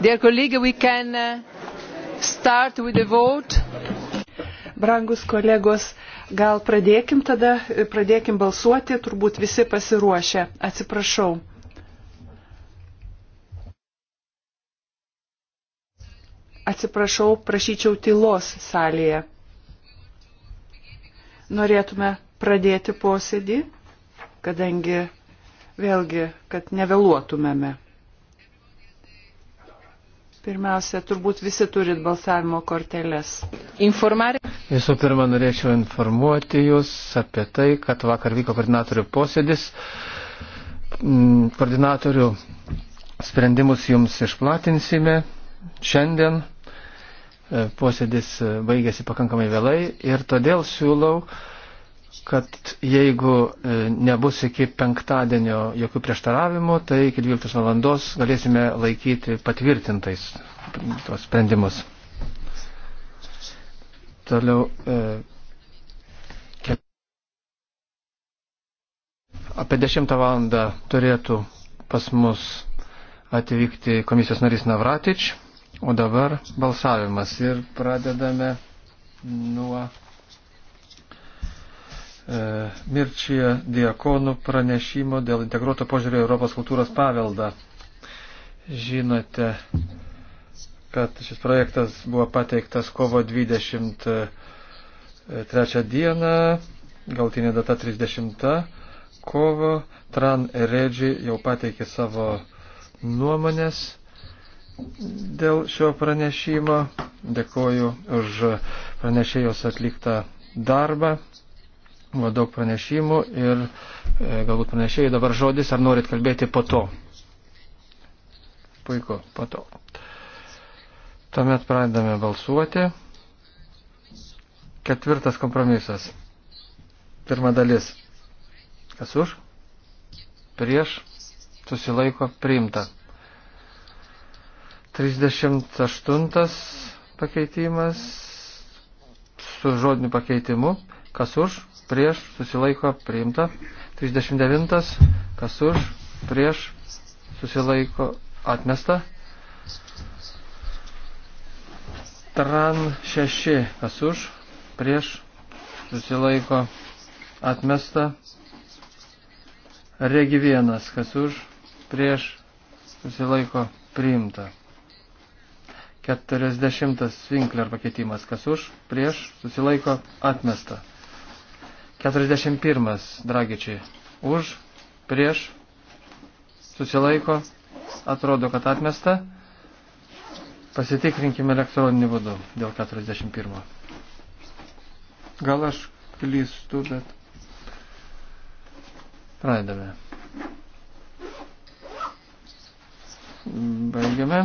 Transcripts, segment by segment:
Dear colleague, we can uh, start with the vote. Brangus kolegos, gal pradėkim tada, pradėkim balsuoti, turbūt visi pasiruošę. Atsiprašau. Atsiprašau, prašyčiau tylos salėje. Norėtume pradėti posėdį, kadangi vėlgi, kad nevėluotumėme. Pirmiausia, turbūt visi turit balsavimo korteles. Informar... Visų pirma, norėčiau informuoti Jūs apie tai, kad vakar vyko koordinatorių posėdis. Mm, koordinatorių sprendimus Jums išplatinsime šiandien. E, posėdis e, baigėsi pakankamai vėlai ir todėl siūlau kad jeigu e, nebus iki penktadienio jokių prieštaravimų, tai iki 12 valandos galėsime laikyti patvirtintais tuos sprendimus. Toliau. E, apie 10 valandą turėtų pas mus atvykti komisijos narys Navratič, o dabar balsavimas ir pradedame nuo. E, Mirčija Diakonų pranešimo dėl integruoto požiūrio Europos kultūros paveldą. Žinote, kad šis projektas buvo pateiktas kovo 23 dieną, galtinė data 30 kovo. Tran Redži jau pateikė savo nuomonės dėl šio pranešimo. Dėkoju už pranešėjos atliktą darbą. Buvo daug pranešimų ir e, galbūt pranešėjai dabar žodis, ar norit kalbėti po to. Puiku, po to. Tuomet pradedame balsuoti. Ketvirtas kompromisas. Pirma dalis. Kas už? Prieš. Susilaiko priimta. 38 pakeitimas su žodiniu pakeitimu. Kas už? prieš, susilaiko, priimta. 39, kas už, prieš, susilaiko, atmesta. Tran 6, kas už, prieš, susilaiko, atmesta. Regi 1, kas už, prieš, susilaiko, priimta. 40 Svinkler pakeitimas, kas už, prieš, susilaiko, atmesta. 41 dragičiai. Už, prieš, susilaiko, atrodo, kad atmesta. Pasitikrinkime elektroninį būdų dėl 41. Gal aš klystu, bet pradedame. Baigiame.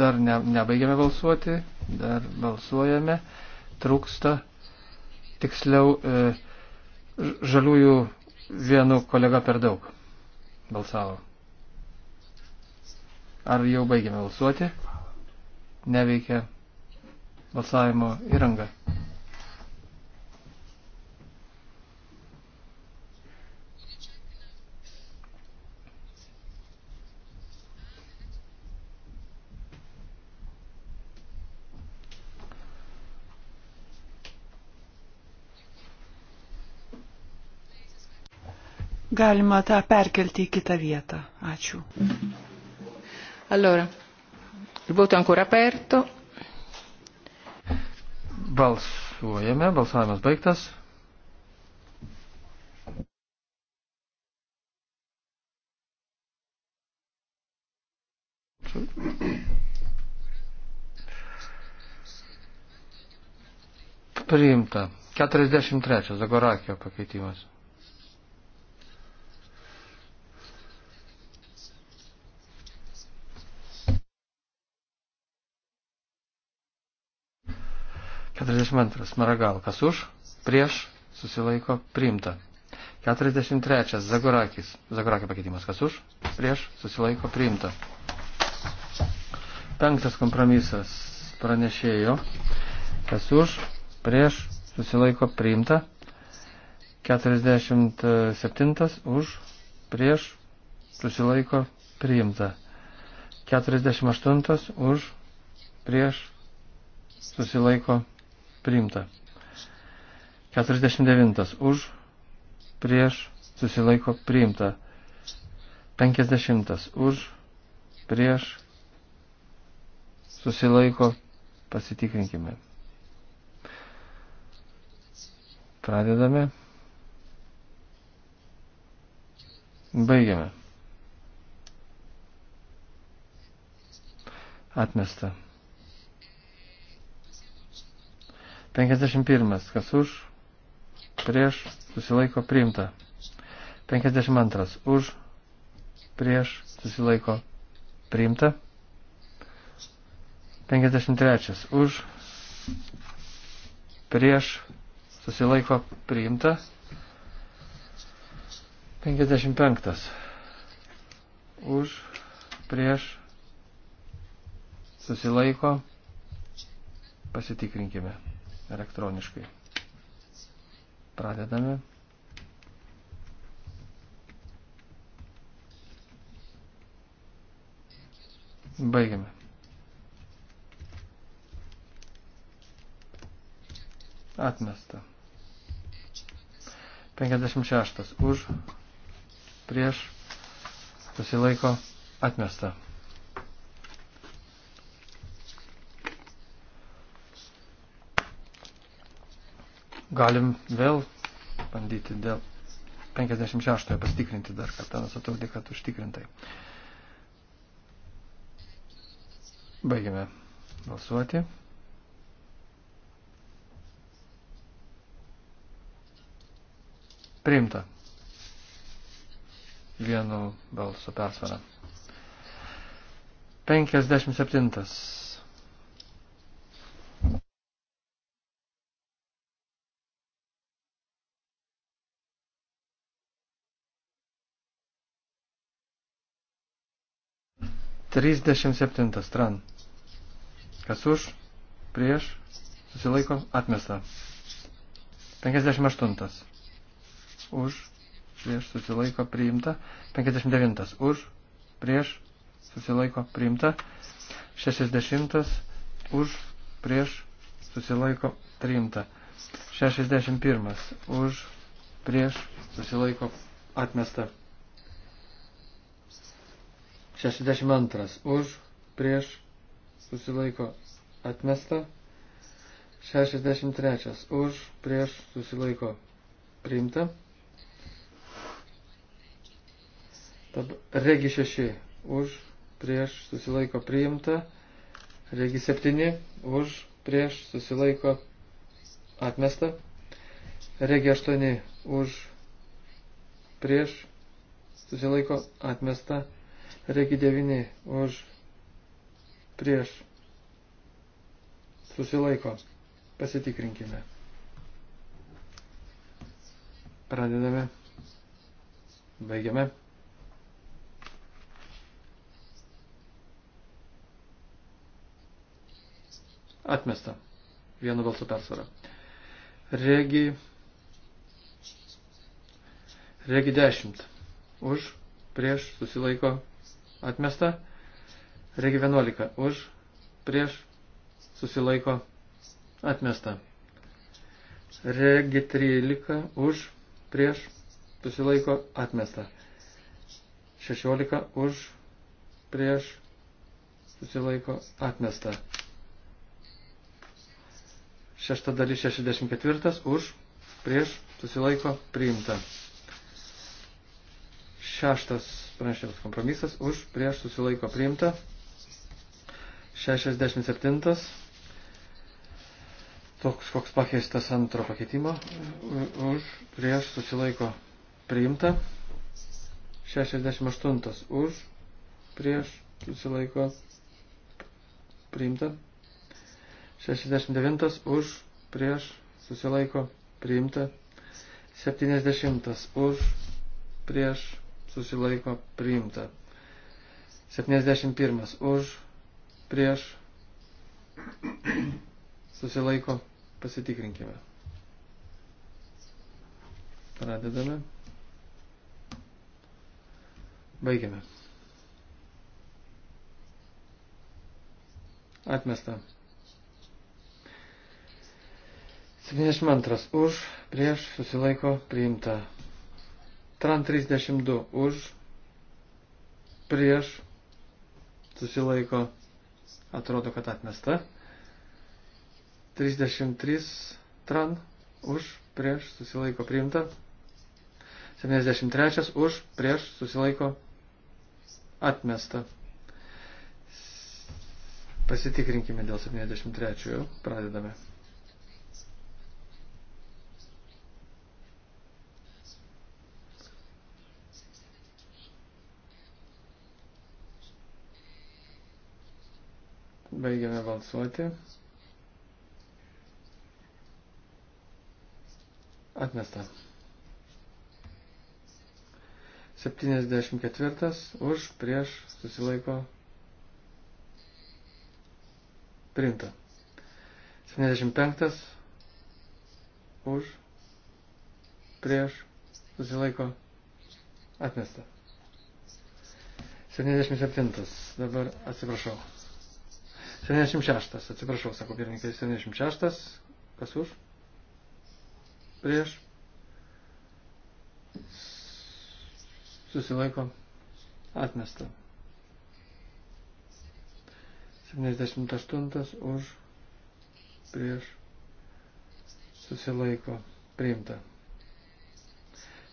Dar ne, nebaigiame balsuoti, dar balsuojame trūksta. Tiksliau, e, žaliųjų vienu kolega per daug balsavo. Ar jau baigėme balsuoti? Neveikia balsavimo įranga. galima tą perkelti į kitą vietą. Ačiū. Allora, il voto è ancora aperto. Balsuojame, balsavimas baigtas. Priimta. 43. Zagorakio pakeitimas. 42. Maragal. Kas už? Prieš. Susilaiko. Priimta. 43. Zagorakis. Zagorakio pakeitimas. Kas už? Prieš. Susilaiko. Priimta. Penktas kompromisas pranešėjo. Kas už? Prieš. Susilaiko. Priimta. 47. Už. Prieš. Susilaiko. Priimta. 48. Už. Prieš. Susilaiko. Priimta priimta. 49 už, prieš, susilaiko priimta. 50 už, prieš, susilaiko, pasitikrinkime. Pradedame. Baigiame. Atmesta. 51. Kas už, prieš, susilaiko priimta. 52. Už, prieš, susilaiko priimta. 53. Už, prieš, susilaiko priimta. 55. Už, prieš, susilaiko, pasitikrinkime elektroniškai. Pradedame. Baigiame. Atmesta. 56. Už, prieš, susilaiko, atmesta. Galim vėl bandyti dėl 56 pasitikrinti dar, kad ten atrodė, kad užtikrintai. Baigime balsuoti. Priimta. Vienu balsu persvara. 57. 37 stran. Kas už, prieš, susilaiko, atmesta. 58. Už, prieš, susilaiko, priimta. 59. Už, prieš, susilaiko, priimta. 60. Už, prieš, susilaiko, priimta. 61. Už, prieš, susilaiko, atmesta. 62 už, prieš, susilaiko atmesta. 63 už, prieš, susilaiko priimta. Tab, regi 6 už, prieš, susilaiko priimta. Regi 7 už, prieš, susilaiko atmesta. Regi 8 už, prieš, susilaiko atmesta. Reikia 9 už prieš. Susilaiko. Pasitikrinkime. Pradedame. Baigiame. Atmesta. Vienu balsu persvara. Regi. Regi 10. Už, prieš, susilaiko, atmesta. Regi 11 už, prieš, susilaiko, atmesta. Regi 13 už, prieš, susilaiko, atmesta. 16 už, prieš, susilaiko, atmesta. Šešta dalis 64 už, prieš, susilaiko, priimta. Šeštas pranešėms kompromisas už prieš susilaiko priimta. 67. Toks, koks pakeistas antro pakeitimo. Už prieš susilaiko priimta. 68. Už prieš susilaiko priimta. 69. Už prieš susilaiko priimta. 70. Už prieš susilaiko priimta. 71 už, prieš, susilaiko, pasitikrinkime. Pradedame. Baigiame. Atmesta. 72 už, prieš, susilaiko, priimta. Tran 32 už, prieš, susilaiko, atrodo, kad atmesta. 33 Tran už, prieš, susilaiko, priimta. 73 už, prieš, susilaiko, atmesta. Pasitikrinkime dėl 73. Pradedame. Baigiame balsuoti. Atmesta. 74 už prieš susilaiko Priimta. 75 už, prieš, susilaiko, atmesta. 77. Dabar atsiprašau. 76, atsiprašau, sako pirmininkai, 76, kas už? Prieš. Susilaiko. Atmesta. 78 už. Prieš. Susilaiko. Priimta.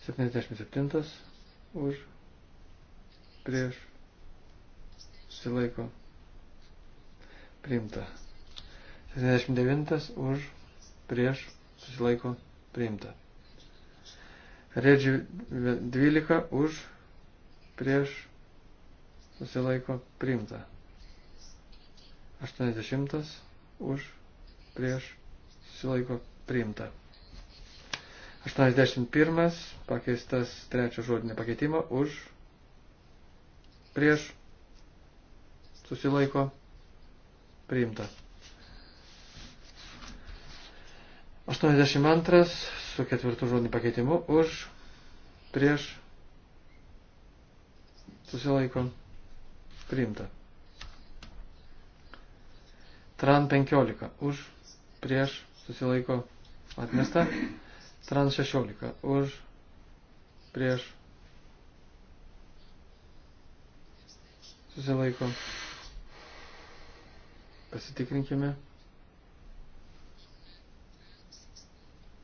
77 už. Prieš. Susilaiko. Priimta priimta. 69 už, prieš, susilaiko, priimta. Redži 12 už, prieš, susilaiko, priimta. 80 už, prieš, susilaiko, priimta. 81 pakeistas trečio žodinio pakeitimo už, prieš, susilaiko, priimta priimta. 82 su ketvirtu žodiniu pakeitimu už, prieš, susilaiko, priimta. Tran 15 už, prieš, susilaiko, atmesta. Tran 16 už, prieš, susilaiko, atmesta. Pasitikrinkime.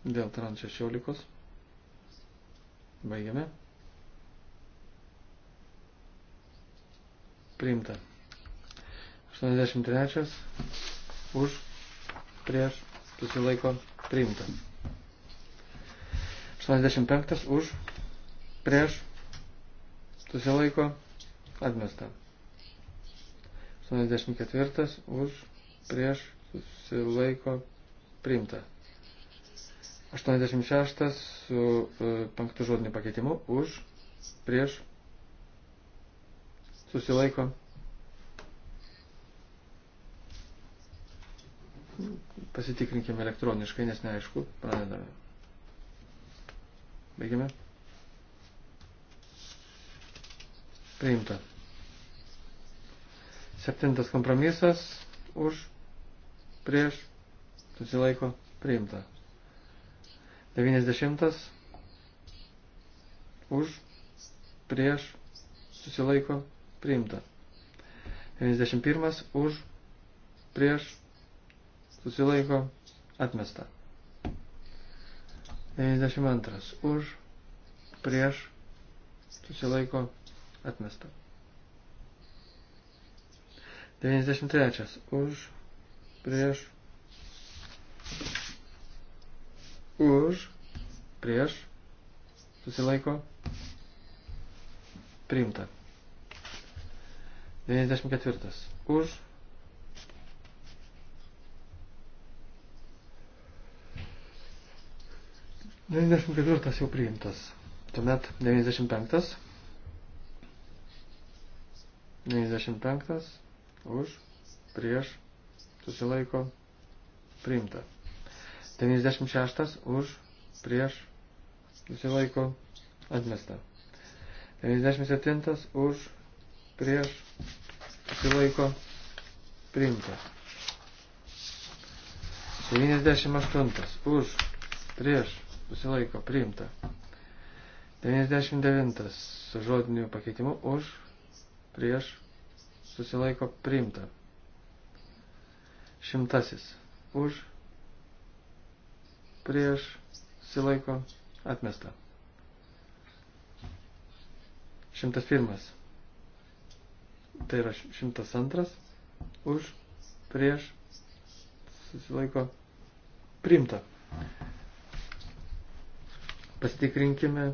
Dėl trans 16. Baigiame. Priimta. 83. Už. Prieš. Susilaiko. Priimta. 85. Už. Prieš. Susilaiko. Atmesta. 84 už prieš susilaiko priimta. 86 su e, penktu žodiniu pakeitimu už prieš susilaiko. Pasitikrinkime elektroniškai, nes neaišku. Pradedame. Baigime. Priimta. Septintas kompromisas už prieš susilaiko priimta. Devyniasdešimtas už prieš susilaiko priimta. 91 už prieš susilaiko atmesta. 92 už prieš susilaiko atmesta. 93. Už, prieš, už, prieš, susilaiko, priimta. 94. Už, Devyniasdešimt ketvirtas jau priimtas. Tuomet 95. 95 už, prieš, susilaiko, priimta. 96 už, prieš, susilaiko, atmesta. 97 už, prieš, susilaiko, priimta. 98 už, prieš, susilaiko, priimta. 99 su žodiniu pakeitimu už, prieš, susilaiko priimta. Šimtasis už, prieš, susilaiko atmesta. Šimtas pirmas. Tai yra šimtas antras. Už, prieš, susilaiko priimta. Pasitikrinkime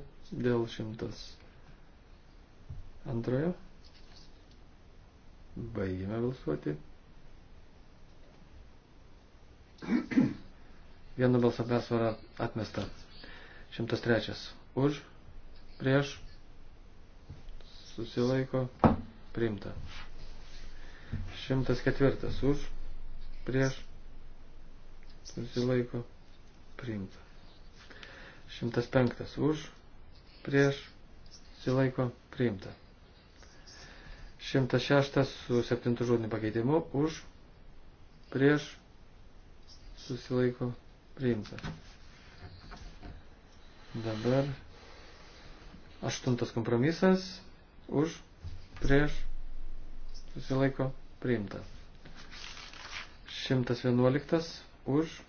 dėl šimtas antrojo. Baigime balsuoti. Vienu balsu persvara atmesta. 103. Už, prieš, susilaiko, priimta. 104. Už, prieš, susilaiko, priimta. 105. Už, prieš, susilaiko, priimta. 106 su 7 žodiniu pakeitimu už prieš susilaiko priimta. Dabar aštuntas kompromisas už prieš susilaiko priimta. 111 už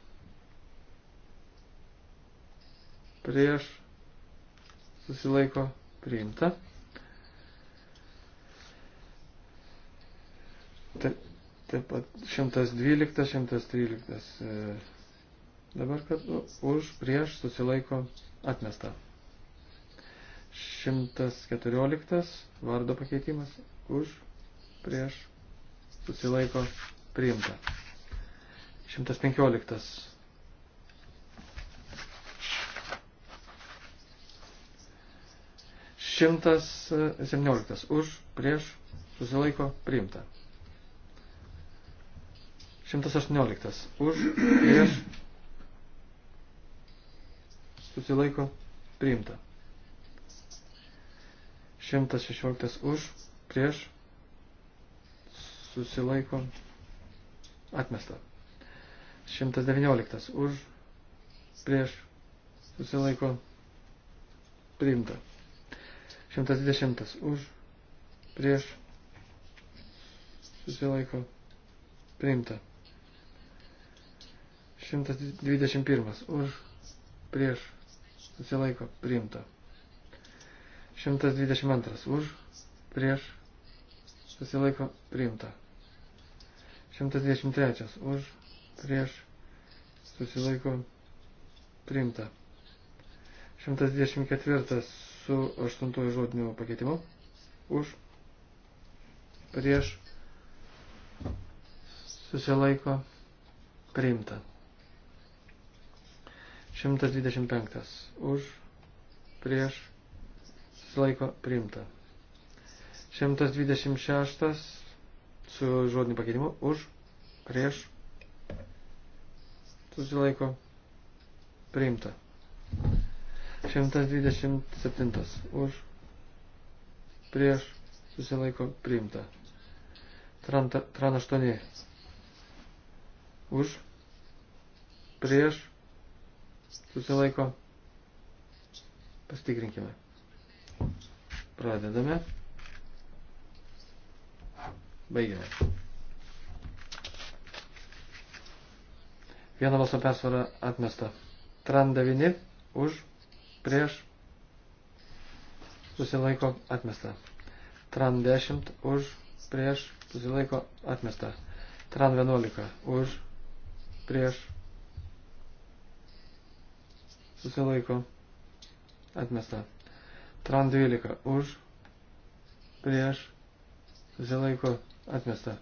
prieš susilaiko priimta. Taip, taip pat 112, 113. E, dabar kad už prieš susilaiko atmesta. 114 vardo pakeitimas už prieš susilaiko priimta. 115. Šimtas e, septynioliktas už prieš susilaiko priimta. 118. Už, prieš, susilaiko, priimta. 116. Už, prieš, susilaiko, atmesta. 119. Už, prieš, susilaiko, priimta. 120. Už, prieš, susilaiko, priimta. 121 už prieš susilaiko priimta. 122 už prieš susilaiko priimta. 123 už prieš susilaiko priimta. 124 su 8 žodiniu pakeitimu už prieš susilaiko priimta. 125. Už, prieš, susilaiko priimta. 126 su žodiniu pakeitimu už, prieš, susilaiko priimta. 127 už, prieš, susilaiko priimta. Tran 8 už, prieš, susilaiko. Pastikrinkime. Pradedame. Baigiame. Vieną balsą persvarą atmesta. Tran 9 už, prieš, susilaiko atmesta. Tran 10 už, prieš, susilaiko atmesta. Tran 11 už, prieš, susilaiko atmesta. Tran 12 už, prieš, susilaiko atmesta.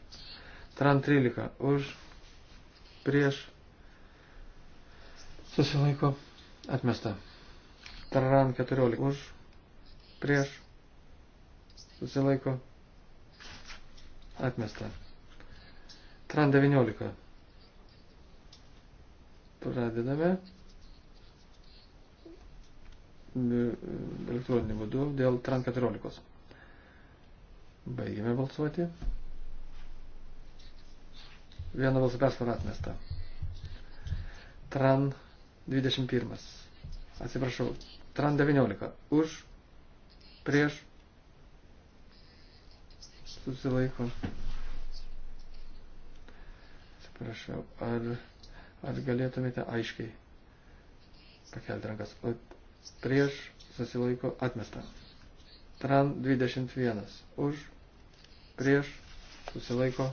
Tran 13 už, prieš, susilaiko atmesta. Tran 14 už, prieš, susilaiko atmesta. Tran 19. Pradedame elektroniniu būdu dėl TRAN 14. Baigėme balsuoti. Vieno balsų persvarą atmesta. TRAN 21. Atsiprašau. TRAN 19. Už. Prieš. Susilaiko. Atsiprašau. Ar, ar galėtumėte aiškiai pakelti rankas? O prieš susilaiko atmesta. Tran 21 už, prieš susilaiko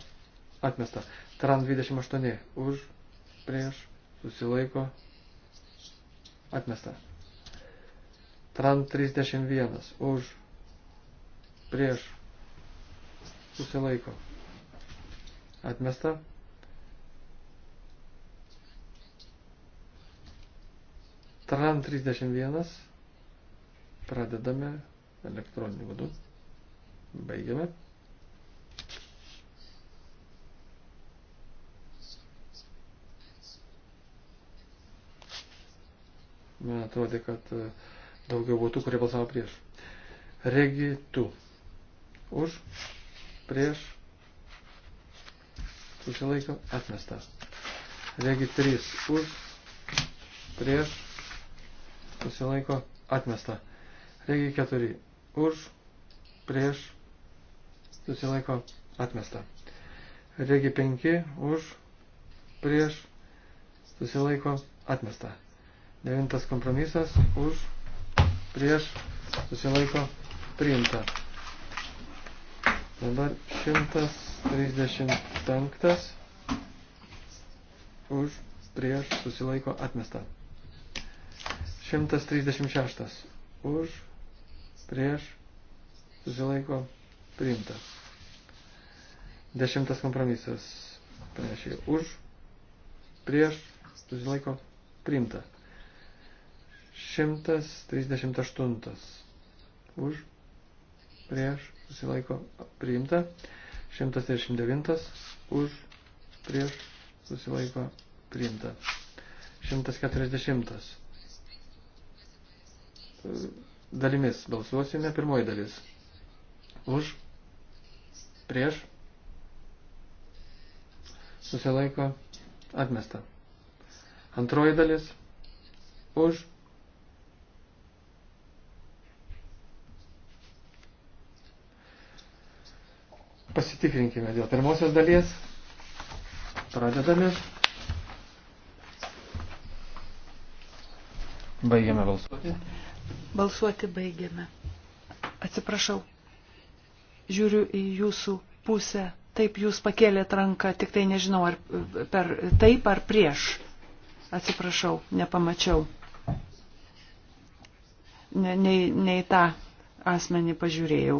atmesta. Tran 28 už, prieš susilaiko atmesta. Tran 31 už, prieš susilaiko atmesta. Tran 31. Pradedame elektroniniu būdu. Baigiame. Man atrodė, kad e, daugiau būtų, kurie balsavo prieš. Regi tu. Už, prieš, susilaiko, atmesta. Regi 3 už, prieš, susilaiko atmesta. Regi 4 už, prieš, susilaiko atmesta. Regi 5 už, prieš, susilaiko atmesta. Devintas kompromisas už, prieš, susilaiko priimta. Dabar 135 už, prieš, susilaiko atmesta. 136. Už, prieš, susilaiko, priimta. Dešimtas kompromisas. Panašiai. Už, prieš, susilaiko, priimta. 138. Už, prieš, susilaiko, priimta. 139. Už, prieš, susilaiko, priimta. 140 dalimis balsuosime. Pirmoji dalis. Už, prieš, susilaiko, atmesta. Antroji dalis. Už, Pasitikrinkime dėl pirmosios dalies. Pradedame. Baigiame balsuoti. Balsuoti baigiame. Atsiprašau. Žiūriu į jūsų pusę. Taip, jūs pakėlėt ranką, tik tai nežinau, ar per taip ar prieš. Atsiprašau, nepamačiau. Ne, ne, ne į tą asmenį pažiūrėjau.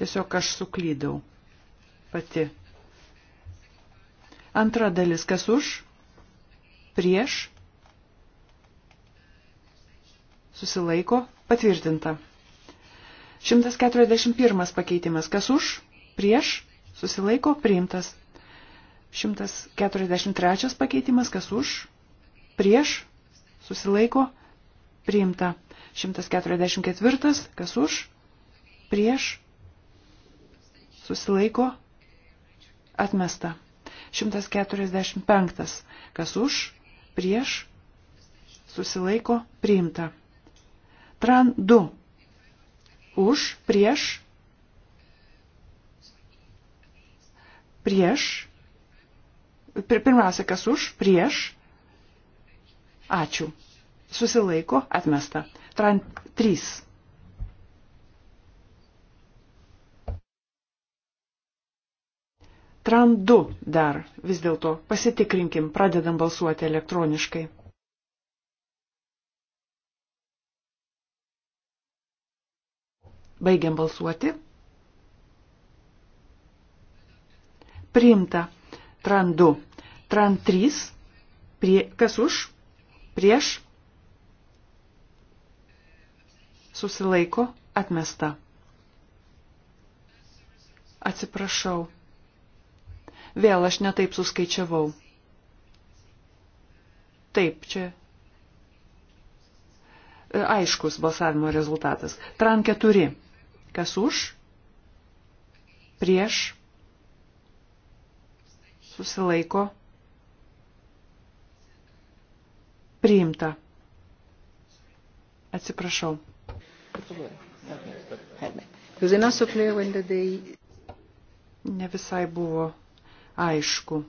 Tiesiog aš suklydau pati. Antra dalis, kas už, prieš, susilaiko, patvirtinta. 141 pakeitimas, kas už, prieš, susilaiko, priimtas. 143 pakeitimas, kas už, prieš, susilaiko, priimta. 144, kas už, prieš, susilaiko, atmesta. 145, kas už, prieš, susilaiko priimta. Tran 2. Už, prieš, prieš, pirmiausia, kas už, prieš, ačiū, susilaiko, atmesta. Tran 3 Tran 2 dar vis dėlto pasitikrinkim, pradedam balsuoti elektroniškai. Baigiam balsuoti. Priimta. Tran 2. Tran 3. Prie, kas už? Prieš. Susilaiko. Atmesta. Atsiprašau. Vėl aš netaip suskaičiavau. Taip, čia e, aiškus balsavimo rezultatas. Tran 4. Kas už? Prieš? Susilaiko? Priimta. Atsiprašau. Ne visai buvo aišku.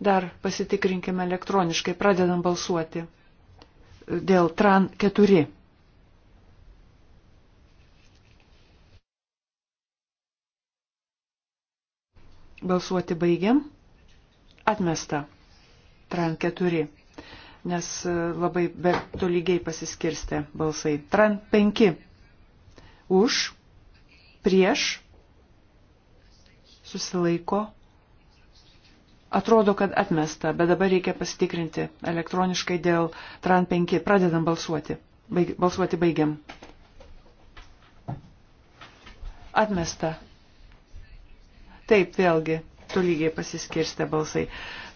Dar pasitikrinkime elektroniškai, pradedam balsuoti dėl TRAN 4. Balsuoti baigiam. Atmesta. TRAN 4 nes e, labai tolygiai pasiskirstė balsai. Tran 5. Už, prieš, susilaiko, Atrodo, kad atmesta, bet dabar reikia pasitikrinti elektroniškai dėl TRAN 5. Pradedam balsuoti. Baig, balsuoti baigiam. Atmesta. Taip, vėlgi, tolygiai pasiskirstė balsai.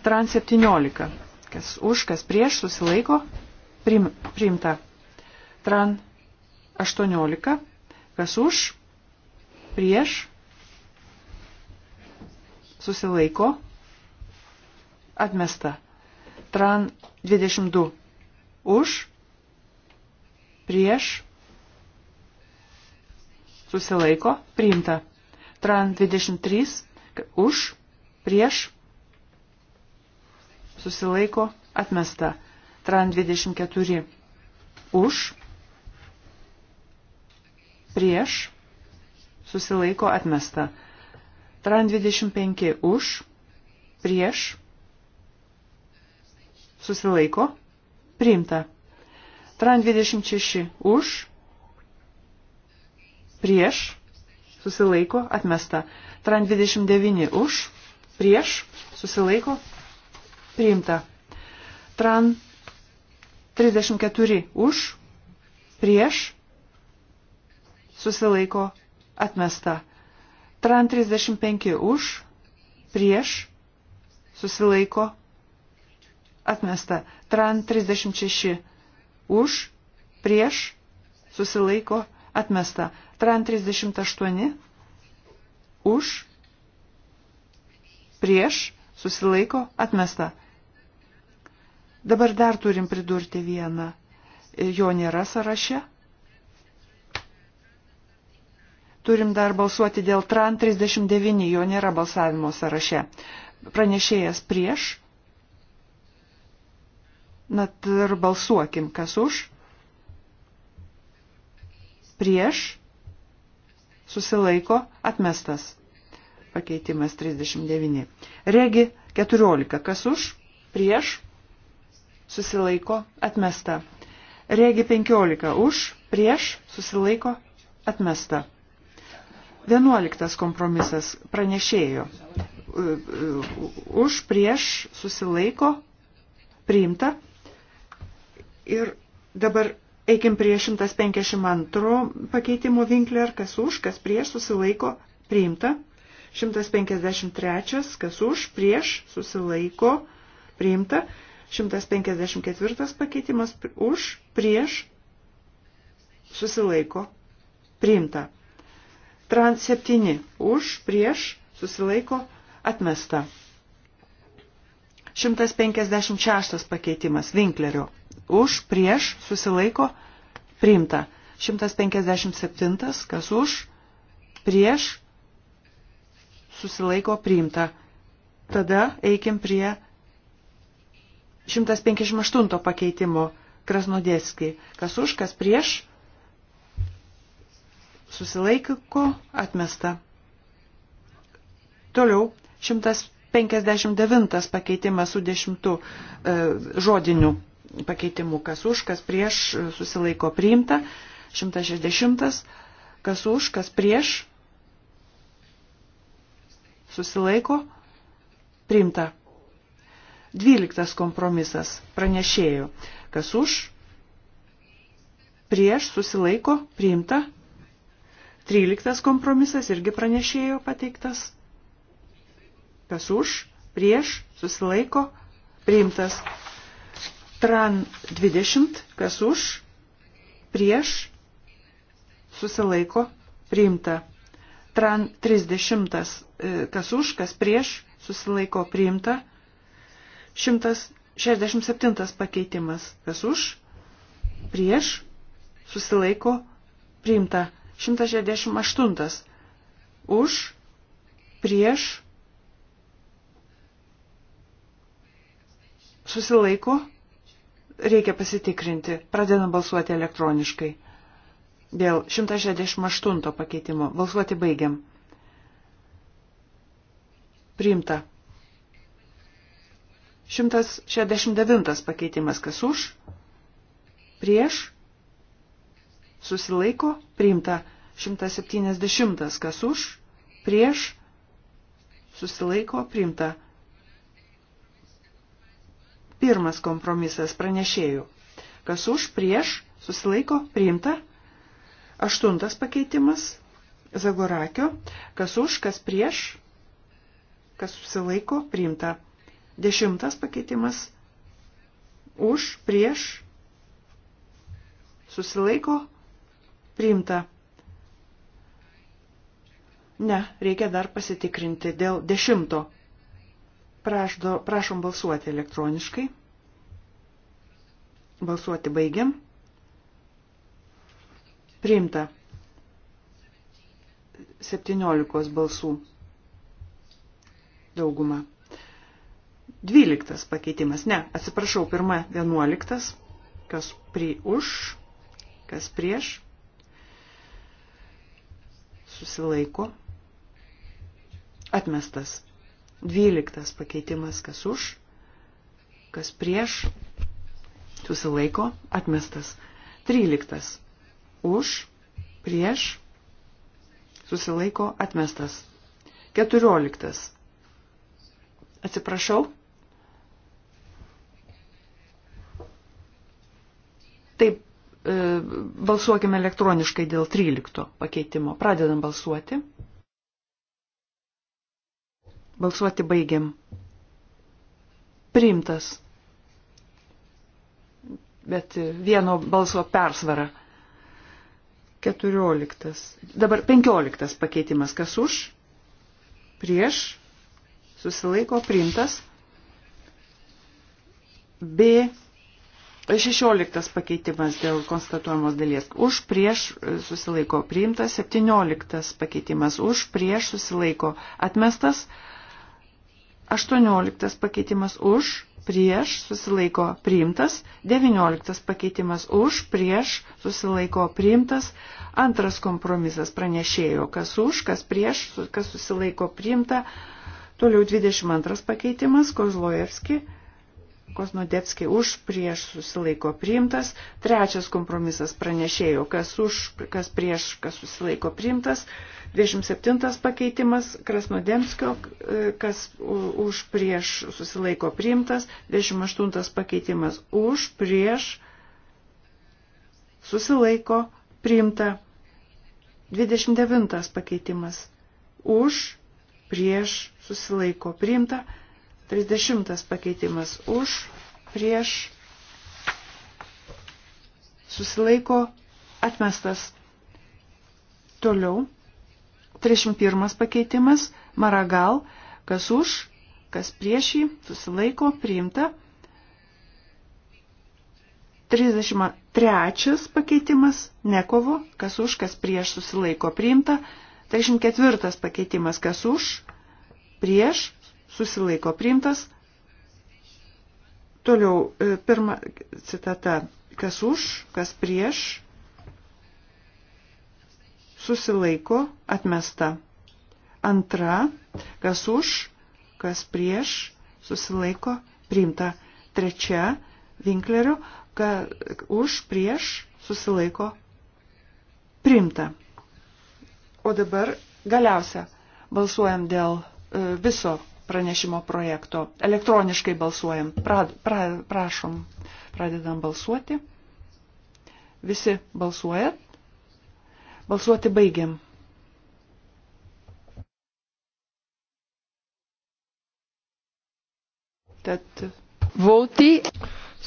TRAN 17. Kas už, kas prieš, susilaiko, Prim, priimta. TRAN 18. Kas už, prieš, susilaiko, priimta atmesta. Tran 22 už, prieš, susilaiko, priimta. Tran 23 už, prieš, susilaiko, atmesta. Tran 24 už, prieš, susilaiko, atmesta. Tran 25 už, prieš, susilaiko, priimta. Tran 26 už, prieš, susilaiko, atmesta. Tran 29 už, prieš, susilaiko, priimta. Tran 34 už, prieš, susilaiko, atmesta. Tran 35 už, prieš, susilaiko, atmesta. Tran 36 už, prieš, susilaiko, atmesta. Tran 38 už, prieš, susilaiko, atmesta. Dabar dar turim pridurti vieną. Jo nėra sąraše. Turim dar balsuoti dėl TRAN 39, jo nėra balsavimo sąraše. Pranešėjas prieš, Nat ir balsuokim, kas už, prieš, susilaiko, atmestas. Pakeitimas 39. Regi 14, kas už, prieš, susilaiko, atmesta. Regi 15, už, prieš, susilaiko, atmesta. 11 kompromisas pranešėjo. Už, prieš, susilaiko, priimta. Ir dabar eikim prie 152 pakeitimo Winkler, kas už, kas prieš, susilaiko, priimta. 153, kas už, prieš, susilaiko, priimta. 154 pakeitimas už, prieš, susilaiko, priimta. Trans 7 už, prieš, susilaiko, atmesta. 156 pakeitimas Winklerio už, prieš, susilaiko, priimta. 157, kas už, prieš, susilaiko, priimta. Tada eikim prie 158 pakeitimo Krasnodėskiai. Kas už, kas prieš, susilaiko, atmesta. Toliau 159 pakeitimas su dešimtu e, žodiniu pakeitimų, kas už, kas prieš, susilaiko priimta, 160, kas už, kas prieš, susilaiko priimta. 12 kompromisas pranešėjų, kas už, prieš, susilaiko priimta. 13 kompromisas irgi pranešėjo pateiktas. Kas už, prieš, susilaiko, priimtas. Tran 20, kas už, prieš, susilaiko, priimta. Tran 30, e, kas už, kas prieš, susilaiko, priimta. 167 pakeitimas, kas už, prieš, susilaiko, priimta. 168, už, prieš, susilaiko, priimta reikia pasitikrinti. Pradedam balsuoti elektroniškai. Dėl 168 pakeitimo. Balsuoti baigiam. Priimta. 169 pakeitimas. Kas už? Prieš? Susilaiko? Priimta. 170. Kas už? Prieš? Susilaiko? Priimta. Pirmas kompromisas pranešėjų. Kas už, prieš, susilaiko, priimta. Aštuntas pakeitimas Zagorakio. Kas už, kas prieš, kas susilaiko, priimta. Dešimtas pakeitimas už, prieš, susilaiko, priimta. Ne, reikia dar pasitikrinti dėl dešimto Prašdo, prašom balsuoti elektroniškai. Balsuoti baigiam. Priimta 17 balsų dauguma. 12 pakeitimas. Ne, atsiprašau, pirma 11. Kas pri už, kas prieš. Susilaiko. Atmestas. Dvyliktas pakeitimas, kas už, kas prieš, susilaiko, atmestas. Tryliktas, už, prieš, susilaiko, atmestas. Keturioliktas, atsiprašau. Taip, e, balsuokime elektroniškai dėl 13 pakeitimo. Pradedam balsuoti. Balsuoti baigiam. Priimtas. Bet vieno balso persvara. 14. Dabar 15 pakeitimas. Kas už? Prieš. Susilaiko priimtas. B. 16 pakeitimas dėl konstatuojamos dalies. Už prieš susilaiko priimtas, 17 pakeitimas už prieš susilaiko atmestas, 18 pakeitimas už, prieš, susilaiko priimtas, 19 pakeitimas už, prieš, susilaiko priimtas, antras kompromisas pranešėjo, kas už, kas prieš, kas susilaiko priimta, toliau 22 pakeitimas, Kozlojevski, Kosnodepskiai už, prieš susilaiko priimtas. Trečias kompromisas pranešėjo, kas už, kas prieš, kas susilaiko priimtas. 27 pakeitimas Krasnodemskio, kas už, prieš susilaiko priimtas. 28 pakeitimas už, prieš susilaiko priimta. 29 pakeitimas už, prieš susilaiko priimta. 30 pakeitimas už, prieš, susilaiko, atmestas. Toliau, 31 pakeitimas, maragal, kas už, kas prieš jį, susilaiko, priimta. 33 pakeitimas, nekovo, kas už, kas prieš susilaiko priimta. 34 pakeitimas, kas už, prieš susilaiko priimtas. Toliau e, pirma citata, kas už, kas prieš, susilaiko atmesta. Antra, kas už, kas prieš, susilaiko priimta. Trečia, Vinkleriu, kad už, prieš, susilaiko priimta. O dabar galiausia balsuojam dėl e, viso pranešimo projekto. Elektroniškai balsuojam. Pra, pra, prašom, pradedam balsuoti. Visi balsuojat. Balsuoti baigiam. Tad. Vauti.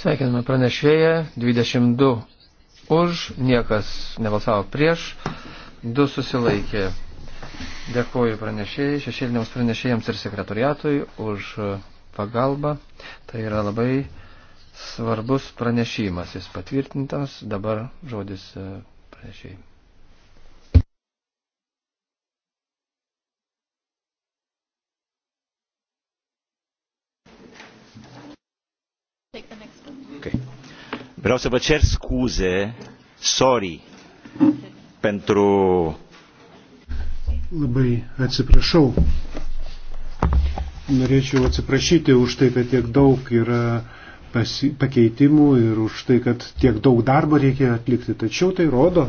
Sveikiname pranešėją. 22 už, niekas nebalsavo prieš, 2 susilaikė. Dėkuoju pranešėjai, šešėliniams pranešėjams ir sekretoriatui už pagalbą. Tai yra labai svarbus pranešimas. Jis patvirtintas. Dabar žodis e, pranešėjai. Okay. Vreau să vă cer scuze, sorry, pentru Labai atsiprašau. Norėčiau atsiprašyti už tai, kad tiek daug yra pasi, pakeitimų ir už tai, kad tiek daug darbo reikia atlikti. Tačiau tai rodo,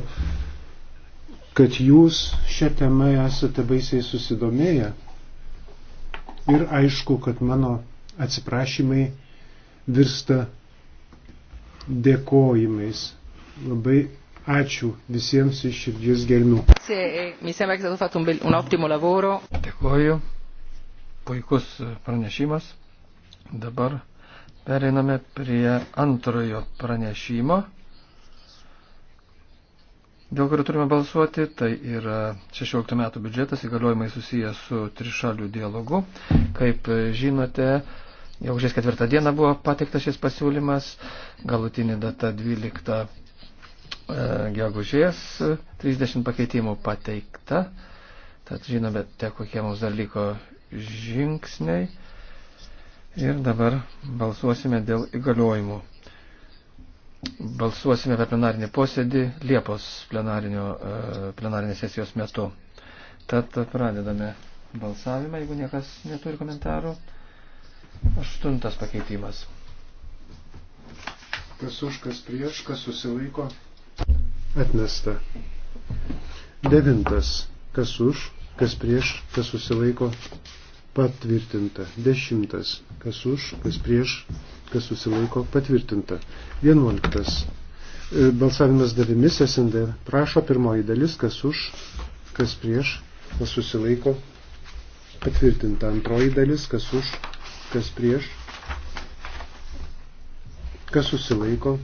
kad jūs šią temą esate baisiai susidomėję. Ir aišku, kad mano atsiprašymai virsta dėkojimais. Labai Ačiū visiems iš širdies gelmių. Eh, Dėkuoju. Puikus eh, pranešimas. Dabar pereiname prie antrojo pranešimo, dėl kurio turime balsuoti. Tai yra 16 metų biudžetas įgaliojimai susijęs su trišalių dialogu. Kaip eh, žinote, Jau žies ketvirtą dieną buvo pateiktas šis pasiūlymas, galutinė data 12 E, gegužės 30 e, pakeitimų pateikta. Tad žinome, te kokie mums dar liko žingsniai. Ir dabar balsuosime dėl įgaliojimų. Balsuosime per plenarinį posėdį Liepos e, plenarinės sesijos metu. Tad pradedame balsavimą, jeigu niekas neturi komentarų. Aštuntas pakeitimas. Kas už, kas prieš, kas susilaiko. Atmesta. Devintas. Kas už, kas prieš, kas susilaiko. Patvirtinta. Dešimtas. Kas už, kas prieš, kas susilaiko. Patvirtinta. Vienuoliktas. E, balsavimas dalimis SND. Prašo pirmoji dalis, kas už, kas prieš, kas susilaiko. Patvirtinta. Antroji dalis, kas už, kas prieš, kas susilaiko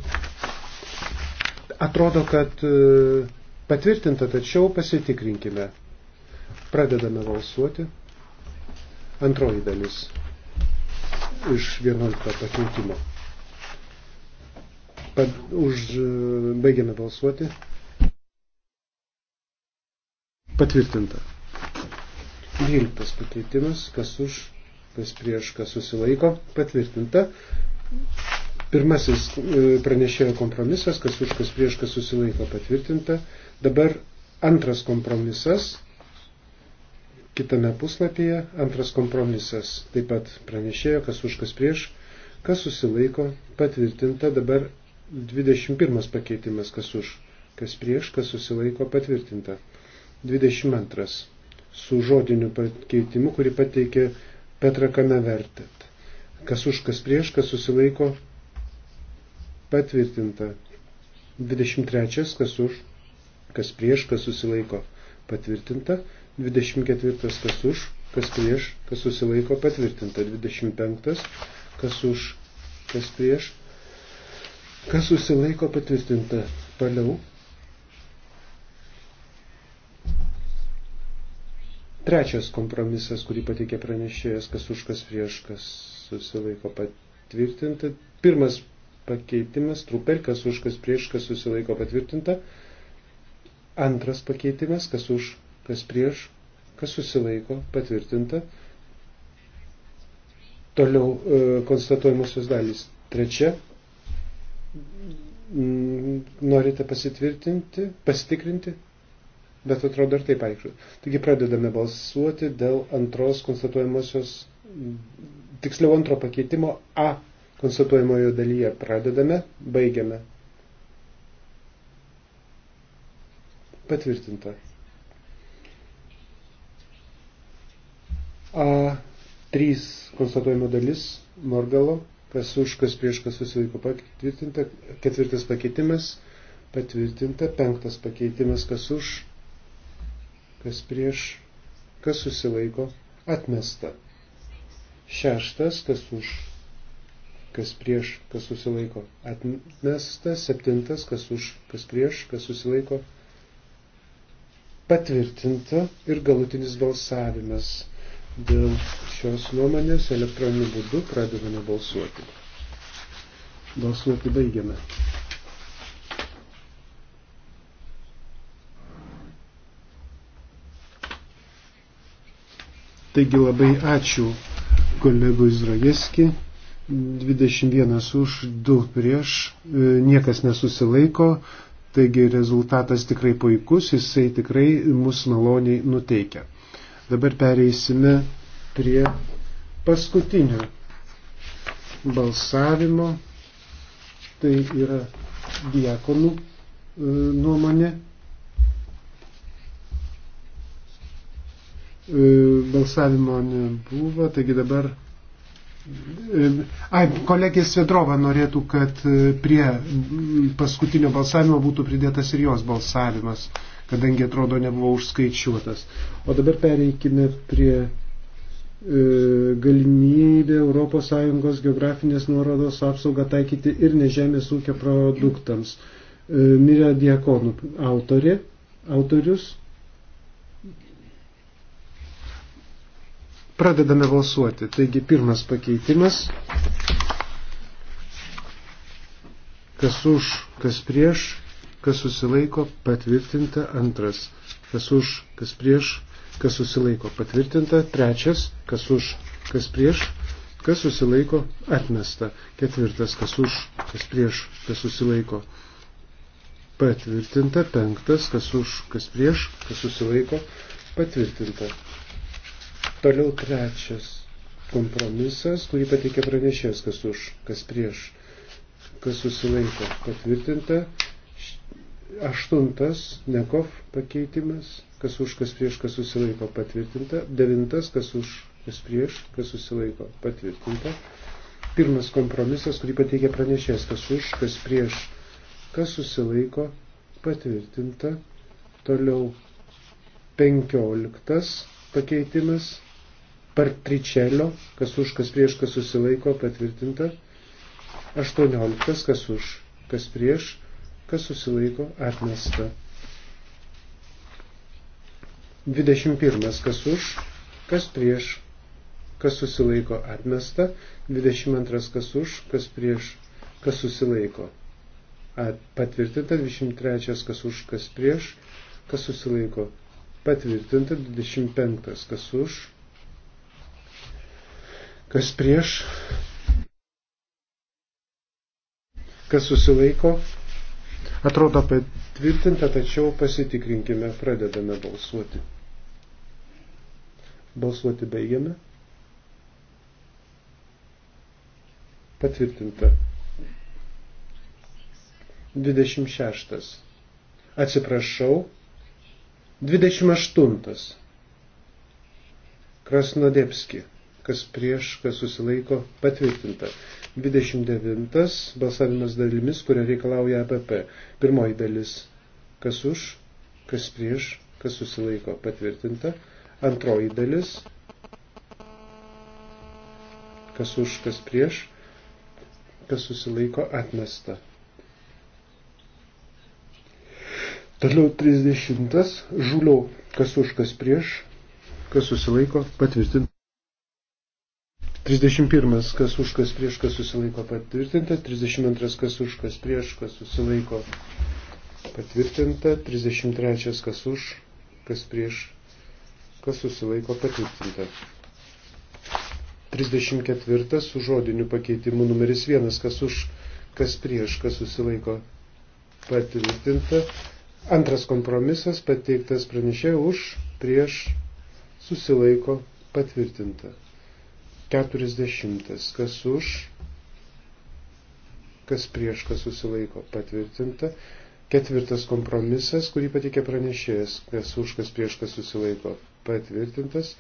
Atrodo, kad e, patvirtinta, tačiau pasitikrinkime. Pradedame balsuoti. Antroji dalis iš 11 pakeitimo. Pad, už, e, baigiame balsuoti. Patvirtinta. 12 pakeitimas, kas už, kas prieš, kas susilaiko. Patvirtinta. Pirmasis e, pranešėjo kompromisas, kas už kas prieš kas susilaiko patvirtinta. Dabar antras kompromisas, kitame puslapyje antras kompromisas, taip pat pranešėjo, kas už kas prieš, kas susilaiko patvirtinta. Dabar 21 pakeitimas, kas už kas prieš, kas susilaiko patvirtinta. 22 su žodiniu pakeitimu, kurį pateikė Petra Kanavertet. Kas už kas prieš, kas susilaiko patvirtinta. 23. kas už, kas prieš, kas susilaiko patvirtinta. 24. kas už, kas prieš, kas susilaiko patvirtinta. 25. kas už, kas prieš, kas susilaiko patvirtinta. Toliau. Trečias kompromisas, kurį pateikė pranešėjas, kas už, kas prieš, kas susilaiko patvirtinta. Pirmas pakeitimas, trupel, kas už, kas prieš, kas susilaiko patvirtinta. Antras pakeitimas, kas už, kas prieš, kas susilaiko patvirtinta. Toliau e, konstatuojamosios dalys. Trečia. Mm, norite pasitvirtinti, pasitikrinti, bet atrodo ir taip aišku. Taigi pradedame balsuoti dėl antros konstatuojamosios, tiksliau antro pakeitimo A konstatuojamojo dalyje pradedame, baigiame. Patvirtinta. A3 konstatuojama dalis Morgalo, kas už, kas prieš, kas susilaiko patvirtinta, ketvirtas pakeitimas, patvirtinta, penktas pakeitimas, kas už, kas prieš, kas susilaiko, atmesta. Šeštas, kas už, kas prieš, kas susilaiko. Atmestas septintas, kas už, kas prieš, kas susilaiko. Patvirtinta ir galutinis balsavimas dėl šios nuomonės elektroniniu būdu pradedame balsuoti. Balsuoti baigiame. Taigi labai ačiū kolegų Izraelski. 21 už 2 prieš, e, niekas nesusilaiko, taigi rezultatas tikrai puikus, jisai tikrai mus maloniai nuteikia. Dabar pereisime prie paskutinio balsavimo, tai yra diekonų e, nuomonė. E, balsavimo nebuvo, taigi dabar Ai, kolegė Svedrova norėtų, kad e, prie paskutinio balsavimo būtų pridėtas ir jos balsavimas, kadangi atrodo nebuvo užskaičiuotas. O dabar pereikime prie e, galimybę ES geografinės nuorodos apsaugą taikyti ir nežemės ūkio produktams. E, Mirė Diakonų autorė, autorius Pradedame balsuoti. Taigi pirmas pakeitimas. Kas už, kas prieš, kas susilaiko, patvirtinta. Antras. Kas už, kas prieš, kas susilaiko, patvirtinta. Trečias. Kas už, kas prieš, kas susilaiko, atmesta. Ketvirtas. Kas už, kas prieš, kas susilaiko. Patvirtinta. Penktas. Kas už, kas prieš, kas susilaiko, patvirtinta. Toliau trečias kompromisas, kurį pateikė pranešės, kas už, kas prieš, kas susilaiko. Patvirtinta. Aštuntas Nekov pakeitimas, kas už, kas prieš, kas susilaiko. Patvirtinta. Devintas, kas už, kas prieš, kas susilaiko. Patvirtinta. Pirmas kompromisas, kurį pateikė pranešės, kas už, kas prieš, kas susilaiko. Patvirtinta. Toliau penkioliktas pakeitimas, Partričelio, kas už, kas prieš, kas susilaiko, patvirtinta. 18, kas už, kas prieš, kas susilaiko, atmesta. 21, kas už, kas prieš, kas susilaiko, atmesta. 22, kas už, kas prieš, kas susilaiko. At, patvirtinta 23, kas už, kas prieš, kas susilaiko. Patvirtinta 25, kas už, Kas prieš? Kas susilaiko? Atrodo patvirtinta, tačiau pasitikrinkime, pradedame balsuoti. Balsuoti baigiame. Patvirtinta. 26. Atsiprašau. 28. Krasnodepski kas prieš, kas susilaiko patvirtinta. 29 balsavimas dalimis, kurią reikalauja APP. E Pirmoji dalis, kas už, kas prieš, kas susilaiko patvirtinta. Antroji dalis, kas už, kas prieš, kas susilaiko atmesta. Toliau 30. Žuliau, kas už, kas prieš, kas susilaiko patvirtinta. 31. Kas už, kas prieš, kas susilaiko patvirtinta. 32. Kas už, kas prieš, kas susilaiko patvirtinta. 33. Kas už, kas prieš, kas susilaiko patvirtinta. 34. Su žodiniu pakeitimu numeris 1. Kas už, kas prieš, kas susilaiko patvirtinta. Antras kompromisas pateiktas pranešė už, prieš, susilaiko patvirtinta. 40. Kas už, kas prieš, kas susilaiko patvirtinta. Ketvirtas kompromisas, kurį patikė pranešėjas, kas už, kas prieš, kas susilaiko patvirtintas.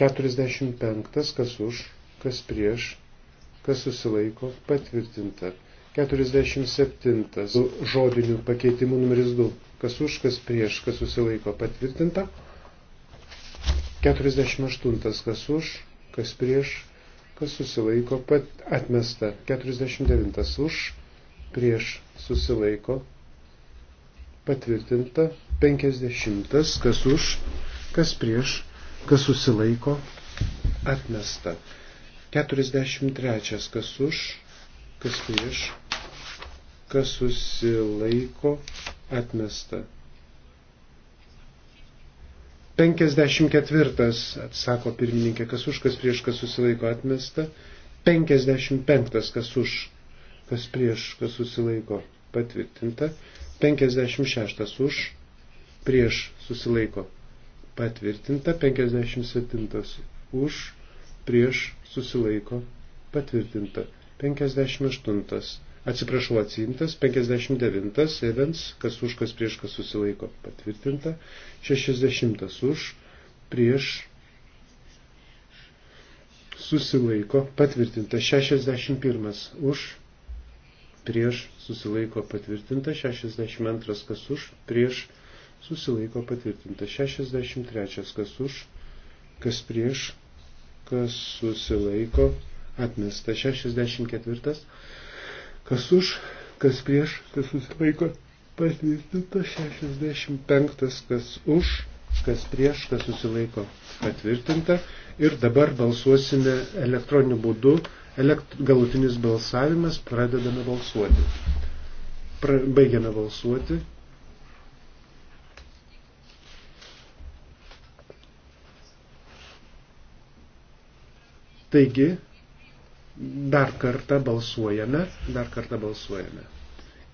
45. Kas už, kas prieš, kas susilaiko patvirtinta. 47. Su žodiniu pakeitimu numeris 2. Kas už, kas prieš, kas susilaiko patvirtinta. 48. Kas už, kas prieš, kas susilaiko, pat atmesta. 49 už, prieš susilaiko, patvirtinta. 50 kas už, kas prieš, kas susilaiko, atmesta. 43 kas už, kas prieš, kas susilaiko, atmesta. 54, atsako pirmininkė, kas už, kas prieš, kas susilaiko atmesta. 55, kas už, kas prieš, kas susilaiko patvirtinta. 56 už, prieš susilaiko patvirtinta. 57 už, prieš susilaiko patvirtinta. 58 Atsiprašau, atsimtas. 59 Evans, kas už, kas prieš, kas susilaiko. Patvirtinta. 60 už, prieš, susilaiko. Patvirtinta. 61 už, prieš, susilaiko. Patvirtinta. 62 kas už, prieš, susilaiko. Patvirtinta. 63 kas už, kas prieš, kas susilaiko. Atmesta. 64 Kas už, kas prieš, kas susilaiko patvirtinta. 65. Kas už, kas prieš, kas susilaiko patvirtinta. Ir dabar balsuosime elektroniniu būdu. Elekt, galutinis balsavimas, pradedame balsuoti. Pra, baigiame balsuoti. Taigi, Dar kartą balsuojame, dar kartą balsuojame.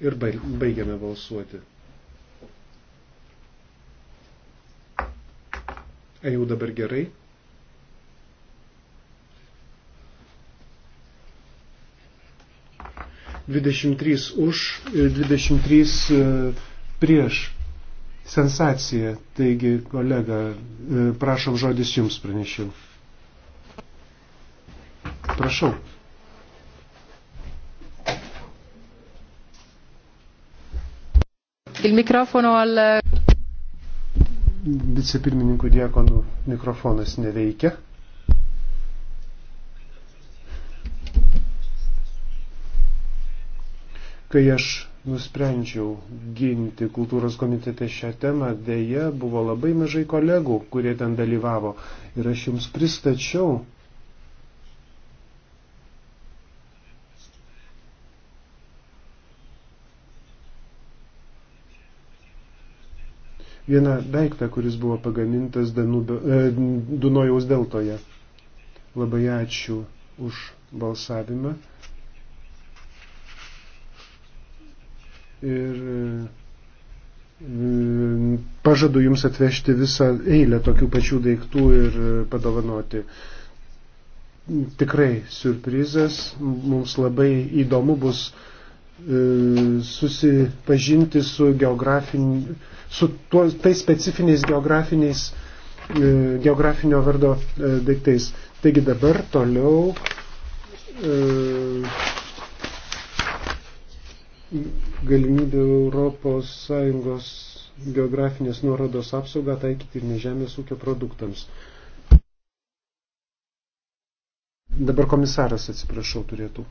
Ir baigiame balsuoti. Ar jau dabar gerai? Dvidešimt trys už ir dvidešimt trys e, prieš. Sensacija. Taigi, kolega, e, prašom žodis jums pranešiau. Prašau. Il mikrofono al... Vicepirmininkų diekonų mikrofonas neveikia. Kai aš nusprendžiau ginti kultūros komitete šią temą, dėje buvo labai mažai kolegų, kurie ten dalyvavo. Ir aš jums pristačiau vieną daiktą, kuris buvo pagamintas Danube, Dunojaus deltoje. Labai ačiū už balsavimą. Ir e, pažadu jums atvežti visą eilę tokių pačių daiktų ir e, padovanoti. Tikrai surprizas, mums labai įdomu bus E, susipažinti su, su tuo, tais specifiniais geografiniais, e, geografinio vardo e, daiktais. Taigi dabar toliau galimybė Europos Sąjungos geografinės nuorodos apsaugą taikyti ir nežemės ūkio produktams. Dabar komisaras, atsiprašau, turėtų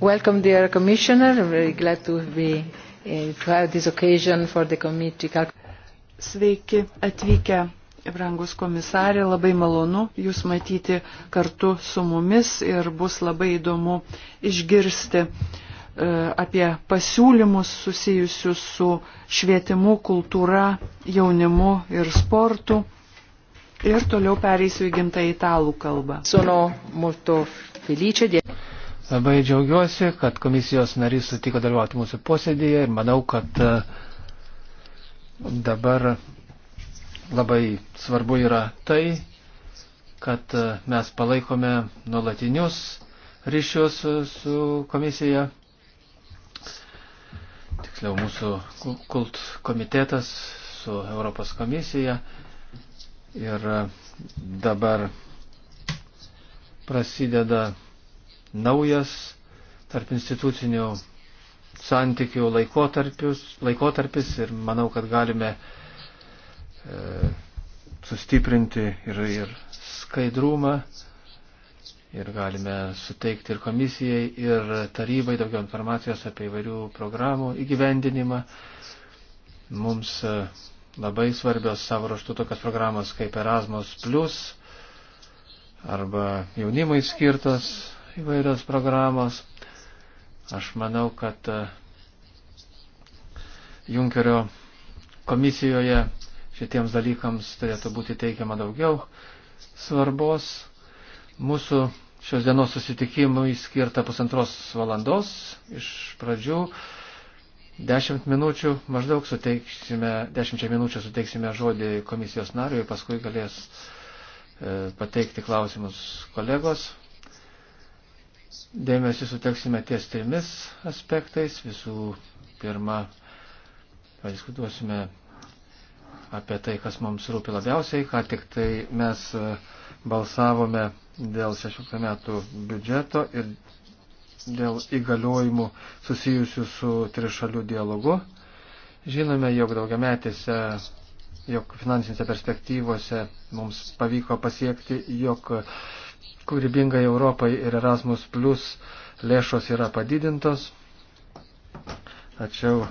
Welcome, dear Commissioner. I'm very glad to be eh, to have this occasion for the committee. Sveiki atvykę, brangus komisarė, labai malonu Jūs matyti kartu su mumis ir bus labai įdomu išgirsti eh, apie pasiūlymus susijusius su švietimu, kultūra, jaunimu ir sportu. Ir toliau pereisiu į gimtą italų kalbą. Sono molto felice di... Labai džiaugiuosi, kad komisijos narys sutiko dalyvauti mūsų posėdėje ir manau, kad e, dabar labai svarbu yra tai, kad e, mes palaikome nuolatinius ryšius su komisija. Tiksliau, mūsų kult komitetas su Europos komisija ir e, dabar prasideda naujas tarp institucinių santykių laikotarpis ir manau, kad galime e, sustiprinti ir, ir skaidrumą ir galime suteikti ir komisijai, ir tarybai daugiau informacijos apie įvairių programų įgyvendinimą. Mums e, labai svarbios savo raštų tokios programos kaip Erasmus, arba jaunimui skirtos įvairios programos. Aš manau, kad e, Junkerio komisijoje šitiems dalykams turėtų būti teikiama daugiau svarbos. Mūsų šios dienos susitikimui skirta pusantros valandos iš pradžių. Dešimt minučių maždaug suteiksime, dešimčia minučių suteiksime žodį komisijos nariui, paskui galės e, pateikti klausimus kolegos dėmesį suteksime ties trimis aspektais. Visų pirma, padiskutuosime apie tai, kas mums rūpi labiausiai, ką tik tai mes e, balsavome dėl 16 metų biudžeto ir dėl įgaliojimų susijusių su trišalių dialogu. Žinome, jog daugiametėse, jog finansinėse perspektyvose mums pavyko pasiekti, jog kūrybingai Europai ir Erasmus Plus lėšos yra padidintos, tačiau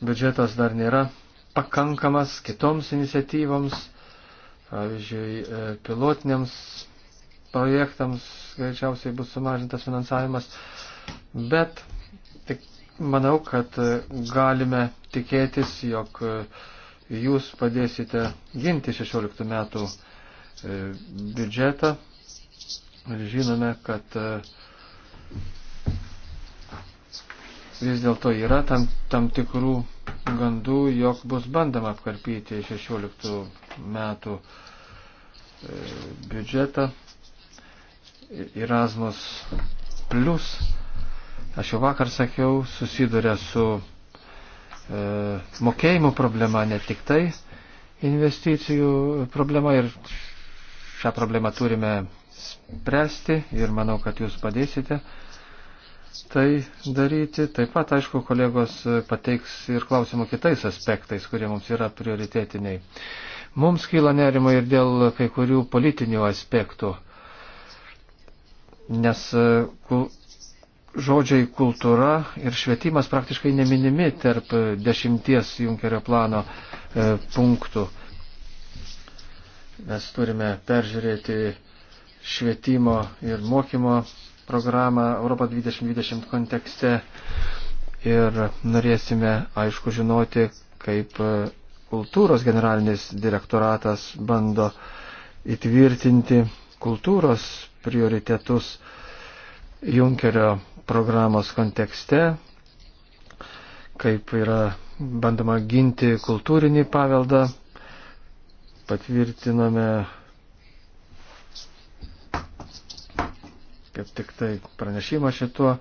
biudžetas dar nėra pakankamas kitoms iniciatyvoms, pavyzdžiui, e, pilotiniams projektams greičiausiai bus sumažintas finansavimas, bet tik manau, kad e, galime tikėtis, jog e, jūs padėsite ginti 16 metų biudžetą žinome, kad e, vis dėlto yra tam, tam tikrų gandų, jog bus bandama apkarpyti 16 metų e, biudžetą. E, Erasmus Plus, aš jau vakar sakiau, susiduria su e, mokėjimų problema, ne tik tai investicijų problema ir šią problemą turime spręsti ir manau, kad jūs padėsite tai daryti. Taip pat, aišku, kolegos pateiks ir klausimų kitais aspektais, kurie mums yra prioritetiniai. Mums kyla nerimo ir dėl kai kurių politinių aspektų, nes e, žodžiai kultūra ir švietimas praktiškai neminimi tarp dešimties Junkerio plano e, punktų. Mes turime peržiūrėti švietimo ir mokymo programą Europą 2020 kontekste ir norėsime aišku žinoti, kaip e, kultūros generalinis direktoratas bando įtvirtinti kultūros prioritetus Junkerio programos kontekste, kaip yra bandoma ginti kultūrinį paveldą. Patvirtinome kaip tik tai pranešimą šituo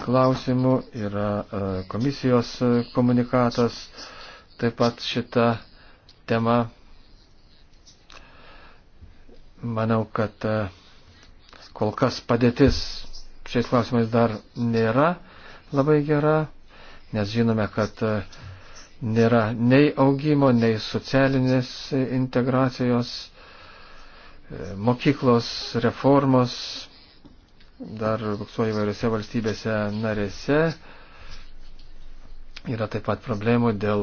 klausimu, yra e, komisijos e, komunikatas, taip pat šita tema. Manau, kad e, kol kas padėtis šiais klausimais dar nėra labai gera, nes žinome, kad nėra nei augimo, nei socialinės integracijos, mokyklos reformos dar buksuoja įvairiose valstybėse narėse. Yra taip pat problemų dėl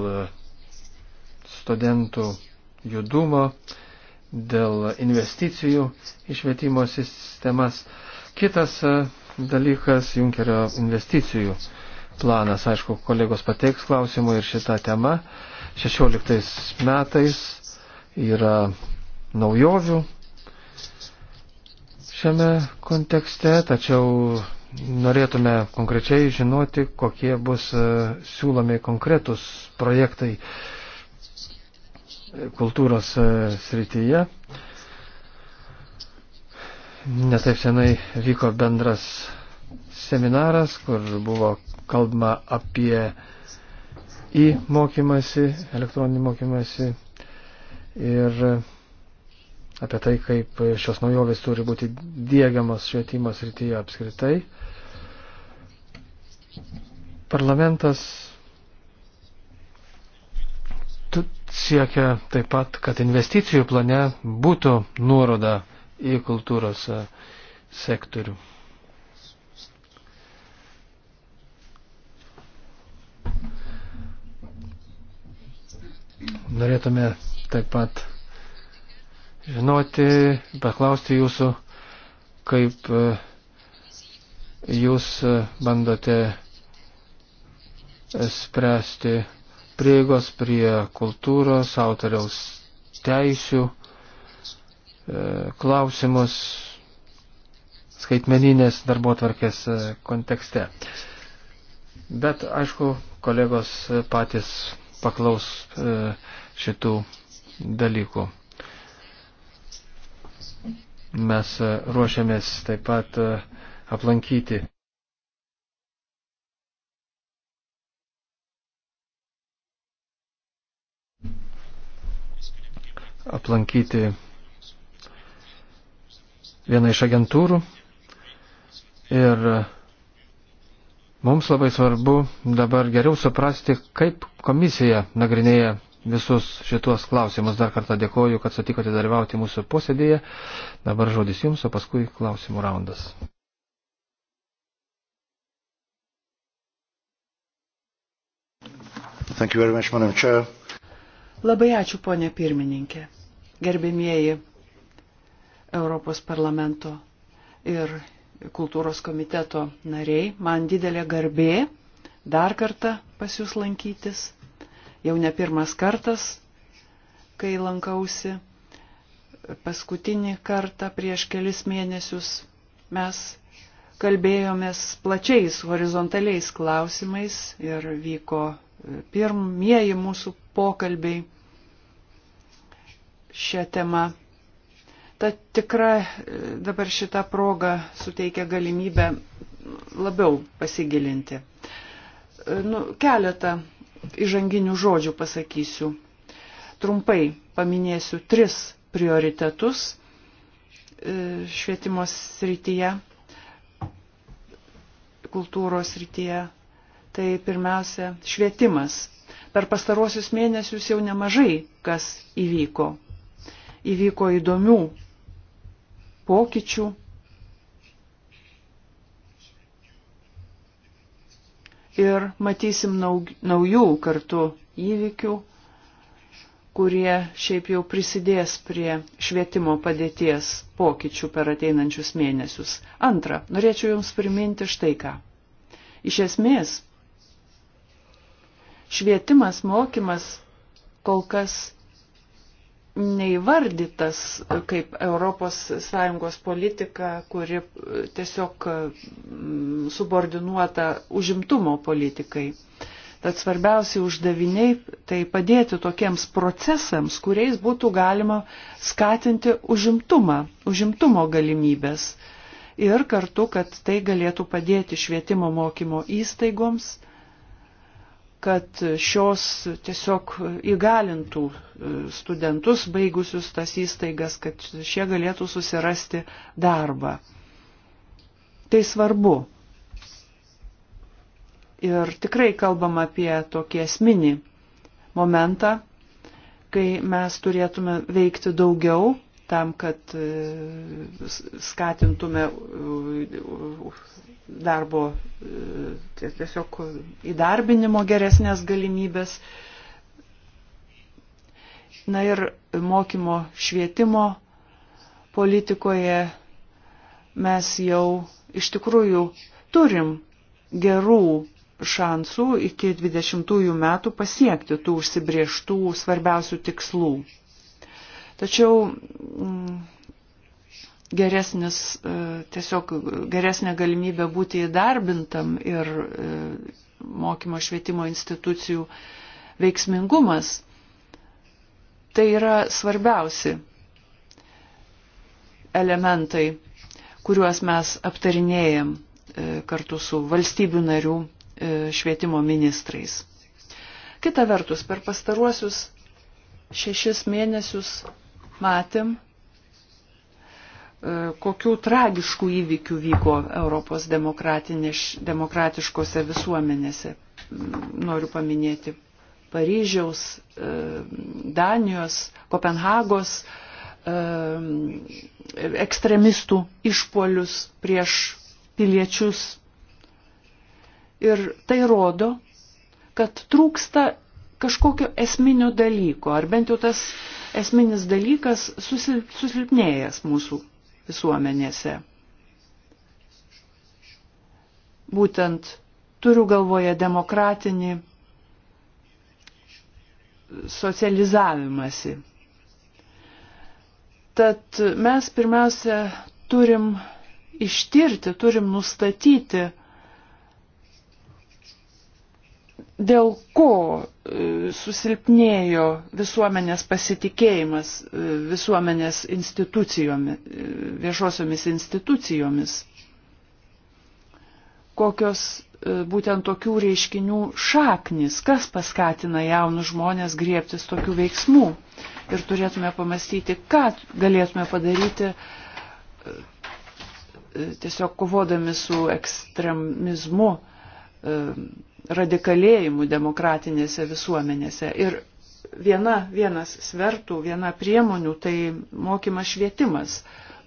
studentų judumo, dėl investicijų išvietimo sistemas. Kitas e, dalykas - Junkerio investicijų planas. Aišku, kolegos pateiks klausimų ir šitą temą. 16 metais yra naujovių šiame kontekste, tačiau norėtume konkrečiai žinoti, kokie bus e, siūlomi konkretus projektai kultūros e, srityje. Netaip senai vyko bendras seminaras, kur buvo kalbama apie į mokymasi, elektroninį mokymasi ir apie tai, kaip šios naujovės turi būti dėgiamas švietimo srityje apskritai. Parlamentas siekia taip pat, kad investicijų plane būtų nuoroda į kultūros e, sektorių. Norėtume taip pat žinoti, paklausti jūsų, kaip e, jūs e, bandote e, spręsti prieigos prie kultūros, autoriaus teisių, klausimus skaitmeninės darbo tvarkės kontekste. Bet, aišku, kolegos patys paklaus šitų dalykų. Mes e, ruošiamės taip pat e, aplankyti. aplankyti vieną iš agentūrų ir e, mums labai svarbu dabar geriau suprasti, kaip komisija nagrinėja visus šitos klausimus. Dar kartą dėkoju, kad sutikote dalyvauti mūsų posėdėje. Dabar žodis jums, o paskui klausimų raundas. Much, Labai ačiū, ponė pirmininkė. Gerbėmieji Europos parlamento ir kultūros komiteto nariai, man didelė garbė dar kartą pas jūs lankytis jau ne pirmas kartas, kai lankausi. Paskutinį kartą prieš kelis mėnesius mes kalbėjomės plačiais horizontaliais klausimais ir vyko e, pirmieji mūsų pokalbiai šią temą. Ta tikra e, dabar šita proga suteikia galimybę labiau pasigilinti. E, nu, keletą įžanginių žodžių pasakysiu. Trumpai paminėsiu tris prioritetus e, švietimo srityje, kultūros srityje. Tai pirmiausia, švietimas. Per pastarosius mėnesius jau nemažai kas įvyko. Įvyko įdomių pokyčių ir matysim naujų kartu įvykių, kurie šiaip jau prisidės prie švietimo padėties pokyčių per ateinančius mėnesius. Antra, norėčiau Jums priminti štai ką. Iš esmės, švietimas, mokymas kol kas neįvardytas kaip ES politika, kuri tiesiog mm, subordinuota užimtumo politikai. Tad svarbiausi uždaviniai tai padėti tokiems procesams, kuriais būtų galima skatinti užimtumą, užimtumo galimybės. Ir kartu, kad tai galėtų padėti švietimo mokymo įstaigoms kad šios tiesiog įgalintų e, studentus baigusius tas įstaigas, kad šie galėtų susirasti darbą. Tai svarbu. Ir tikrai kalbam apie tokį esminį momentą, kai mes turėtume veikti daugiau tam, kad e, skatintume darbo e, tiesiog įdarbinimo geresnės galimybės. Na ir mokymo švietimo politikoje mes jau iš tikrųjų turim gerų šansų iki 20 metų pasiekti tų užsibrieštų svarbiausių tikslų. Tačiau mm, geresnis, e, tiesiog geresnė galimybė būti įdarbintam ir e, mokymo švietimo institucijų veiksmingumas, tai yra svarbiausi elementai, kuriuos mes aptarinėjom e, kartu su valstybių narių švietimo ministrais. Kita vertus, per pastaruosius šešis mėnesius matėm, e, kokių tragiškų įvykių vyko Europos demokratiškose visuomenėse. Noriu paminėti Paryžiaus, e, Danijos, Kopenhagos e, ekstremistų išpolius prieš piliečius. Ir tai rodo, kad trūksta kažkokio esminio dalyko, ar bent jau tas esminis dalykas susilpnėjęs mūsų visuomenėse. Būtent turiu galvoje demokratinį socializavimasi. Tad mes pirmiausia turim ištirti, turim nustatyti, dėl ko e, susilpnėjo visuomenės pasitikėjimas e, visuomenės institucijomis, e, viešosiomis institucijomis, kokios būtent tokių reiškinių šaknis, kas paskatina jaunus žmonės griebtis tokių veiksmų. Ir turėtume pamastyti, ką galėtume padaryti tiesiog kovodami su ekstremizmu radikalėjimu demokratinėse visuomenėse. Ir viena, vienas svertų, viena priemonių tai mokymas švietimas,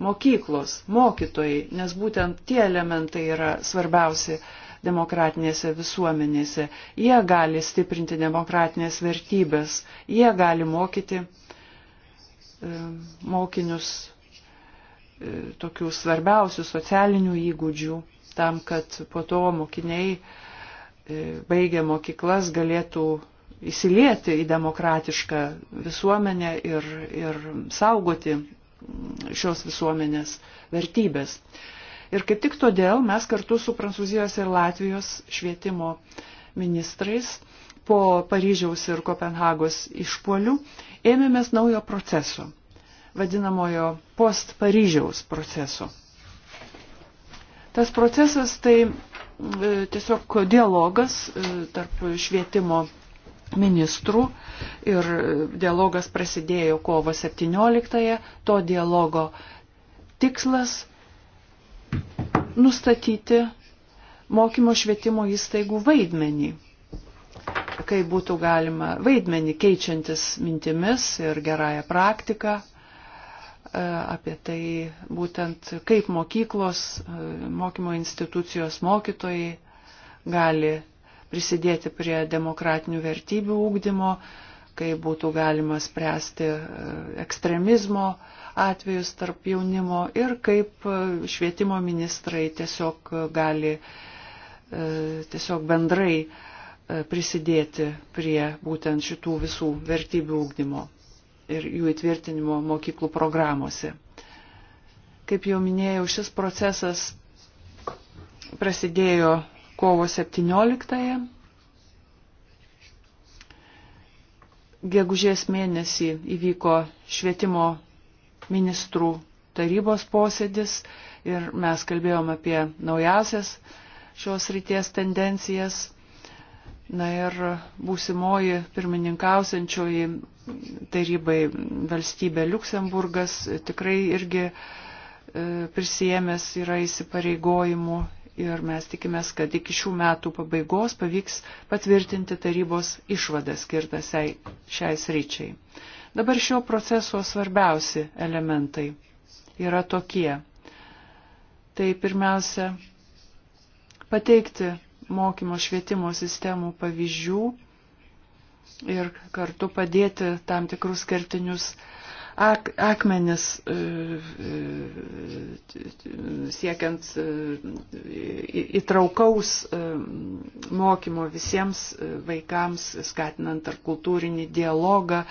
mokyklos, mokytojai, nes būtent tie elementai yra svarbiausi demokratinėse visuomenėse. Jie gali stiprinti demokratinės vertybės, jie gali mokyti e, mokinius e, tokių svarbiausių socialinių įgūdžių tam, kad po to mokiniai e, E, baigę mokyklas galėtų įsilieti į demokratišką visuomenę ir, ir saugoti šios visuomenės vertybės. Ir kaip tik todėl mes kartu su Prancūzijos ir Latvijos švietimo ministrais po Paryžiaus ir Kopenhagos išpolių ėmėmės naujo proceso, vadinamojo post Paryžiaus proceso. Tas procesas tai E, tiesiog dialogas e, tarp švietimo ministrų ir e, dialogas prasidėjo kovo 17-ąją. To dialogo tikslas - nustatyti mokymo švietimo įstaigų vaidmenį kai būtų galima vaidmenį keičiantis mintimis ir gerąją praktiką, E, apie tai būtent kaip mokyklos, e, mokymo institucijos, mokytojai gali prisidėti prie demokratinių vertybių ūkdymo, kaip būtų galima spręsti e, ekstremizmo atvejus tarp jaunimo ir kaip švietimo ministrai tiesiog gali tiesiog bendrai prisidėti prie būtent šitų visų vertybių ūkdymo ir jų įtvirtinimo mokyklų programuose. Kaip jau minėjau, šis procesas prasidėjo kovo 17. -ąją. Gegužės mėnesį įvyko švietimo ministrų tarybos posėdis ir mes kalbėjom apie naujasias šios ryties tendencijas. Na ir būsimoji pirmininkausiančioji tarybai valstybė Luksemburgas tikrai irgi e, prisijėmęs yra įsipareigojimų ir mes tikimės, kad iki šių metų pabaigos pavyks patvirtinti tarybos išvadą skirtą šiai sryčiai. Dabar šio proceso svarbiausi elementai yra tokie. Tai pirmiausia, pateikti mokymo švietimo sistemų pavyzdžių ir kartu padėti tam tikrus kertinius ak akmenis e, e, siekiant e, įtraukaus mokymo visiems vaikams, skatinant ar kultūrinį dialogą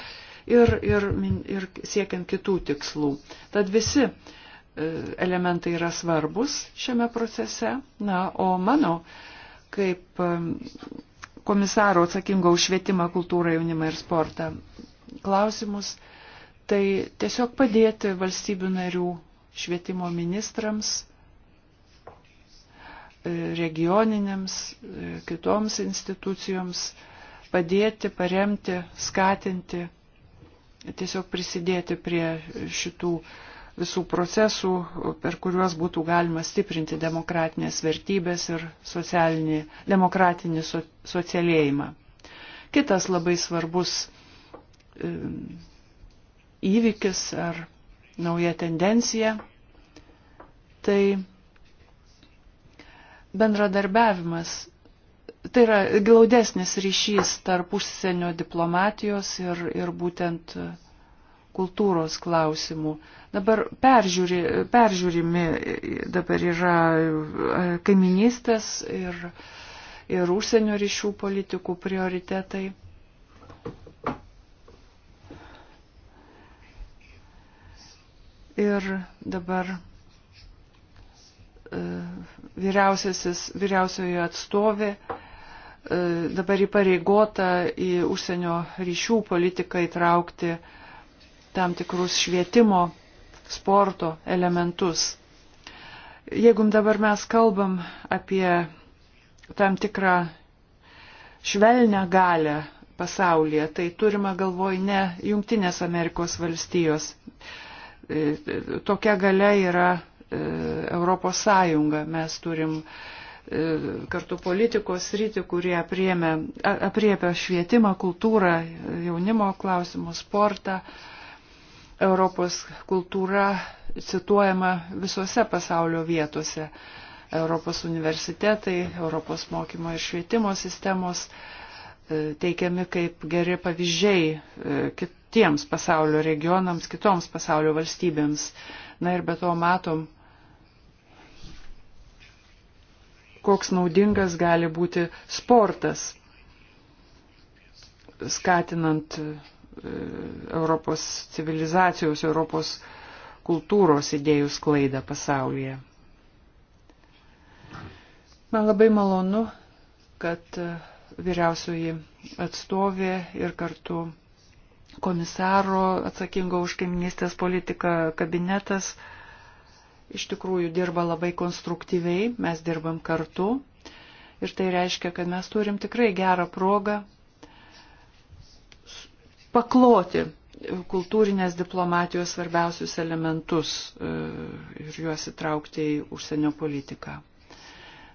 ir, ir, ir siekiant kitų tikslų. Tad visi elementai yra svarbus šiame procese. Na, o mano kaip komisaro atsakingo už švietimą, kultūrą, jaunimą ir sportą klausimus, tai tiesiog padėti valstybių narių švietimo ministrams, e, regioninėms, e, kitoms institucijoms, padėti, paremti, skatinti, tiesiog prisidėti prie šitų uh, visų procesų, per kuriuos būtų galima stiprinti demokratinės vertybės ir socialinį, demokratinį so, socialėjimą. Kitas labai svarbus įvykis ar nauja tendencija tai bendradarbiavimas, tai yra glaudesnis ryšys tarp užsienio diplomatijos ir, ir būtent uh, kultūros klausimų. Dabar peržiūri, peržiūrimi dabar yra e, kaiminystės ir, ir užsienio ryšių politikų prioritetai. Ir dabar e, vyriausiojo atstovė e, dabar įpareigota į užsienio ryšių politiką įtraukti uh, tam tikrus švietimo, sporto elementus. Jeigu dabar mes kalbam apie tam tikrą švelnę galę pasaulyje, tai turime galvoj ne Junktinės Amerikos valstijos. E, e, tokia galia yra e, Europos Sąjunga. Mes turim kartu politikos rytį, kurie apriemė, apriepia švietimą, kultūrą, jaunimo klausimus, sportą, Europos kultūra cituojama visose pasaulio vietose. Europos universitetai, Europos mokymo ir švietimo sistemos e, teikiami kaip geri pavyzdžiai e, kitiems pasaulio regionams, kitoms pasaulio valstybėms. Na ir be to matom, koks naudingas gali būti sportas, skatinant E, Europos civilizacijos, Europos kultūros idėjų sklaidą pasaulyje. Man labai malonu, kad e, vyriausioji atstovė ir kartu komisaro atsakingo už kaiminystės politiką kabinetas iš tikrųjų dirba labai konstruktyviai, mes dirbam kartu ir tai reiškia, kad mes turim tikrai gerą progą pakloti kultūrinės diplomatijos svarbiausius elementus e, ir juos įtraukti į užsienio politiką.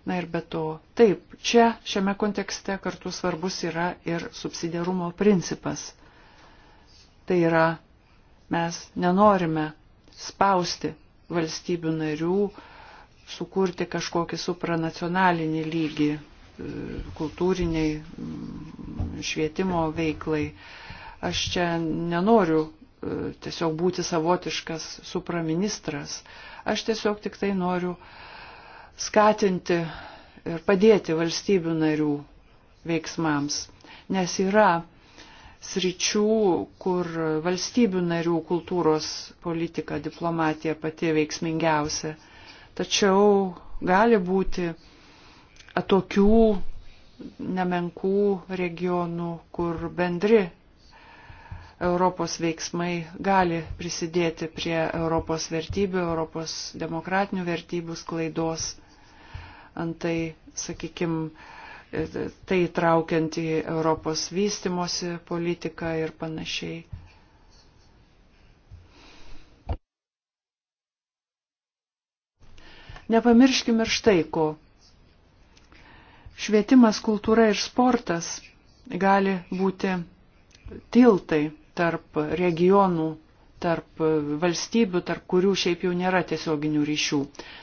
Na ir be to, taip, čia šiame kontekste kartu svarbus yra ir subsidiarumo principas. Tai yra, mes nenorime spausti valstybių narių, sukurti kažkokį supranacionalinį lygį e, kultūriniai švietimo veiklai, Aš čia nenoriu e, tiesiog būti savotiškas supraministras. Aš tiesiog tik tai noriu skatinti ir padėti valstybių narių veiksmams, nes yra sričių, kur valstybių narių kultūros politika, diplomatija pati veiksmingiausia. Tačiau gali būti atokių, nemenkų regionų, kur bendri Europos veiksmai gali prisidėti prie Europos vertybių, Europos demokratinių vertybių sklaidos. Antai, sakykime, tai traukiant į Europos vystimosi politiką ir panašiai. Nepamirškim ir štai ko. Švietimas, kultūra ir sportas gali būti tiltai tarp regionų, tarp valstybių, tarp kurių šiaip jau nėra tiesioginių ryšių.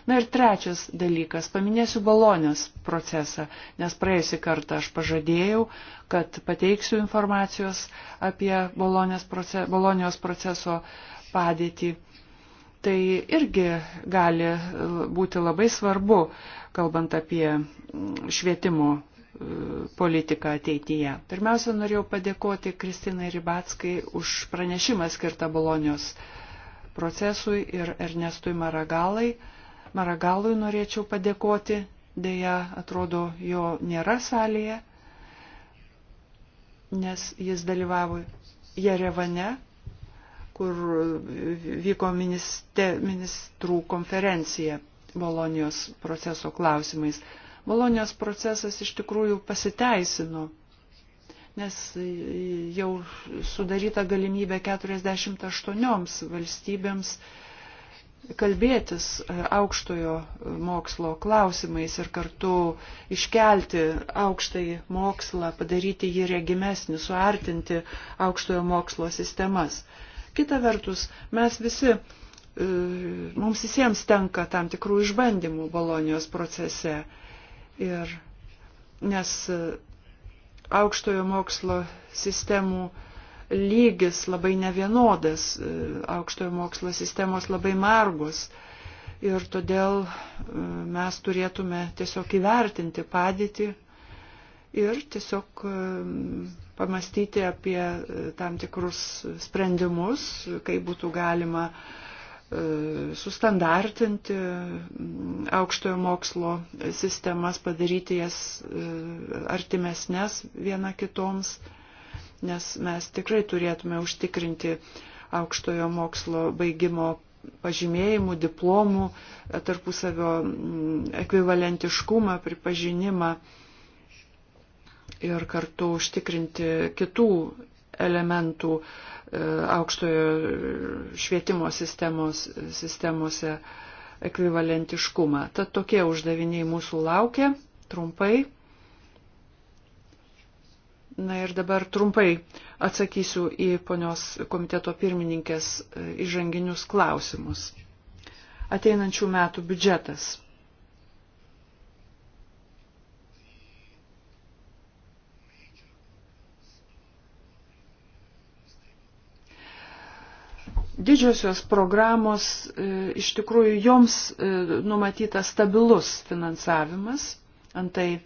Na ir trečias dalykas, paminėsiu balonės procesą, nes praėjusį kartą aš pažadėjau, kad pateiksiu informacijos apie proces, balonijos proceso padėtį. Tai irgi gali būti labai svarbu, kalbant apie švietimo politiką ateityje. Pirmiausia, norėjau padėkoti Kristinai Ribatskai už pranešimą skirtą Bolonijos procesui ir Ernestui Maragalai. Maragalui norėčiau padėkoti, dėja, atrodo, jo nėra salėje, nes jis dalyvavo Jerevane, kur vyko minister, ministrų konferencija Bolonijos proceso klausimais. Bolonijos procesas iš tikrųjų pasiteisino, nes jau sudaryta galimybė 48 valstybėms kalbėtis aukštojo mokslo klausimais ir kartu iškelti aukštai mokslą, padaryti jį regimesnį, suartinti aukštojo mokslo sistemas. Kita vertus, mes visi, e, mums visiems tenka tam tikrų išbandymų Bolonijos procese Ir nes e, aukštojo mokslo sistemų lygis labai nevienodas, e, aukštojo mokslo sistemos labai margus. Ir todėl e, mes turėtume tiesiog įvertinti padėtį ir tiesiog pamastyti apie tam tikrus sprendimus, kaip būtų galima uh, E, sustandartinti aukštojo mokslo sistemas, padaryti jas e, artimesnės viena kitoms, nes mes tikrai turėtume užtikrinti aukštojo mokslo baigimo pažymėjimų, diplomų, e, tarpusavio ekvivalentiškumą, pripažinimą ir kartu užtikrinti kitų elementų e, aukštojo švietimo sistemos, sistemose ekvivalentiškumą. Tad tokie uždaviniai mūsų laukia trumpai. Na ir dabar trumpai atsakysiu į ponios komiteto pirmininkės e, įžanginius klausimus. Ateinančių metų biudžetas. didžiosios programos, e, iš tikrųjų joms e, numatytas stabilus finansavimas, antai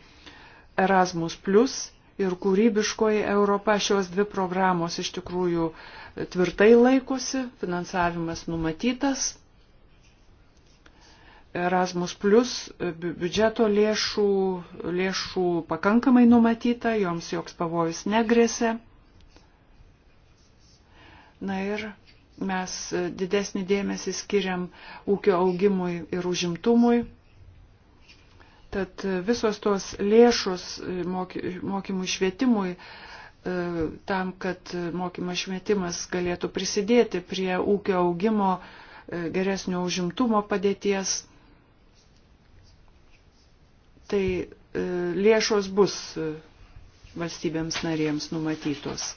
Erasmus Plus ir kūrybiškoji Europa šios dvi programos iš tikrųjų e, tvirtai laikosi, finansavimas numatytas. Erasmus Plus biudžeto lėšų, lėšų pakankamai numatyta, joms joks pavojus negrėsia. Na ir mes didesnį dėmesį skiriam ūkio augimui ir užimtumui. Tad visos tos lėšos mokymui švietimui e, tam, kad mokymas švietimas galėtų prisidėti prie ūkio augimo, e, geresnio užimtumo padėties, tai e, lėšos bus valstybėms narėms numatytos.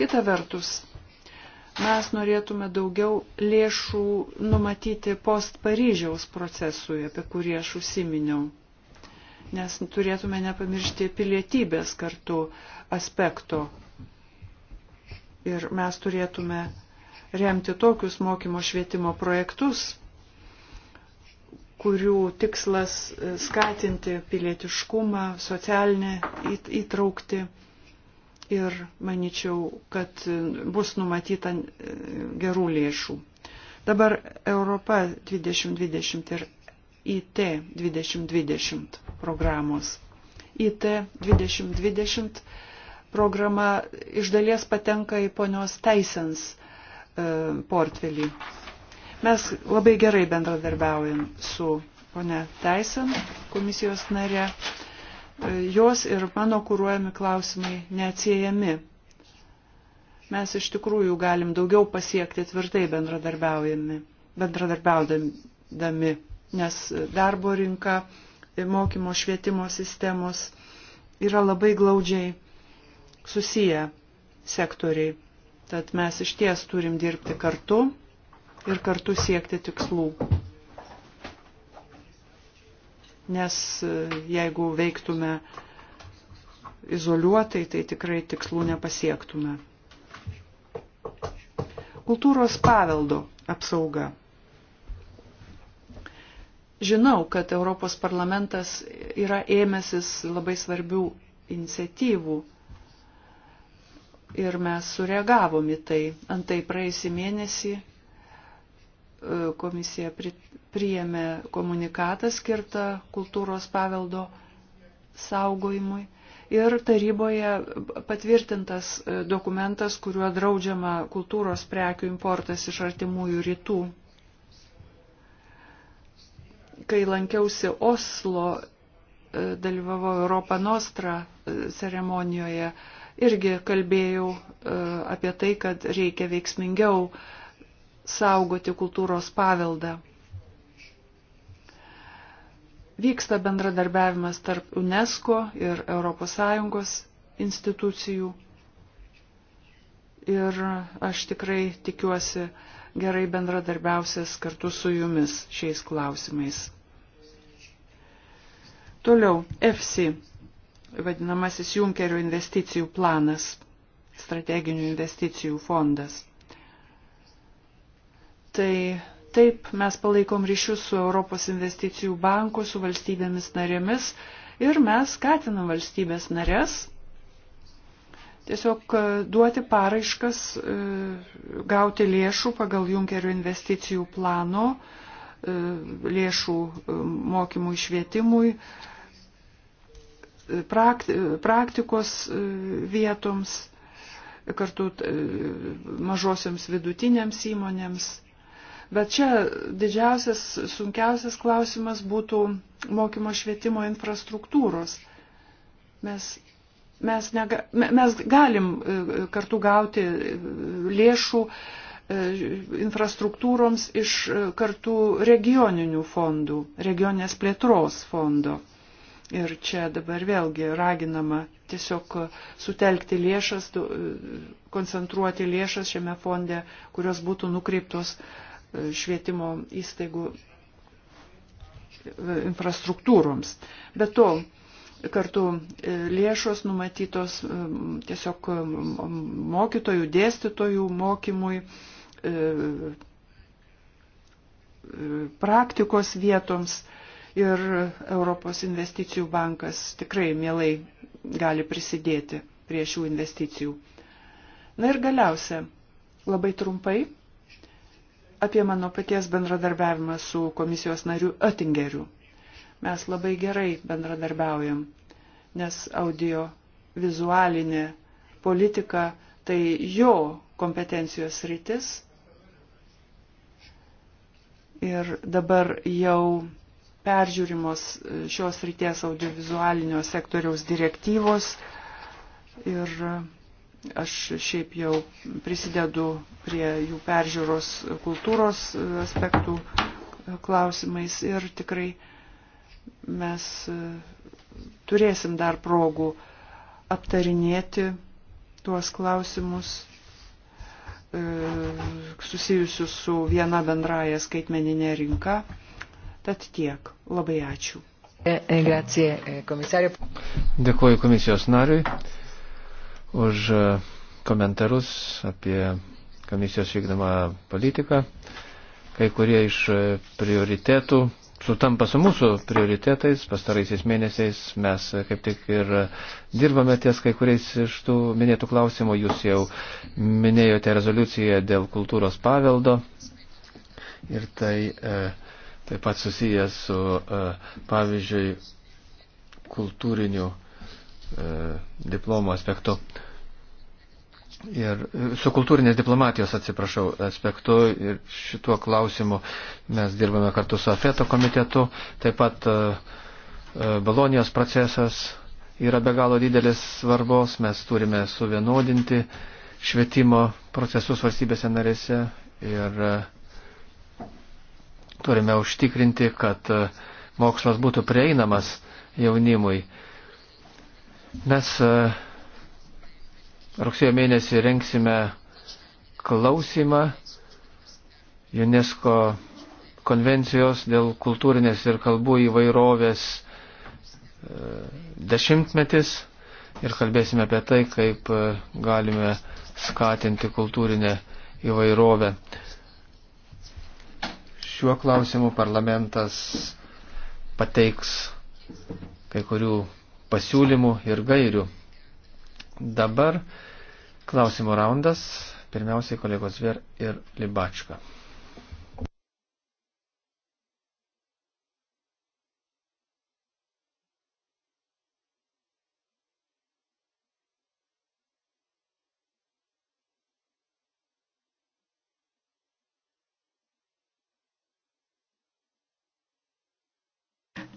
Kita vertus, mes norėtume daugiau lėšų numatyti post Paryžiaus procesui, apie kurį aš užsiminiau. Nes turėtume nepamiršti pilietybės kartu aspekto. Ir mes turėtume remti tokius mokymo švietimo projektus, kurių tikslas skatinti pilietiškumą, socialinę įtraukti. It ir manyčiau, kad bus numatyta e, gerų lėšų. Dabar Europa 2020 ir IT 2020 programos. IT 2020 programa iš dalies patenka į ponios Teisens e, portfelį. Mes labai gerai bendradarbiaujam su ponia Teisen, komisijos narė jos ir mano kūruojami klausimai neatsiejami. Mes iš tikrųjų galim daugiau pasiekti tvirtai bendradarbiaudami, nes darbo rinka, mokymo švietimo sistemos yra labai glaudžiai susiję sektoriai. Tad mes iš ties turim dirbti kartu ir kartu siekti tikslų nes e, jeigu veiktume izoliuotai, tai tikrai tikslų nepasiektume. Kultūros paveldo apsauga. Žinau, kad Europos parlamentas yra ėmęsis labai svarbių iniciatyvų ir mes sureagavom į tai. Antai praėjusį mėnesį komisija priėmė komunikatą skirtą kultūros paveldo saugojimui ir taryboje patvirtintas e, dokumentas, kuriuo draudžiama kultūros prekių importas iš artimųjų rytų. Kai lankiausi Oslo, e, dalyvavau Europą Nostra e, ceremonijoje, irgi kalbėjau apie tai, kad reikia veiksmingiau saugoti kultūros paveldą. Vyksta bendradarbiavimas tarp UNESCO ir ES institucijų. Ir aš tikrai tikiuosi gerai bendradarbiausias kartu su jumis šiais klausimais. Toliau, EFSI, vadinamasis Junkerio investicijų planas, strateginių investicijų fondas. Tai taip mes palaikom ryšius su Europos investicijų banku, su valstybėmis narėmis ir mes skatinam valstybės narės tiesiog e, duoti paraiškas, e, gauti lėšų pagal Junkerio investicijų plano, e, lėšų mokymui švietimui, praktikos vietoms, kartu mažosiams vidutinėms įmonėms Bet čia didžiausias, sunkiausias klausimas būtų mokymo švietimo infrastruktūros. Mes, mes, nega, mes galim e, kartu gauti e, lėšų e, infrastruktūroms iš kartu regioninių fondų, regioninės plėtros fondo. Ir čia dabar vėlgi raginama tiesiog sutelkti lėšas, koncentruoti lėšas šiame fonde, kurios būtų nukreiptos uh, švietimo įstaigų infrastruktūroms. Be to, kartu e, lėšos numatytos e, tiesiog e, mokytojų, dėstytojų mokymui, praktikos vietoms ir Europos investicijų bankas tikrai mielai gali prisidėti prie šių investicijų. Na ir galiausia, labai trumpai apie mano paties bendradarbiavimą su komisijos nariu Oettingeriu. Mes labai gerai bendradarbiaujam, nes audio vizualinė politika tai jo kompetencijos rytis. Ir dabar jau peržiūrimos šios ryties audiovizualinio sektoriaus direktyvos ir Aš šiaip jau prisidedu prie jų peržiūros kultūros aspektų klausimais ir tikrai mes e, turėsim dar progų aptarinėti tuos klausimus e, susijusius su viena bendraja skaitmeninė rinka. Tad tiek. Labai ačiū. E, Dėkuoju komisijos nariui už e, komentarus apie komisijos vykdomą politiką. Kai kurie iš e, prioritetų sutampa su mūsų prioritetais. Pastaraisiais mėnesiais mes e, kaip tik ir dirbame ties kai kuriais iš tų minėtų klausimų. Jūs jau minėjote rezoliuciją dėl kultūros paveldo. Ir tai e, taip pat susijęs su, e, pavyzdžiui, kultūriniu E, diplomo aspektu. Ir e, su kultūrinės diplomatijos, atsiprašau, aspektu ir šituo klausimu mes dirbame kartu su AFETO komitetu. Taip pat e, Balonijos procesas yra be galo didelis svarbos. Mes turime suvienodinti švietimo procesus valstybėse narėse ir turime užtikrinti, kad mokslas būtų prieinamas jaunimui. Mes e, rugsėjo mėnesį renksime klausimą UNESCO konvencijos dėl kultūrinės ir kalbų įvairovės e, dešimtmetis ir kalbėsime apie tai, kaip e, galime skatinti kultūrinę įvairovę. Šiuo klausimu parlamentas pateiks kai kurių pasiūlymų ir gairių. Dabar klausimų raundas. Pirmiausiai kolegos Ver ir Libačka.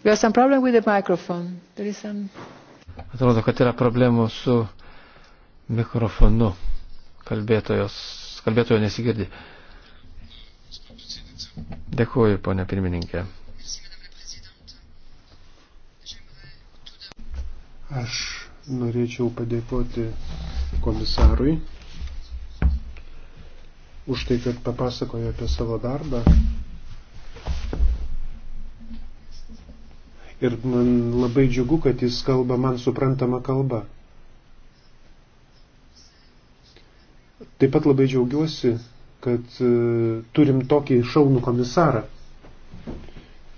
You have some problem with the microphone. There is some... Atrodo, kad yra problemų su mikrofonu. Kalbėtojos, kalbėtojo nesigirdi. Dėkuoju, ponia pirmininkė. Aš norėčiau padėkoti komisarui už tai, kad papasakojo apie savo darbą ir man labai džiugu, kad jis kalba man suprantama kalba. Taip pat labai džiaugiuosi, kad e, turim tokį šaunų komisarą.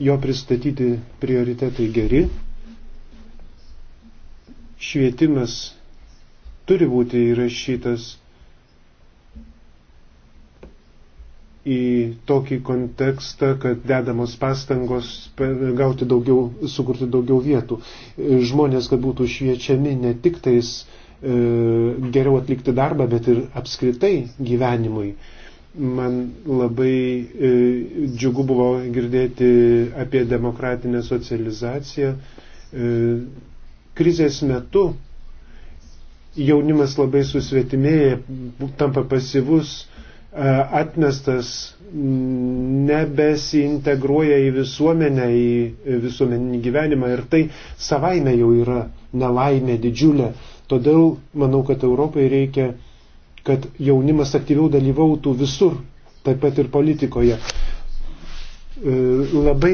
Jo pristatyti prioritetai geri. Švietimas turi būti įrašytas į tokį kontekstą, kad dedamos pastangos gauti daugiau, sukurti daugiau vietų. Žmonės, kad būtų šviečiami ne tik tais e, geriau atlikti darbą, bet ir apskritai gyvenimui. Man labai e, džiugu buvo girdėti apie demokratinę socializaciją. E, krizės metu jaunimas labai susvetimėja, tampa pasivus, E, atmestas, nebesiintegruoja į visuomenę, į visuomeninį gyvenimą ir tai savaime jau yra nelaimė didžiulė. Todėl manau, kad Europai reikia, kad jaunimas aktyviau dalyvautų visur, taip pat ir politikoje. E, labai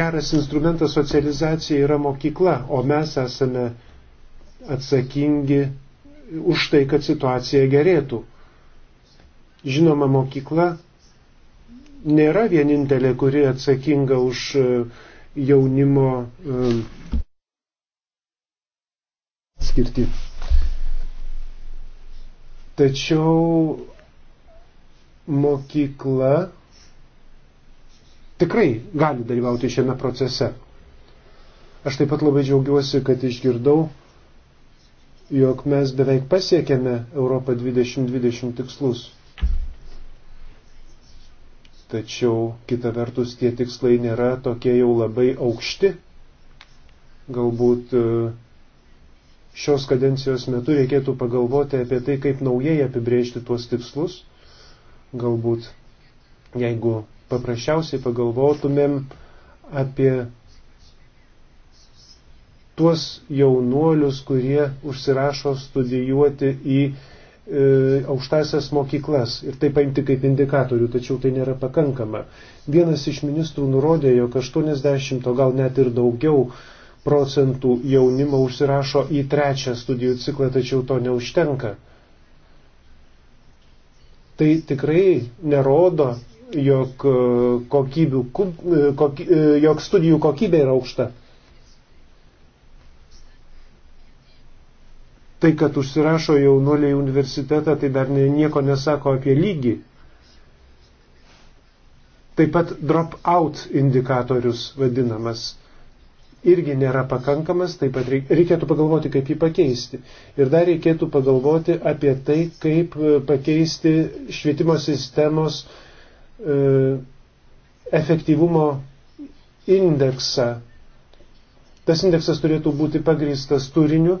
geras instrumentas socializacija yra mokykla, o mes esame atsakingi už tai, kad situacija gerėtų. Žinoma, mokykla nėra vienintelė, kuri atsakinga už e, jaunimo e, skirti. Tačiau mokykla tikrai gali dalyvauti šiame procese. Aš taip pat labai džiaugiuosi, kad išgirdau, jog mes beveik pasiekėme Europą 2020 tikslus tačiau kita vertus tie tikslai nėra tokie jau labai aukšti. Galbūt e, šios kadencijos metu reikėtų pagalvoti apie tai, kaip naujai apibrėžti tuos tikslus. Galbūt jeigu paprasčiausiai pagalvotumėm apie tuos jaunuolius, kurie užsirašo studijuoti į E, aukštasias mokyklas ir tai paimti kaip indikatorių, tačiau tai nėra pakankama. Vienas iš ministrų nurodė, jog 80, o gal net ir daugiau procentų jaunimo užsirašo į trečią studijų ciklą, tačiau to neužtenka. Tai tikrai nerodo, jog, e, kokybių, e, koky, jog studijų kokybė yra aukšta. Tai, kad užsirašo jaunuoliai universitetą, tai dar nieko nesako apie lygį. Taip pat drop-out indikatorius vadinamas irgi nėra pakankamas, taip pat reikėtų pagalvoti, kaip jį pakeisti. Ir dar reikėtų pagalvoti apie tai, kaip e, pakeisti švietimo sistemos e, efektyvumo indeksą. Tas indeksas turėtų būti pagristas turiniu,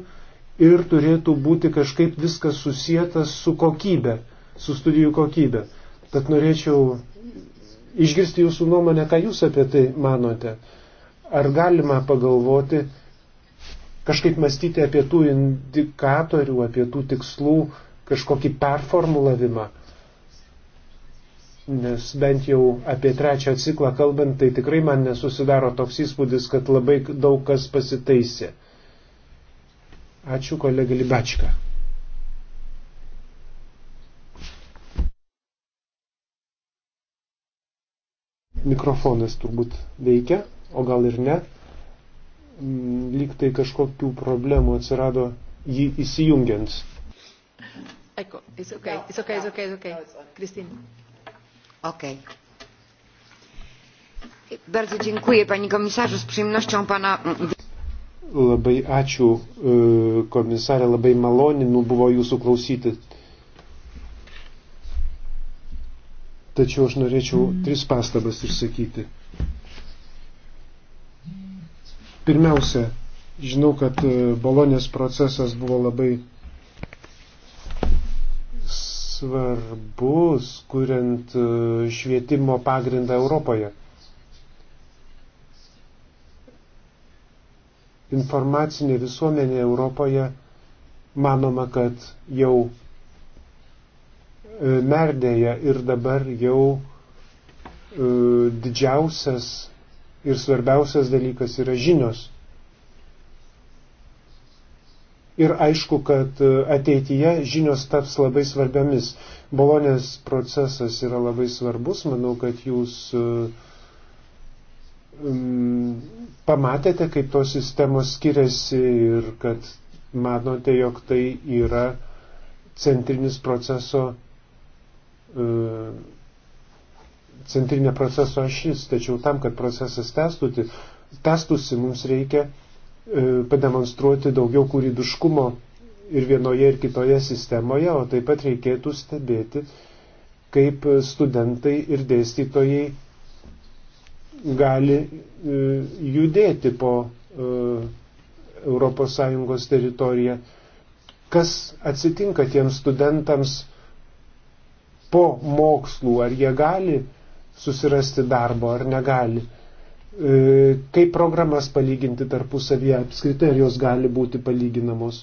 ir turėtų būti kažkaip viskas susijęta su kokybė, su studijų kokybė. Tad norėčiau išgirsti jūsų nuomonę, ką jūs apie tai manote. Ar galima pagalvoti, kažkaip mąstyti apie tų indikatorių, apie tų tikslų kažkokį performulavimą? Nes bent jau apie trečią ciklą kalbant, tai tikrai man nesusidaro toks įspūdis, kad labai daug kas pasitaisė. Ačiū kolega Libačka. Mikrofonas turbūt veikia, o gal ir ne. Mm, lyg tai kažkokių problemų atsirado jį įsijungiant. Ecco, it's okay, it's okay, it's okay, it's okay. Christine. Okay. Bardzo dziękuję Pani Komisarzu. Z przyjemnością Pana... Labai ačiū, e, komisarė, labai maloninu buvo jūsų klausyti. Tačiau aš norėčiau mm. tris pastabas išsakyti. Pirmiausia, žinau, kad e, balonės procesas buvo labai svarbus, kuriant e, švietimo pagrindą Europoje. informacinė visuomenė Europoje manoma, kad jau e, merdėja ir dabar jau e, didžiausias ir svarbiausias dalykas yra žinios. Ir aišku, kad e, ateityje žinios taps labai svarbiamis. Bolonės procesas yra labai svarbus, manau, kad jūs uh, Mm, pamatėte, kaip tos sistemos skiriasi ir kad manote, jog tai yra centrinis proceso, e, centrinė proceso ašis, tačiau tam, kad procesas testusi, testusi mums reikia e, pademonstruoti daugiau kūrybiškumo ir vienoje ir kitoje sistemoje, o taip pat reikėtų stebėti, kaip studentai ir dėstytojai gali e, judėti po ES teritoriją. Kas atsitinka tiems studentams po mokslų, ar jie gali susirasti darbo ar negali. E, kaip programas palyginti tarpusavyje, apskritai ar jos gali būti palyginamos.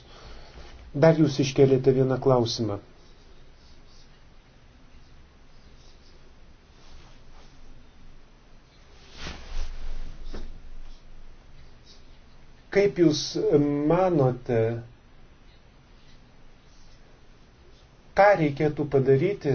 Dar jūs iškelėte vieną klausimą. Kaip Jūs manote, ką reikėtų padaryti,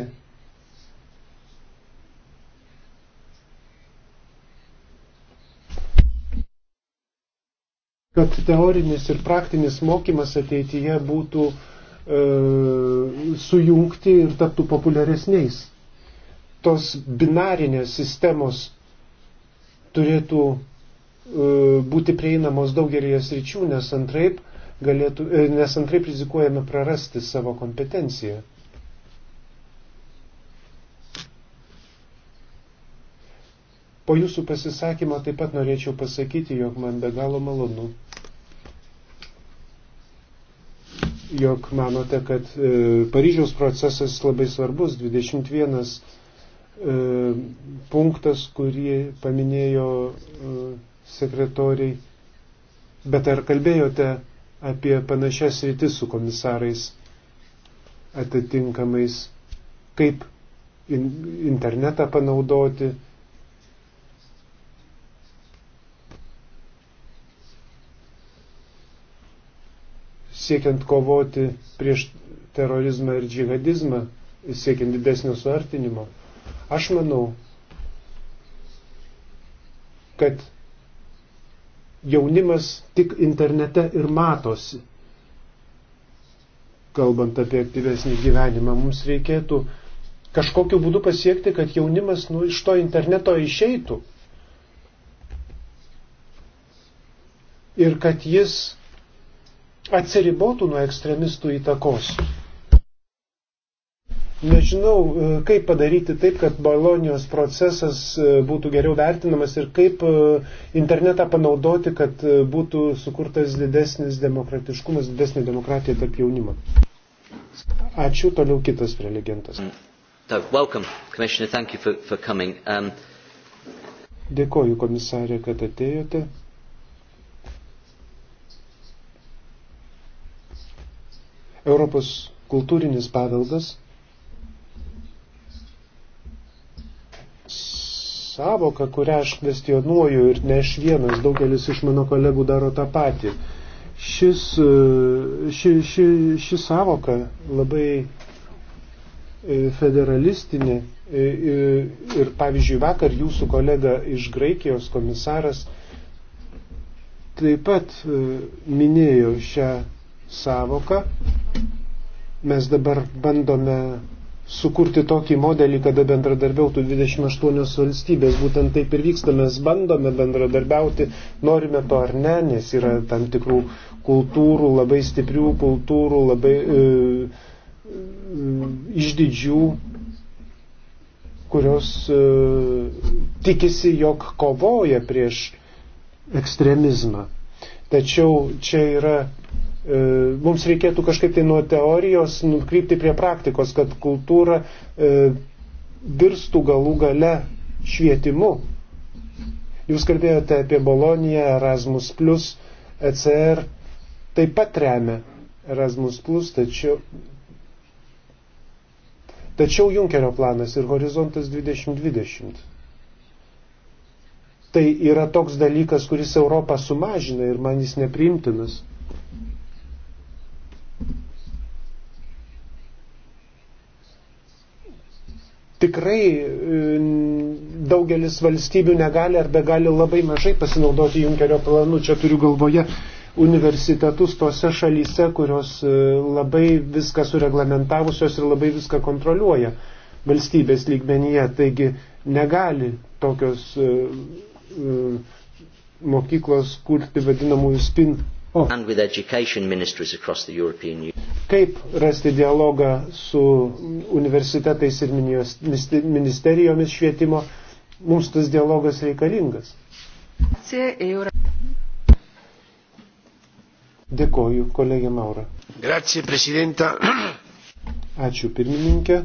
kad teorinis ir praktinis mokymas ateityje būtų e, sujungti ir taptų populiaresniais. Tos binarinės sistemos turėtų E, būti prieinamos daugelį sričių, nes antraip, galėtų, e, nes antraip rizikuojame prarasti savo kompetenciją. Po jūsų pasisakymo taip pat norėčiau pasakyti, jog man be galo malonu, jog manote, kad e, Paryžiaus procesas labai svarbus, 21 e, punktas, kurį paminėjo e, sekretoriai, bet ar kalbėjote apie panašias rytis su komisarais atitinkamais, kaip in, internetą panaudoti? siekiant kovoti prieš terorizmą ir džihadizmą, siekiant didesnio suartinimo. Aš manau, kad jaunimas tik internete ir matosi. Kalbant apie aktyvesnį gyvenimą, mums reikėtų kažkokiu būdu pasiekti, kad jaunimas nu, iš to interneto išeitų. Ir kad jis atsiribotų nuo ekstremistų įtakos. Nežinau, e, kaip padaryti taip, kad Bolonijos procesas e, būtų geriau vertinamas ir kaip e, internetą panaudoti, kad būtų sukurtas didesnis demokratiškumas, didesnė demokratija tarp jaunimo. Ačiū, toliau kitas prelegentas. Mm. Um, Dėkoju, komisarė, kad atėjote. Europos kultūrinis paveldas savoka, kurią aš kvestionuoju ir ne aš vienas, daugelis iš mano kolegų daro tą patį. Šis, e, ši, ši, ši savoka labai e, federalistinė e, ir pavyzdžiui vakar jūsų kolega iš Graikijos komisaras taip pat minėjo šią savoką. Mes dabar bandome sukurti tokį modelį, kada bendradarbiautų 28 valstybės. Būtent taip ir vyksta, mes bandome bendradarbiauti, norime to ar ne, nes yra tam tikrų kultūrų, labai stiprių kultūrų, labai e, e, išdidžių, kurios e, tikisi, jog kovoja prieš ekstremizmą. Tačiau čia yra E, mums reikėtų kažkaip tai nuo teorijos nukrypti prie praktikos, kad kultūra e, virstų galų gale švietimu. Jūs kalbėjote apie Boloniją, Erasmus, ECR taip pat remia Erasmus, tačiau, tačiau Junkerio planas ir Horizontas 2020. Tai yra toks dalykas, kuris Europą sumažina ir man jis neprimtinas. tikrai e, daugelis valstybių negali arba gali labai mažai pasinaudoti Junkerio planu. Čia turiu galvoje universitetus tose šalyse, kurios e, labai viską sureglamentavusios ir labai viską kontroliuoja valstybės lygmenyje. Taigi negali tokios e, mokyklos kurti vadinamųjų spin O. Kaip rasti dialogą su universitetais ir ministerijomis švietimo, mums tas dialogas reikalingas. Dėkoju, kolegė Maura. Grazie, prezidenta. Ačiū, pirmininkė.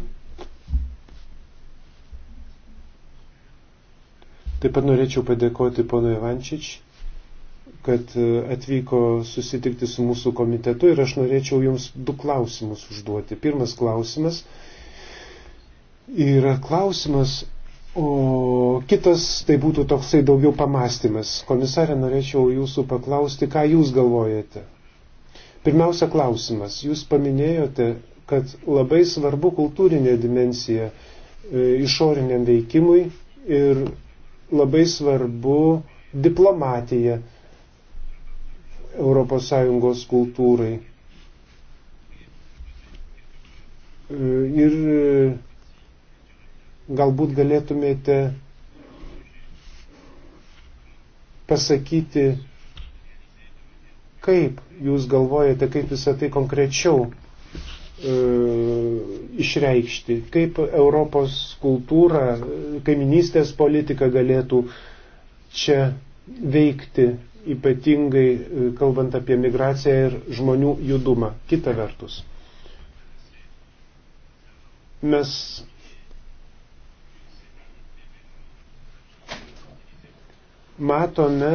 Taip pat norėčiau padėkoti ponui Vančičiui kad e, atvyko susitikti su mūsų komitetu ir aš norėčiau Jums du klausimus užduoti. Pirmas klausimas yra klausimas, o kitas tai būtų toksai daugiau pamastymas. Komisarė, norėčiau Jūsų paklausti, ką Jūs galvojate. Pirmiausia klausimas. Jūs paminėjote, kad labai svarbu kultūrinė dimensija e, išoriniam veikimui ir labai svarbu diplomatija ES kultūrai. E, ir e, galbūt galėtumėte pasakyti, kaip jūs galvojate, kaip visą tai konkrečiau e, išreikšti, kaip Europos kultūra, e, kaiminystės politika galėtų čia veikti ypatingai e, kalbant apie migraciją ir žmonių judumą. Kita vertus, mes matome,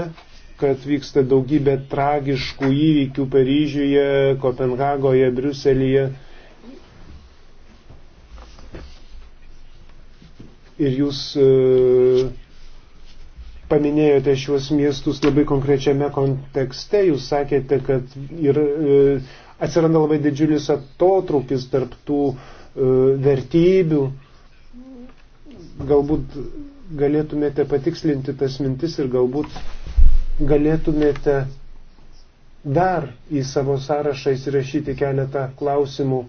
kad vyksta daugybė tragiškų įvykių Paryžiuje, Kopenhagoje, Briuselėje. Ir jūs uh, paminėjote šiuos miestus labai konkrečiame kontekste. Jūs sakėte, kad ir e, atsiranda labai didžiulis atotrūkis tarp tų e, vertybių. Galbūt galėtumėte patikslinti tas mintis ir galbūt galėtumėte dar į savo sąrašą įsirašyti keletą klausimų,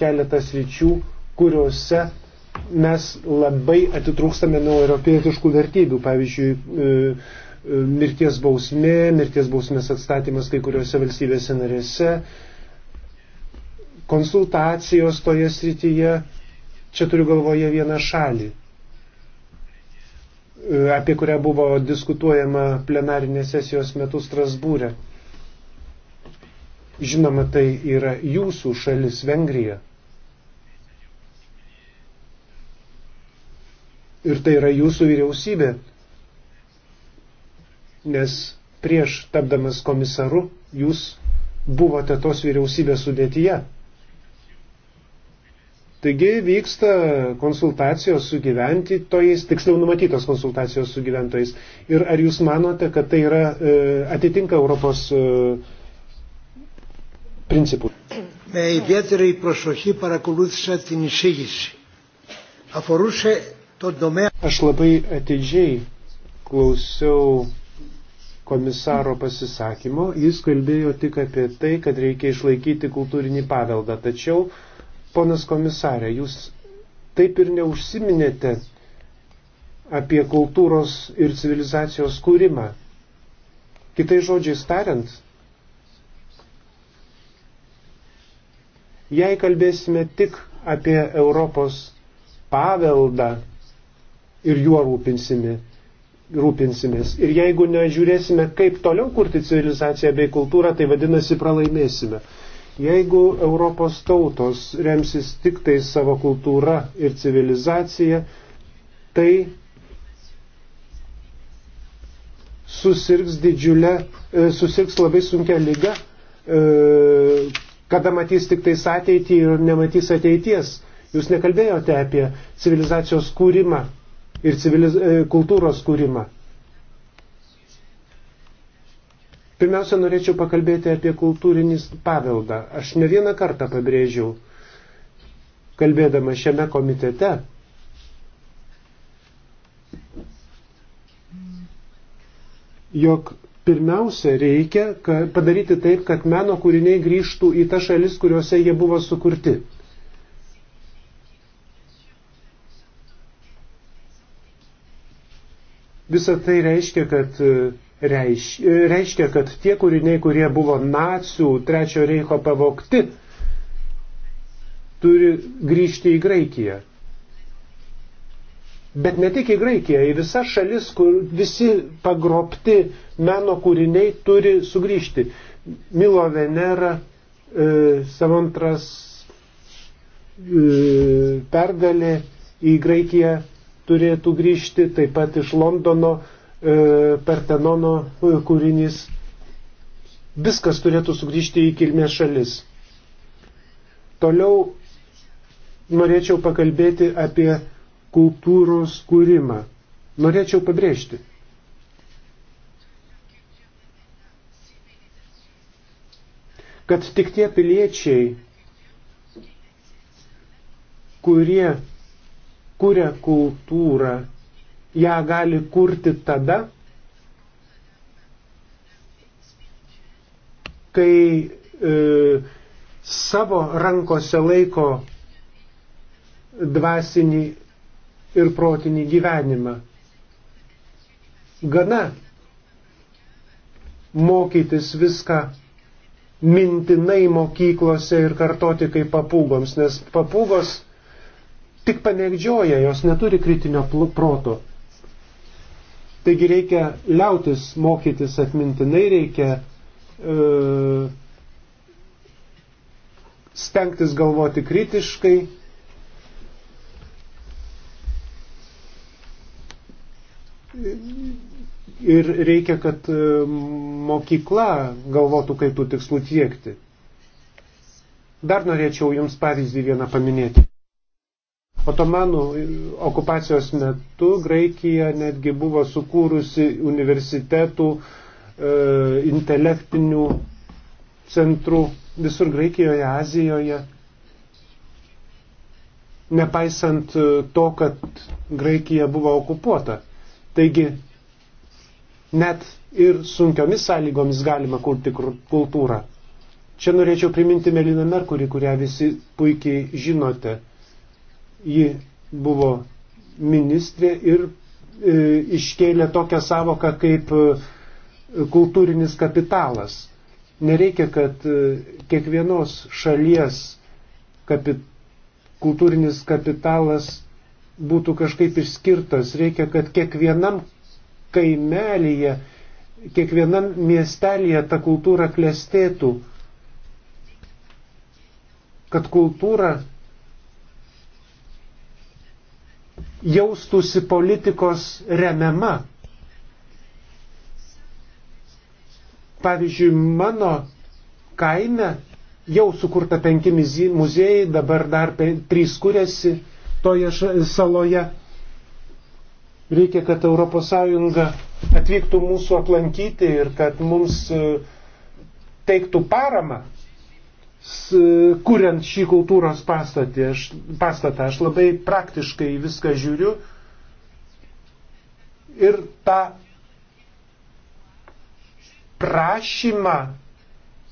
keletą sričių, kuriuose mes labai atitrūkstame nuo europietiškų vertybių, pavyzdžiui, e, e, mirties bausmė, mirties bausmės atstatymas kai kuriuose valstybėse narėse, konsultacijos toje srityje, čia turiu galvoje vieną šalį, e, apie kurią buvo diskutuojama plenarinės sesijos metu Strasbūrė. Žinoma, tai yra jūsų šalis Vengrija. ir tai yra jūsų vyriausybė. Nes prieš tapdamas komisaru jūs buvote tos vyriausybės sudėtyje. Taigi vyksta konsultacijos su gyventojais, tiksliau numatytos konsultacijos su gyventojais. Ir ar jūs manote, kad tai yra, e, atitinka Europos e, principų? Με ιδιαίτερη προσοχή παρακολούθησα την εισήγηση. Αφορούσε Aš labai ateidžiai klausiau komisaro pasisakymo, jis kalbėjo tik apie tai, kad reikia išlaikyti kultūrinį paveldą. Tačiau, ponas komisarė, jūs taip ir neužsiminėte apie kultūros ir civilizacijos kūrimą. Kitai žodžiai tariant, jei kalbėsime tik apie Europos paveldą, ir juo rūpinsime, rūpinsimės. Ir jeigu nežiūrėsime, kaip toliau kurti civilizaciją bei kultūrą, tai vadinasi pralaimėsime. Jeigu Europos tautos remsis tik tai savo kultūra ir civilizacija, tai susirgs didžiulę, e, susirgs labai sunkia lyga, e, kada matys tik tais ateitį ir nematys ateities. Jūs nekalbėjote apie civilizacijos kūrimą, ir civiliz, e, kultūros kūrimą. Pirmiausia, norėčiau pakalbėti apie kultūrinį paveldą. Aš ne vieną kartą pabrėžiau, kalbėdama šiame komitete, jog pirmiausia reikia padaryti taip, kad meno kūriniai grįžtų į tą šalis, kuriuose jie buvo sukurti. Visą tai reiškia, kad, e, reiš, e, reiškia, kad tie kūriniai, kurie buvo nacijų trečiojo reiko pavokti, turi grįžti į Graikiją. Bet ne tik į Graikiją, į visas šalis, kur visi pagrobti meno kūriniai turi sugrįžti. Milo Venera, e, Savantras e, pergalė į Graikiją turėtų grįžti, taip pat iš Londono e, Pertenono e, kūrinys. Viskas turėtų sugrįžti į kilmės šalis. Toliau norėčiau pakalbėti apie kultūros kūrimą. Norėčiau pabrėžti. kad tik tie piliečiai, kurie kuria kultūrą, ją gali kurti tada, kai e, savo rankose laiko dvasinį ir protinį gyvenimą. Gana mokytis viską mintinai mokyklose ir kartoti kaip papūgoms, nes papūgos tik pamėgdžioja, jos neturi kritinio proto. Taigi reikia liautis mokytis atmintinai, reikia e, stengtis galvoti kritiškai. Ir reikia, kad e, mokykla galvotų, kaip tų tikslų tiekti. Dar norėčiau Jums pavyzdį vieną paminėti. Otomanų e, okupacijos metu Graikija netgi buvo sukūrusi universitetų, e, intelektinių centrų visur Graikijoje, Azijoje. Nepaisant e, to, kad Graikija buvo okupuota. Taigi, net ir sunkiomis sąlygomis galima kurti kultūrą. Čia norėčiau priminti Meliną Merkurį, kurią visi puikiai žinote ji buvo ministrė ir e, iškėlė tokią savoką kaip e, kultūrinis kapitalas. Nereikia, kad e, kiekvienos šalies kapi, kultūrinis kapitalas būtų kažkaip išskirtas. Reikia, kad kiekvienam kaimelyje, kiekvienam miestelėje ta kultūra klestėtų. Kad kultūra jaustųsi politikos remiama. Pavyzdžiui, mano kaime jau sukurta penki muziejai, dabar dar trys kuriasi toje saloje. Reikia, kad ES atvyktų mūsų aplankyti ir kad mums e, teiktų paramą kuriant šį kultūros pastatį, aš, pastatą. Aš labai praktiškai viską žiūriu ir tą prašymą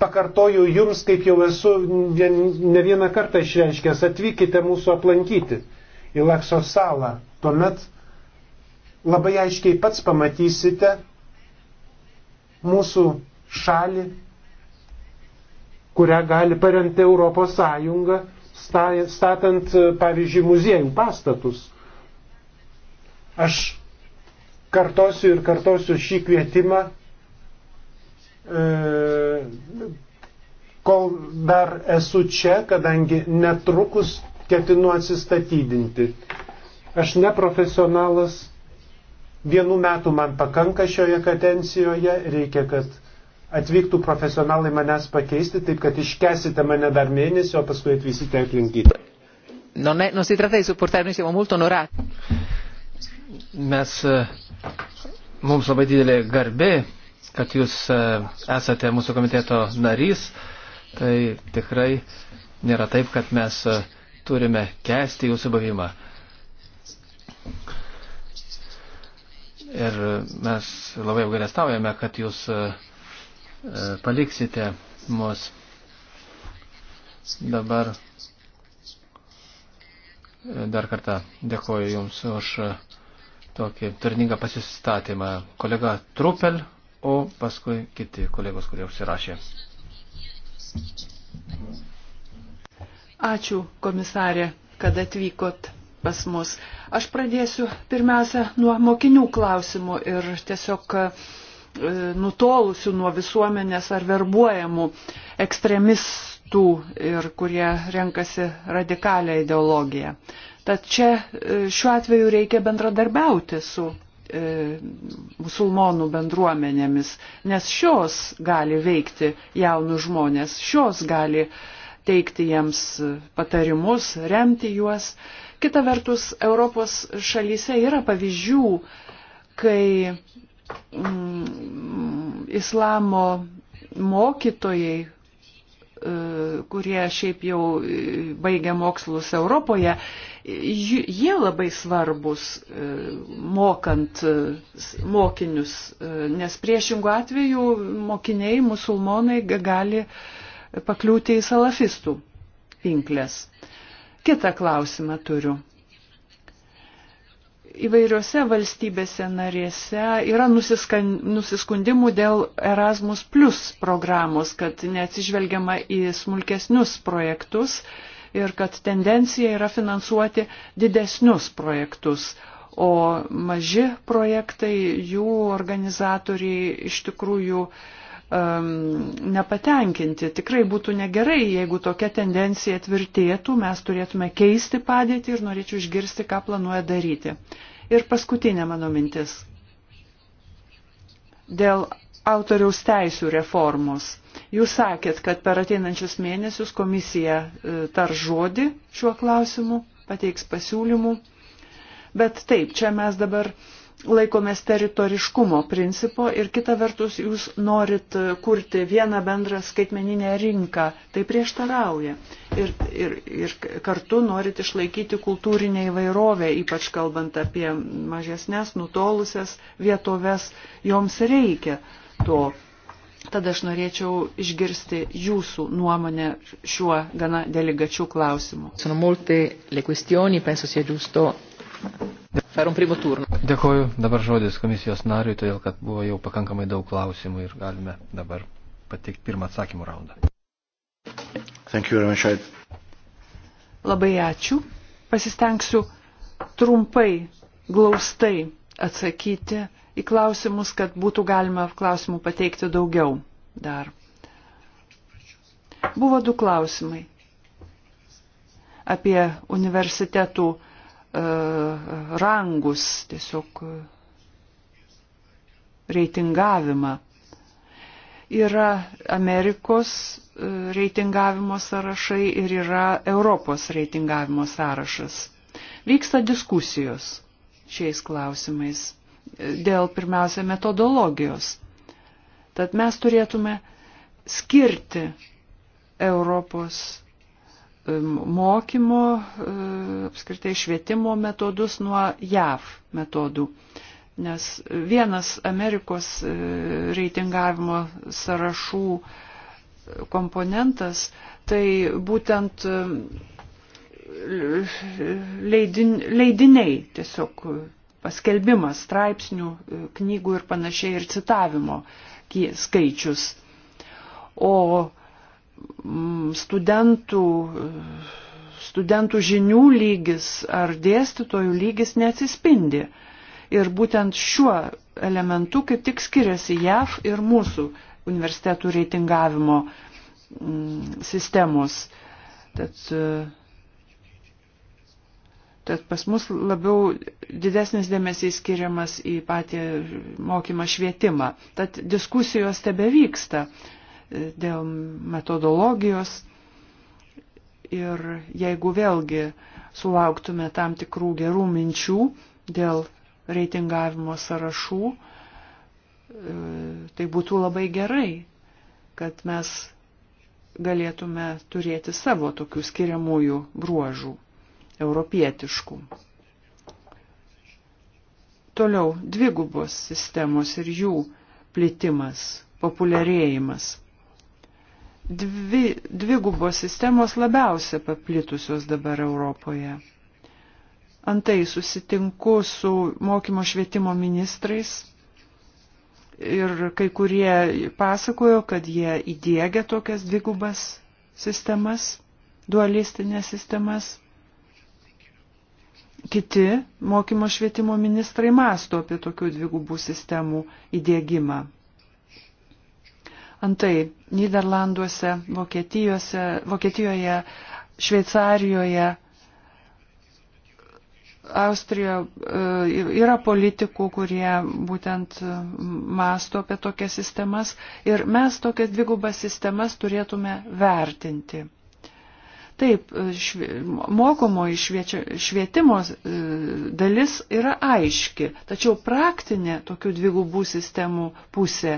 pakartoju jums, kaip jau esu ne vieną kartą išreiškęs, atvykite mūsų aplankyti į Lakso salą. Tuomet labai aiškiai pats pamatysite mūsų šalį, kurią gali paremti Europos Sąjunga, statant, e, pavyzdžiui, muziejų pastatus. Aš kartosiu ir kartosiu šį kvietimą, e, kol dar esu čia, kadangi netrukus ketinu atsistatydinti. Aš neprofesionalas, vienų metų man pakanka šioje kadencijoje, reikia, kad atvyktų profesionalai manęs pakeisti, taip kad iškesite mane dar mėnesį, o paskui atvyksite aplinkyti. Non, è, non si tratta di supportare, noi siamo molto onorati. Mes, e, mums labai didelė garbė, kad jūs e, esate mūsų komiteto narys. Tai tikrai nėra taip, kad mes e, turime kesti jūsų bavimą. Ir mes labai apgalėstaujame, kad jūs uh, paliksite mus. Dabar dar kartą dėkoju Jums už tokį turningą pasistatymą. Kolega Trupel, o paskui kiti kolegos, kurie užsirašė. Ačiū, komisarė, kad atvykot pas mus. Aš pradėsiu pirmiausia nuo mokinių klausimų ir tiesiog E, nutolusių nuo visuomenės ar verbuojamų ekstremistų ir kurie renkasi radikalią ideologiją. Tad čia e, šiuo atveju reikia bendradarbiauti su e, musulmonų bendruomenėmis, nes šios gali veikti jaunus žmonės, šios gali teikti jiems patarimus, remti juos. Kita vertus, Europos šalyse yra pavyzdžių, kai Mm, islamo mokytojai, e, kurie šiaip jau e, baigia mokslus Europoje, jie labai svarbus e, mokant mokinius, nes priešingų atveju mokiniai, musulmonai gali pakliūti į salafistų pinklės. Kita klausimą turiu įvairiose valstybėse narėse yra nusiskan, nusiskundimų dėl Erasmus Plus programos, kad neatsižvelgiama į smulkesnius projektus ir kad tendencija yra finansuoti didesnius projektus. O maži projektai, jų organizatoriai iš tikrųjų uh, um, nepatenkinti. Tikrai būtų negerai, jeigu tokia tendencija tvirtėtų, mes turėtume keisti padėtį ir norėčiau išgirsti, ką planuoja daryti. Ir paskutinė mano mintis. Dėl autoriaus teisų reformos. Jūs sakėt, kad per ateinančius mėnesius komisija e, tar žodį šiuo klausimu, pateiks pasiūlymų. Bet taip, čia mes dabar uh, laikomės teritoriškumo principo ir kita vertus jūs norit e, kurti vieną bendrą skaitmeninę rinką. Tai prieštarauja. Ir, ir, ir kartu norit išlaikyti kultūrinę įvairovę, ypač kalbant apie mažesnės, nutolusias vietoves, joms reikia to. Tada aš norėčiau išgirsti jūsų nuomonę šiuo gana delegačių klausimu. Sono molte le questioni, penso sia giusto per un primo turno. Dėkoju. Dabar žodis komisijos nariui, todėl kad buvo jau pakankamai daug klausimų ir galime dabar pateikti pirmą atsakymų raundą. Labai ačiū. Pasistengsiu trumpai, glaustai atsakyti į klausimus, kad būtų galima klausimų pateikti daugiau dar. Buvo du klausimai apie universitetų E, rangus, tiesiog e, reitingavimą. Yra Amerikos e, reitingavimo sąrašai ir yra Europos reitingavimo sąrašas. Vyksta diskusijos šiais klausimais dėl pirmiausia metodologijos. Tad mes turėtume skirti Europos mokymo, e, apskritai švietimo metodus nuo JAV metodų. Nes vienas Amerikos e, reitingavimo sąrašų e, komponentas, tai būtent leidin, leidiniai, tiesiog paskelbimas straipsnių, knygų ir panašiai ir citavimo skaičius. O Mm, studentų, studentų žinių lygis ar dėstytojų lygis neatsispindi. Ir būtent šiuo elementu kaip tik skiriasi JAV ir mūsų universitetų reitingavimo mm, sistemos. Tad, tad pas mus labiau didesnis dėmesys skiriamas į patį mokymą švietimą. Tad diskusijos tebe vyksta dėl metodologijos. Ir jeigu vėlgi sulauktume tam tikrų gerų minčių dėl reitingavimo sąrašų, e, tai būtų labai gerai, kad mes galėtume turėti savo tokių skiriamųjų bruožų, europietiškų. Toliau dvigubos sistemos ir jų plitimas, populiarėjimas dvi, dvigubos sistemos labiausia paplitusios dabar Europoje. Antai susitinku su mokymo švietimo ministrais ir kai kurie pasakojo, kad jie įdėgia tokias dvigubas sistemas, dualistinės sistemas. Kiti mokymo švietimo ministrai masto apie tokių dvigubų sistemų įdėgymą. Antai, Niderlanduose, Vokietijoje, Šveicarijoje, Austrijoje yra politikų, kurie būtent e, masto apie tokias sistemas ir mes tokias dvigubas sistemas turėtume vertinti. Taip, e, švie, mokomo švietimo e, dalis yra aiški, tačiau praktinė tokių dvigubų sistemų pusė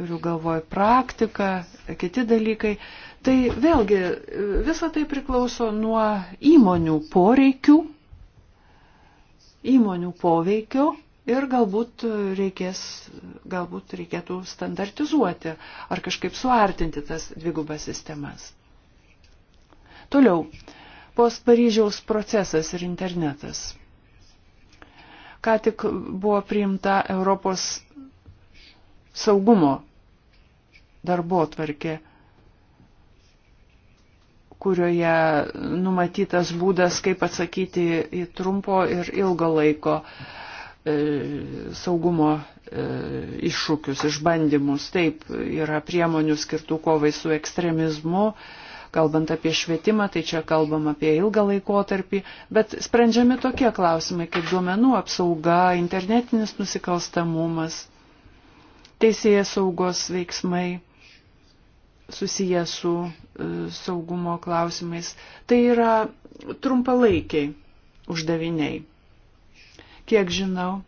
turiu galvoj praktika, kiti dalykai. Tai vėlgi visa tai priklauso nuo įmonių poreikių, įmonių poveikio ir galbūt, reikės, galbūt reikėtų standartizuoti ar kažkaip suartinti tas dvigubas sistemas. Toliau, post Paryžiaus procesas ir internetas. Ką tik buvo priimta Europos saugumo darbo tvarkė, kurioje numatytas būdas, kaip atsakyti į trumpo ir ilgo laiko e, saugumo e, iššūkius, išbandymus. Taip, yra priemonių skirtų kovai su ekstremizmu. Kalbant apie švietimą, tai čia kalbam apie ilgą laikotarpį, bet sprendžiami tokie klausimai kaip duomenų apsauga, internetinis nusikalstamumas, teisėjas saugos veiksmai susiję su e, saugumo klausimais. Tai yra trumpalaikiai uždaviniai. Kiek žinau,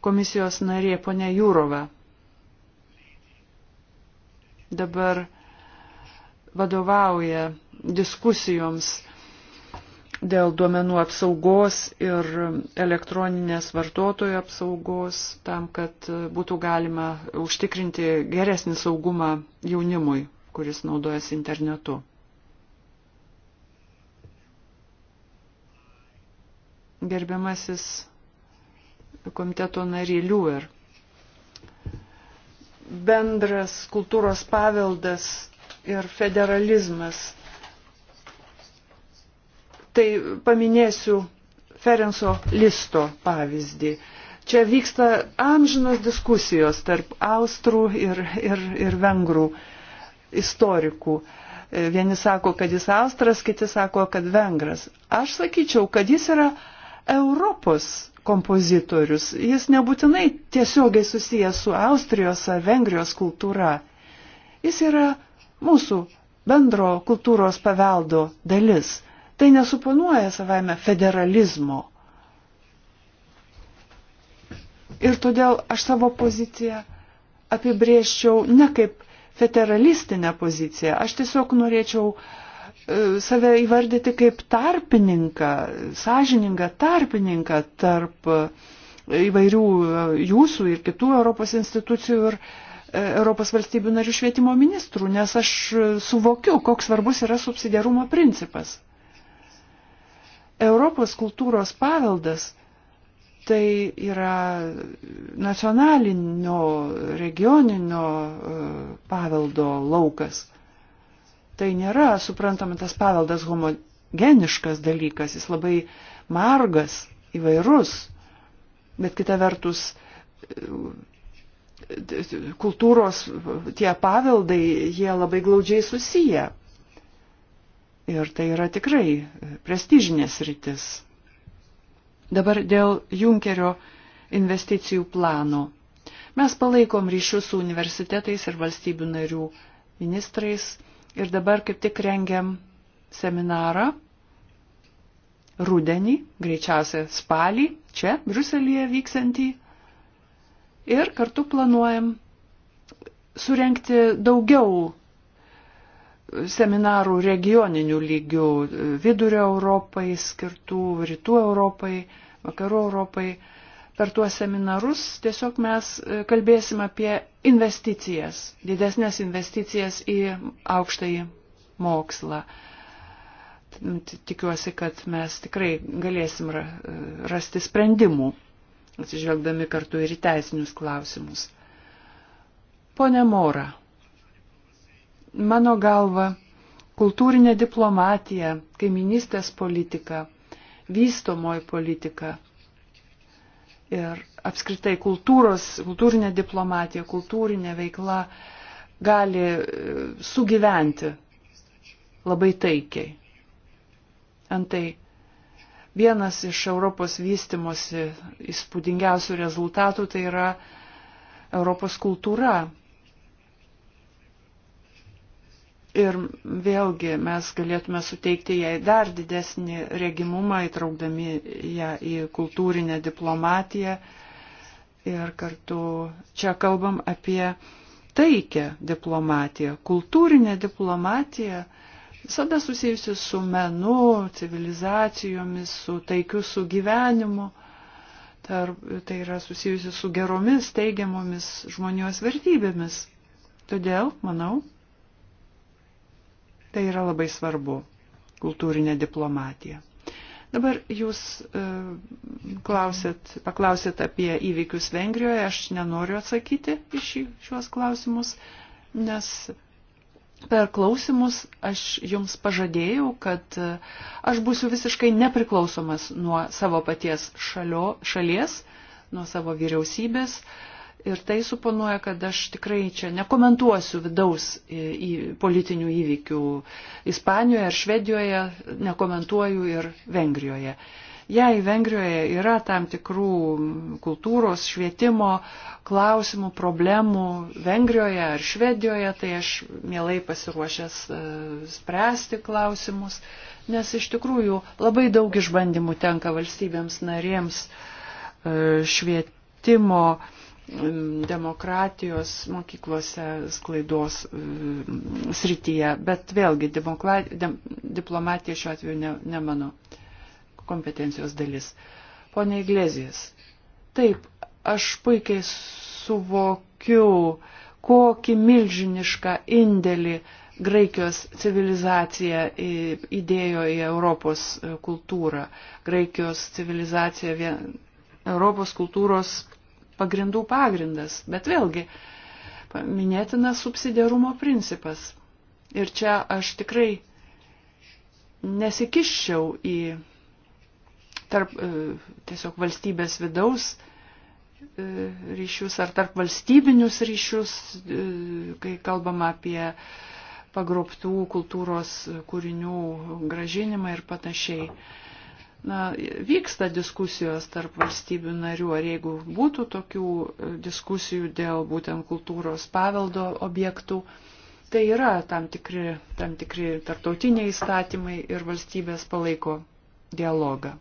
komisijos narė ponia Jūrova dabar vadovauja diskusijoms dėl duomenų apsaugos ir elektroninės vartotojų apsaugos, tam, kad būtų galima užtikrinti geresnį saugumą jaunimui, kuris naudojasi internetu. Gerbiamasis komiteto nary Liuer. Bendras kultūros paveldas ir federalizmas tai paminėsiu Ferenso listo pavyzdį. Čia vyksta amžinos diskusijos tarp austrų ir, ir, ir vengrų istorikų. Vieni sako, kad jis austras, kiti sako, kad vengras. Aš sakyčiau, kad jis yra Europos kompozitorius. Jis nebūtinai tiesiogiai susijęs su Austrijos ar Vengrijos kultūra. Jis yra mūsų bendro kultūros paveldo dalis tai nesuponuoja savaime federalizmo. Ir todėl aš savo poziciją apibrieščiau ne kaip federalistinę poziciją, aš tiesiog norėčiau e, save įvardyti kaip tarpininką, sąžiningą tarpininką tarp e, įvairių e, jūsų ir kitų Europos institucijų ir Europos valstybių narių švietimo ministrų, nes aš suvokiu, koks svarbus yra subsidiarumo principas. Europos kultūros paveldas tai yra nacionalinio, regioninio e, paveldo laukas. Tai nėra, suprantama, tas paveldas homogeniškas dalykas, jis labai margas, įvairus, bet kita vertus e, kultūros tie paveldai, jie labai glaudžiai susiję. Ir tai yra tikrai e, prestižinės rytis. Dabar dėl Junkerio investicijų plano. Mes palaikom ryšius su universitetais ir valstybių narių ministrais ir dabar kaip tik rengiam seminarą rudenį, greičiausia spalį, čia Bruselėje vyksantį. Ir kartu planuojam surenkti daugiau seminarų regioninių lygių vidurio Europai, skirtų rytų Europai, vakarų Europai. Per tuos seminarus tiesiog mes e, kalbėsim apie investicijas, didesnės investicijas į aukštąjį mokslą. Tikiuosi, kad mes tikrai galėsim e, rasti sprendimų, atsižvelgdami kartu ir į teisinius klausimus. Pone Mora, Mano galva, kultūrinė diplomatija, kaiminystės politika, vystomoji politika ir apskritai kultūros, kultūrinė diplomatija, kultūrinė veikla gali e, sugyventi labai taikiai. Antai vienas iš Europos vystimosi įspūdingiausių rezultatų tai yra Europos kultūra, Ir vėlgi mes galėtume suteikti jai dar didesnį regimumą, įtraukdami ją į kultūrinę diplomatiją. Ir kartu čia kalbam apie taikę diplomatiją. Kultūrinė diplomatija visada susijusi su menu, civilizacijomis, su taikiu sugyvenimu. Tai yra susijusi su geromis, teigiamomis žmonijos vertybėmis. Todėl, manau, Tai yra labai svarbu - kultūrinė diplomatija. Dabar jūs e, klausėt, paklausėt apie įvykius Vengrijoje, aš nenoriu atsakyti iš šiuos klausimus, nes per klausimus aš jums pažadėjau, kad e, aš būsiu visiškai nepriklausomas nuo savo paties šalio, šalies, nuo savo vyriausybės. Uh, Ir tai suponuoja, kad aš tikrai čia nekomentuosiu vidaus į, į politinių įvykių Ispanijoje ar Švedijoje, nekomentuoju ir Vengrijoje. Jei Vengrijoje yra tam tikrų kultūros, švietimo klausimų, problemų Vengrijoje ar Švedijoje, tai aš mielai pasiruošęs e, spręsti klausimus, nes iš tikrųjų labai daug išbandymų tenka valstybėms narėms e, švietimo demokratijos mokyklose sklaidos e, srityje, bet vėlgi diplomatija šiuo atveju ne, ne mano kompetencijos dalis. Pone Iglesijas, taip, aš puikiai suvokiu, kokį milžinišką indėlį Graikijos civilizacija įdėjo į Europos e, kultūrą. Graikijos civilizacija vien, Europos kultūros pagrindų pagrindas, bet vėlgi minėtinas subsidiarumo principas. Ir čia aš tikrai nesikiščiau į tarp e, tiesiog valstybės vidaus e, ryšius ar tarp valstybinius ryšius, e, kai kalbama apie pagrobtų kultūros kūrinių gražinimą ir panašiai na, vyksta diskusijos tarp valstybių narių, ar jeigu būtų tokių e, diskusijų dėl būtent kultūros paveldo objektų, tai yra tam tikri, tam tikri tarptautiniai įstatymai ir valstybės palaiko dialogą.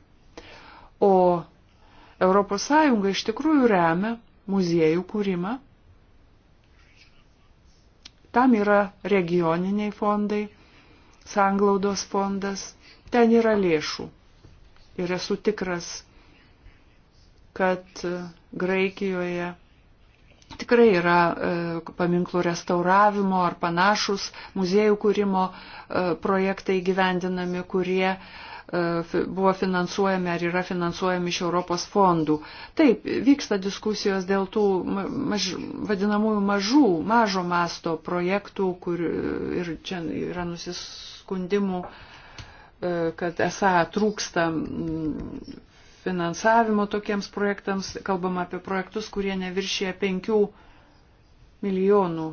O ES iš tikrųjų remia muziejų kūrimą. Tam yra regioniniai fondai, sanglaudos fondas, ten yra lėšų ir esu tikras, kad Graikijoje tikrai yra e, paminklų restauravimo ar panašus muziejų kūrimo e, projektai gyvendinami, kurie e, buvo finansuojami ar yra finansuojami iš Europos fondų. Taip, vyksta diskusijos dėl tų maž, vadinamųjų mažų, mažo masto projektų, kur ir čia yra nusiskundimų uh, E, kad esą trūksta mm, finansavimo tokiems projektams, kalbama apie projektus, kurie neviršė 5 milijonų.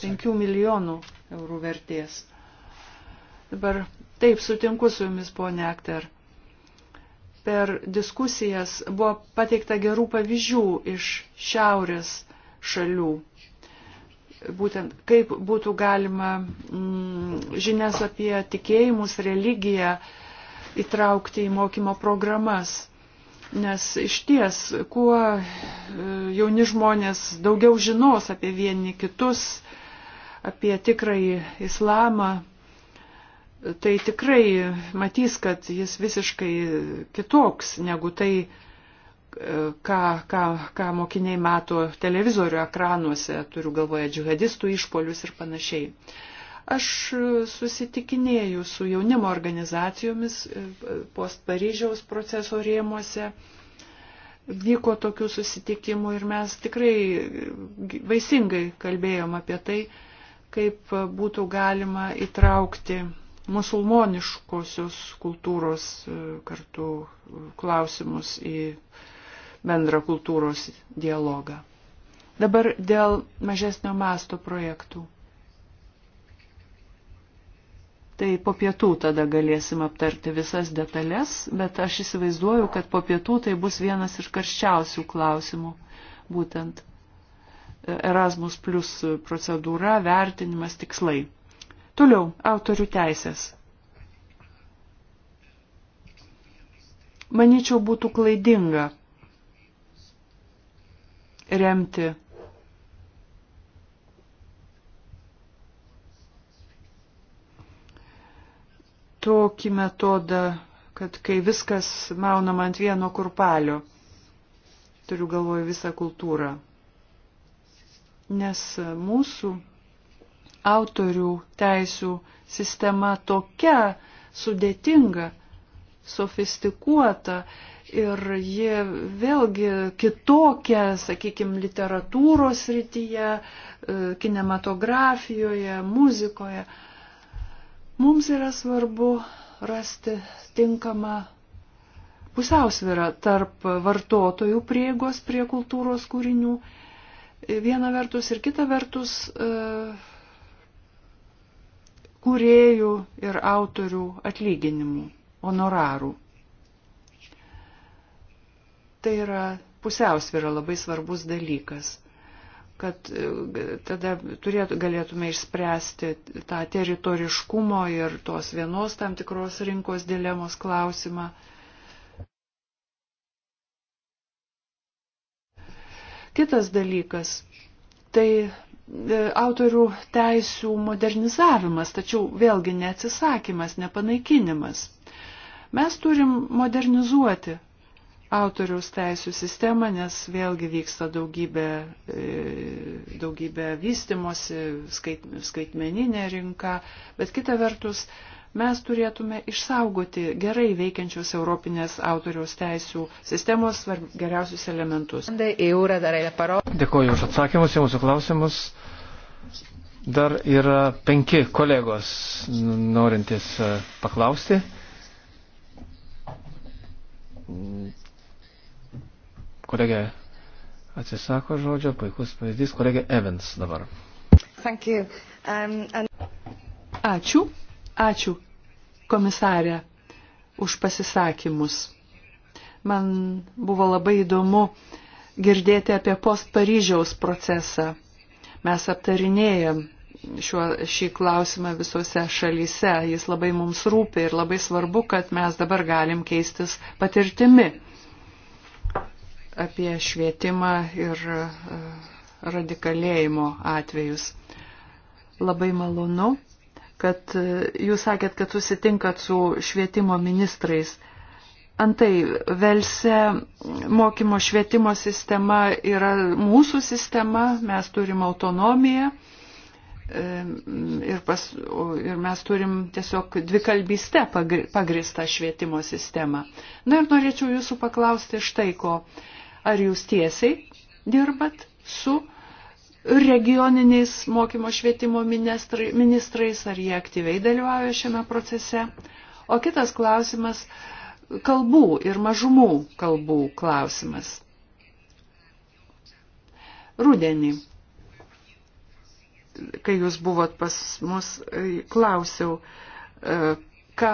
5 milijonų eurų vertės. Dabar taip sutinku su jumis, ponė Akter. Per diskusijas buvo pateikta gerų pavyzdžių iš šiaurės šalių būtent kaip būtų galima mm, žinias apie tikėjimus, religiją įtraukti į mokymo programas. Nes iš ties, kuo e, jauni žmonės daugiau žinos apie vieni kitus, apie tikrąjį islamą, tai tikrai matys, kad jis visiškai kitoks negu tai, E, ką, ką, ką mokiniai mato televizorių ekranuose, turiu galvoje džihadistų išpolius ir panašiai. Aš susitikinėjau su jaunimo organizacijomis e, post Paryžiaus proceso rėmuose. Vyko tokių susitikimų ir mes tikrai vaisingai kalbėjom apie tai, kaip būtų galima įtraukti musulmoniškosios kultūros e, kartu klausimus į bendrą kultūros dialogą. Dabar dėl mažesnio masto projektų. Tai po pietų tada galėsim aptarti visas detalės, bet aš įsivaizduoju, kad po pietų tai bus vienas iš karščiausių klausimų, būtent Erasmus plus procedūra, vertinimas, tikslai. Toliau, autorių teisės. Maničiau būtų klaidinga remti tokį metodą, kad kai viskas maunama ant vieno kurpalio, turiu galvoje visą kultūrą. Nes mūsų autorių teisų sistema tokia sudėtinga, sofistikuota ir ji vėlgi kitokia, sakykime, literatūros rytyje, e, kinematografijoje, muzikoje. Mums yra svarbu rasti tinkamą pusiausvyrą tarp vartotojų priegos prie kultūros kūrinių, viena vertus ir kita vertus e, kūrėjų ir autorių atlyginimų honorarų. Tai yra pusiausvėra labai svarbus dalykas kad e, tada turėtų, galėtume išspręsti tą teritoriškumo ir tos vienos tam tikros rinkos dilemos klausimą. Kitas dalykas - tai e, autorių teisių modernizavimas, tačiau vėlgi neatsisakymas, nepanaikinimas. Mes turim modernizuoti autoriaus teisų sistemą, nes vėlgi vyksta daugybė, e, daugybė vystimosi, skait, skaitmeninė rinka, bet kita vertus mes turėtume išsaugoti gerai veikiančios Europinės autoriaus teisų sistemos geriausius elementus. Dėkuoju už atsakymus į mūsų klausimus. Dar yra penki kolegos norintys e, paklausti. Kolegė atsisako žodžio, puikus pavyzdys, kolegė Evans dabar. Thank you. Um, and... Ačiū, ačiū komisarė už pasisakymus. Man buvo labai įdomu girdėti apie post Paryžiaus procesą. Mes aptarinėjom šiuo, šį klausimą visose šalyse. Jis labai mums rūpi ir labai svarbu, kad mes dabar galim keistis patirtimi apie švietimą ir e, radikalėjimo atvejus. Labai malonu, kad e, jūs sakėt, kad susitinkat su švietimo ministrais. Antai, Velse mokymo švietimo sistema yra mūsų sistema, mes turim autonomiją ir, pas, ir mes turim tiesiog dvikalbystę pagristą švietimo sistemą. Na ir norėčiau jūsų paklausti štai ko. Ar jūs tiesiai dirbat su regioniniais mokymo švietimo ministrais, ar jie aktyviai dalyvauja šiame procese? O kitas klausimas - kalbų ir mažumų kalbų klausimas. Rudenį kai jūs buvot pas mus, e, klausiau, e, ką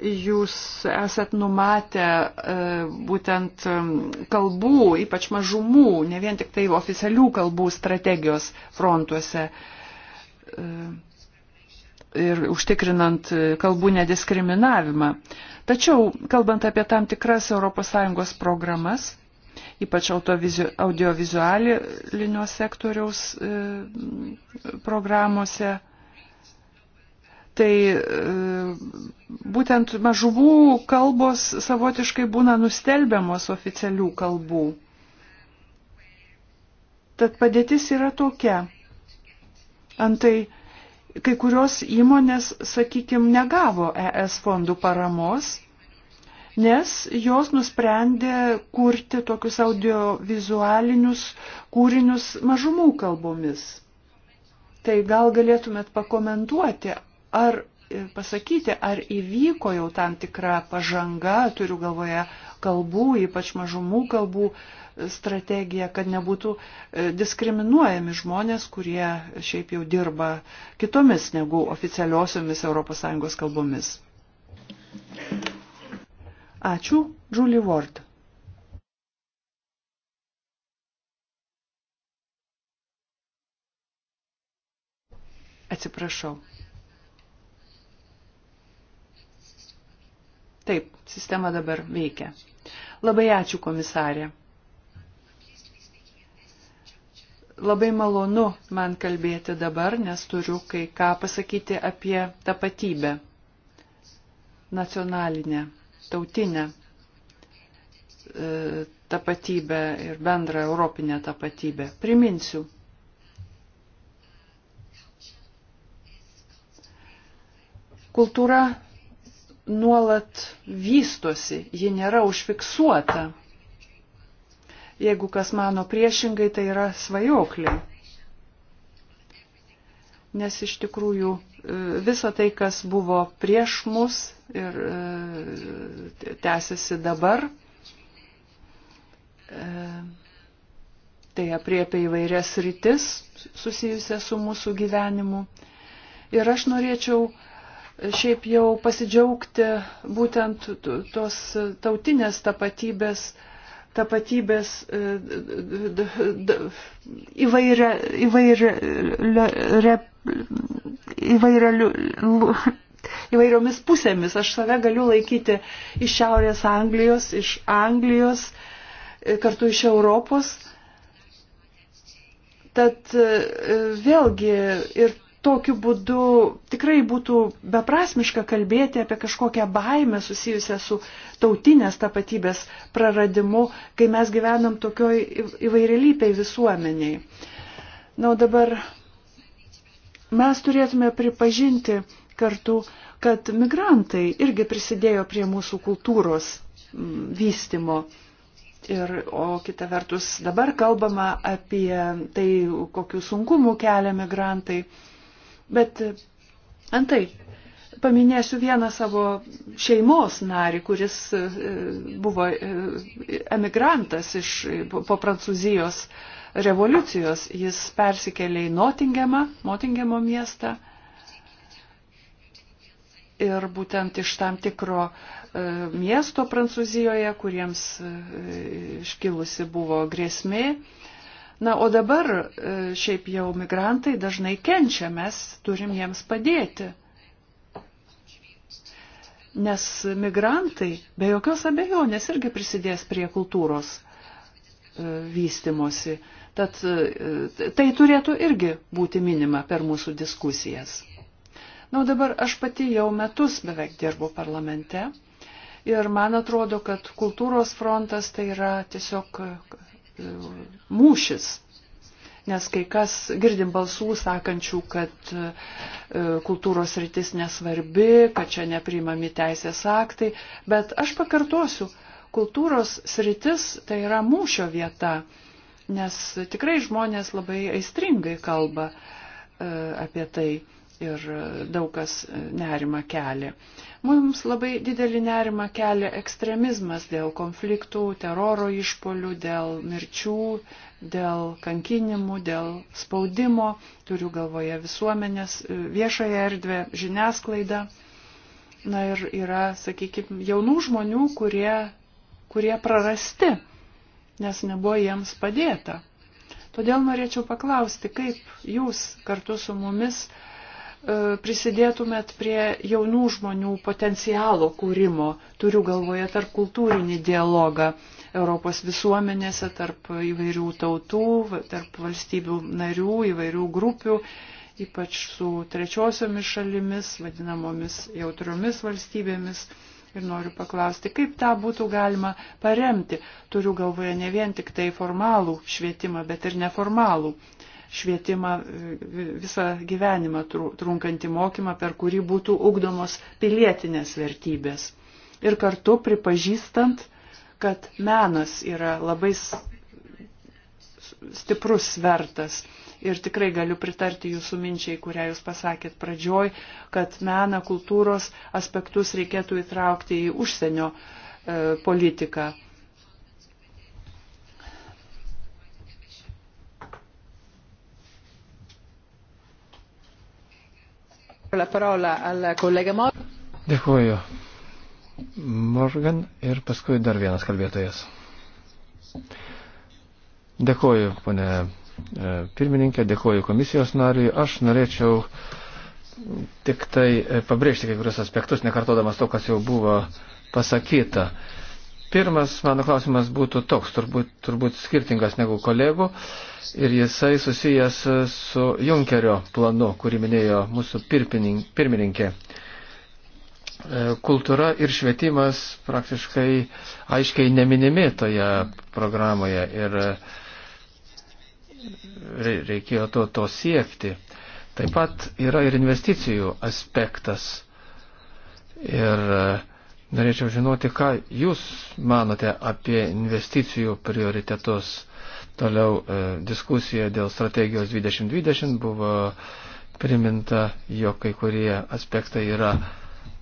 jūs esat numatę e, būtent kalbų, ypač mažumų, ne vien tik tai oficialių kalbų strategijos frontuose ir užtikrinant kalbų nediskriminavimą. Tačiau, kalbant apie tam tikras ES programas, ypač audiovizualinio sektoriaus e, programuose. Tai e, būtent mažuvų kalbos savotiškai būna nustelbiamos oficialių kalbų. Tad padėtis yra tokia. Antai kai kurios įmonės, sakykime, negavo ES fondų paramos nes jos nusprendė kurti tokius audiovizualinius kūrinius mažumų kalbomis. Tai gal galėtumėt pakomentuoti, ar e, pasakyti, ar įvyko jau tam tikra pažanga, turiu galvoje kalbų, ypač mažumų kalbų e, strategija, kad nebūtų e, diskriminuojami žmonės, kurie šiaip jau dirba kitomis negu oficialiosiomis ES kalbomis. Ačiū, Julie Ward. Atsiprašau. Taip, sistema dabar veikia. Labai ačiū, komisarė. Labai malonu man kalbėti dabar, nes turiu kai ką pasakyti apie tapatybę nacionalinę tautinę e, tapatybę ir bendrą europinę tapatybę. Priminsiu. Kultūra nuolat vystosi, ji nėra užfiksuota. Jeigu kas mano priešingai, tai yra svajoklė. Nes iš tikrųjų visa tai, kas buvo prieš mus ir e, tęsiasi dabar, e, tai apriepia įvairias rytis susijusią su mūsų gyvenimu. Ir aš norėčiau šiaip jau pasidžiaugti būtent tos tautinės tapatybės, tapatybės e, įvairia, įvairia, re, įvairia, įvairiomis pusėmis. Aš save galiu laikyti iš Šiaurės Anglijos, iš Anglijos, e, kartu iš Europos. Tad e, vėlgi ir tokiu būdu tikrai būtų beprasmiška kalbėti apie kažkokią baimę susijusią su tautinės tapatybės praradimu, kai mes gyvenam tokioj įvairialypiai visuomeniai. Na, o dabar mes turėtume pripažinti kartu, kad migrantai irgi prisidėjo prie mūsų kultūros vystimo. Ir, o kita vertus, dabar kalbama apie tai, kokiu sunkumu kelia migrantai. Bet e, antai, paminėsiu vieną savo šeimos narį, kuris e, buvo e, emigrantas iš, po Prancūzijos revoliucijos. Jis persikėlė į Notingemą, Notingemo miestą. Ir būtent iš tam tikro miesto Prancūzijoje, kuriems iškilusi buvo grėsmė, Na, o dabar e, šiaip jau migrantai dažnai kenčia, mes turim jiems padėti. Nes migrantai be jokios abejonės irgi prisidės prie kultūros e, vystimosi. Tad e, tai turėtų irgi būti minima per mūsų diskusijas. Na, o dabar aš pati jau metus beveik dirbu parlamente ir man atrodo, kad kultūros frontas tai yra tiesiog mūšis. Nes kai kas girdim balsų sakančių, kad e, kultūros rytis nesvarbi, kad čia neprimami teisės aktai, bet aš pakartosiu, kultūros sritis tai yra mūšio vieta, nes tikrai žmonės labai aistringai kalba e, apie tai ir daug kas nerima kelia. Mums labai didelį nerimą kelia ekstremizmas dėl konfliktų, teroro išpolių, dėl mirčių, dėl kankinimų, dėl spaudimo, turiu galvoje visuomenės, viešąją erdvę, žiniasklaidą. Na ir yra, sakykime, jaunų žmonių, kurie, kurie prarasti, nes nebuvo jiems padėta. Todėl norėčiau paklausti, kaip jūs kartu su mumis uh, E, prisidėtumėt prie jaunų žmonių potencialo kūrimo, turiu galvoje tarp kultūrinį dialogą Europos visuomenėse, tarp įvairių tautų, tarp valstybių narių, įvairių grupių, ypač su trečiosiomis šalimis, vadinamomis jautriomis valstybėmis ir noriu paklausti, kaip tą būtų galima paremti. Turiu galvoje ne vien tik tai formalų švietimą, bet ir neformalų švietimą, visą gyvenimą trunkantį mokymą, per kurį būtų ugdomos pilietinės vertybės. Ir kartu pripažįstant, kad menas yra labai stiprus svertas ir tikrai galiu pritarti jūsų minčiai, kurią jūs pasakėt pradžioj, kad meną, kultūros aspektus reikėtų įtraukti į užsienio e, politiką. Dėkuoju. Morgan ir paskui dar vienas kalbėtojas. Dėkuoju, ponė E, pirmininkė, dėkoju komisijos nariui. Aš norėčiau tik tai e, pabrėžti kai kurios aspektus, nekartodamas to, kas jau buvo pasakyta. Pirmas mano klausimas būtų toks, turbūt, turbūt skirtingas negu kolegų, ir jisai susijęs su Junkerio planu, kurį minėjo mūsų pirmininkė. E, kultūra ir švietimas praktiškai aiškiai neminimi toje programoje. Ir reikėjo to, to siekti. Taip pat yra ir investicijų aspektas. Ir e, norėčiau žinoti, ką Jūs manote apie investicijų prioritetus. Toliau e, diskusija dėl strategijos 2020 buvo priminta, jog kai kurie aspektai yra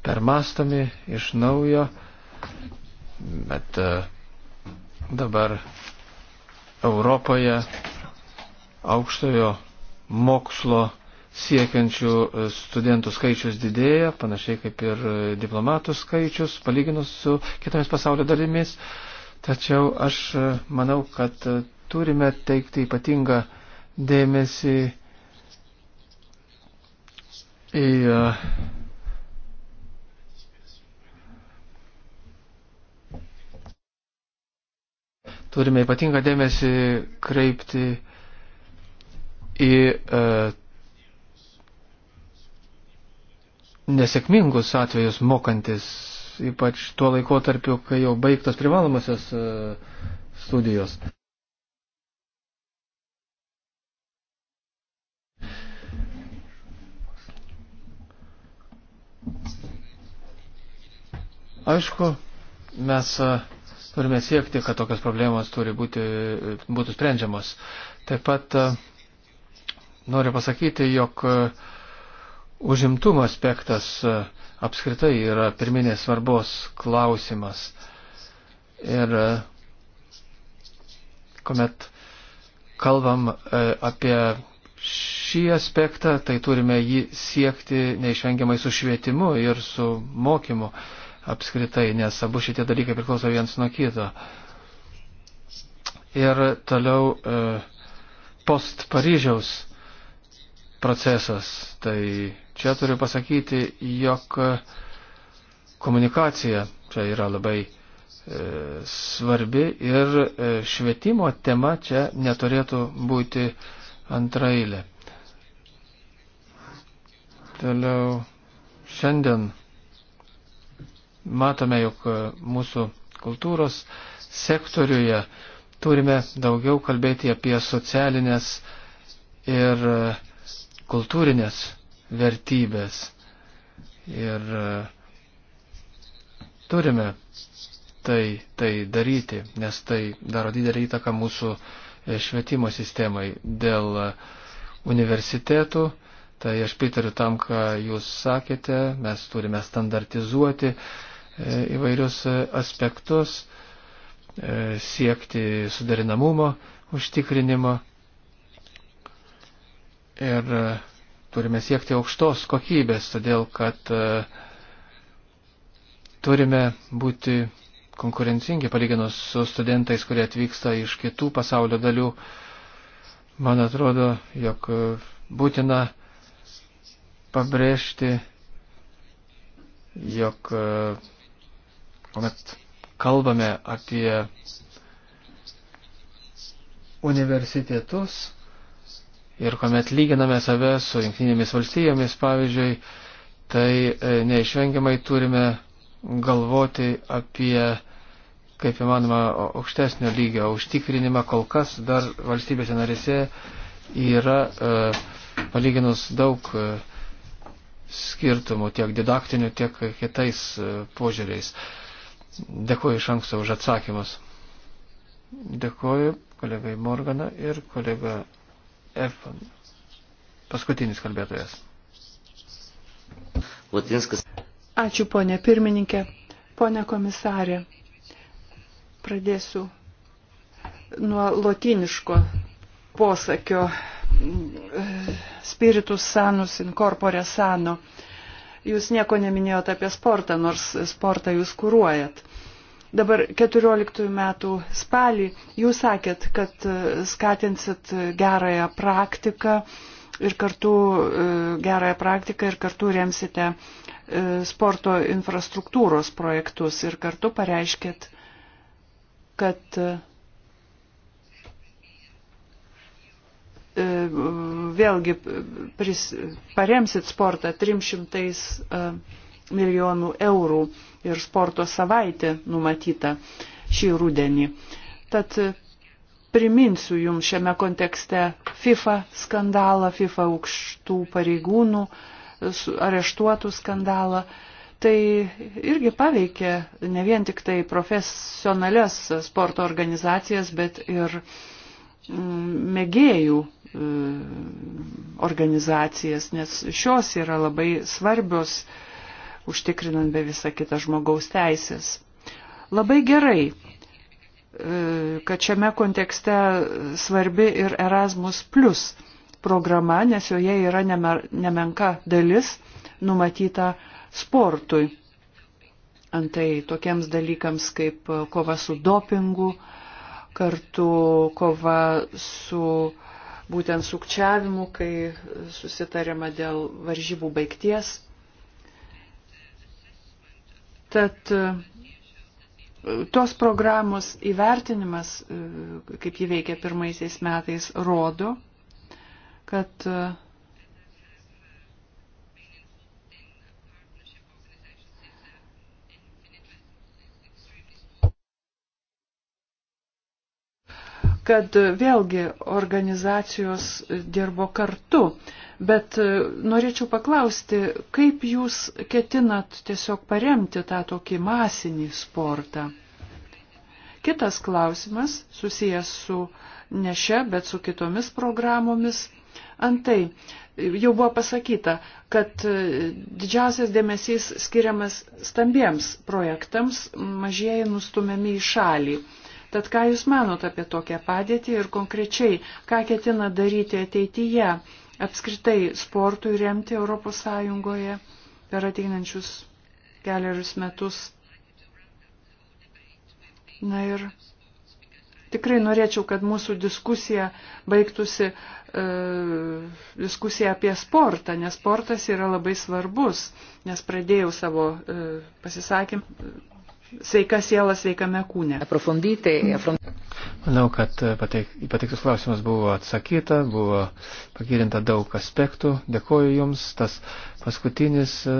permastomi iš naujo, bet e, dabar Europoje aukštojo mokslo siekiančių e, studentų skaičius didėja, panašiai kaip ir e, diplomatų skaičius, palyginus su kitomis pasaulio dalimis. Tačiau aš e, manau, kad turime teikti ypatingą dėmesį į turime ypatingą dėmesį kreipti į e, nesėkmingus atvejus mokantis, ypač tuo laikotarpiu, kai jau baigtos privalomasios e, studijos. Aišku, mes e, turime siekti, kad tokios problemos turi būti, būtų sprendžiamos. Taip pat e, noriu pasakyti, jog e, užimtumo aspektas e, apskritai yra pirminės svarbos klausimas. Ir e, kuomet kalbam apie šį aspektą, tai turime jį siekti neišvengiamai su švietimu ir su mokymu apskritai, nes abu šitie dalykai priklauso viens nuo kito. Ir toliau post Paryžiaus procesas. Tai čia turiu pasakyti, jog komunikacija čia yra labai e, svarbi ir e, švietimo tema čia neturėtų būti antrailė. Toliau šiandien matome, jog mūsų kultūros sektoriuje turime daugiau kalbėti apie socialinės ir e, kultūrinės vertybės. Ir e, turime tai, tai daryti, nes tai daro didelį įtaką mūsų e, švietimo sistemai. Dėl e, universitetų, tai aš pritariu tam, ką jūs sakėte, mes turime standartizuoti įvairius aspektus, siekti suderinamumo, užtikrinimo ir e, turime siekti aukštos kokybės, todėl kad e, turime būti konkurencingi palyginus su studentais, kurie atvyksta iš kitų pasaulio dalių. Man atrodo, jog e, būtina pabrėžti, jog kuomet kalbame apie universitetus, ir kuomet lyginame save su jungtinėmis valstijomis, pavyzdžiui, tai e, neišvengiamai turime galvoti apie kaip įmanoma aukštesnio lygio užtikrinimą. Kol kas dar valstybėse narėse yra e, palyginus daug e, skirtumų tiek didaktinių, tiek kitais e, požiūriais. Dėkuoju iš anksto už atsakymus. Dėkuoju kolegai Morgana ir kolega F. Paskutinis kalbėtojas. Latinskas. Ačiū, ponė pirmininkė. Pone komisarė, pradėsiu nuo lotiniško posakio spiritus sanus in corpore sano. Jūs nieko neminėjot apie sportą, nors sportą jūs kūruojat. Dabar 14 metų spalį jūs sakėt, kad e, skatinsit gerąją praktiką ir kartu e, gerąją praktiką ir kartu remsite e, sporto infrastruktūros projektus ir kartu pareiškėt, kad vėlgi pris, paremsit sportą 300 milijonų eurų ir sporto savaitė numatyta šį rudenį. Tad priminsiu jums šiame kontekste FIFA skandalą, FIFA aukštų pareigūnų areštuotų skandalą. Tai irgi paveikė ne vien tik tai profesionalias sporto organizacijas, bet ir mm, mėgėjų e, organizacijas, nes šios yra labai svarbios uh, užtikrinant be visą kitą žmogaus teisės. Labai gerai, e, kad šiame kontekste svarbi ir Erasmus Plus programa, nes joje yra nemenka dalis numatyta sportui. Antai tokiems dalykams kaip kova su dopingu, kartu kova su būtent sukčiavimu, kai susitarima dėl varžybų baigties. Tad e, tos programos įvertinimas, e, kaip jį veikia pirmaisiais metais, rodo, kad e, kad vėlgi organizacijos dirbo kartu. Bet e, norėčiau paklausti, kaip jūs ketinat tiesiog paremti tą tokį masinį sportą? Kitas klausimas susijęs su ne šia, bet su kitomis programomis. Antai, jau buvo pasakyta, kad e, didžiausias dėmesys skiriamas stambiems projektams, mažieji nustumiami į šalį. Tad ką Jūs manot apie tokią padėtį ir konkrečiai, ką ketina daryti ateityje? apskritai sportui remti ES per ateinančius keliarius metus. Na ir tikrai norėčiau, kad mūsų diskusija baigtųsi e, diskusija apie sportą, nes sportas yra labai svarbus, nes pradėjau savo e, pasisakym, sveika siela sveikame kūne. Manau, kad pateik, pateiktus klausimus buvo atsakyta, buvo pagirinta daug aspektų. Dėkoju Jums. Tas paskutinis e,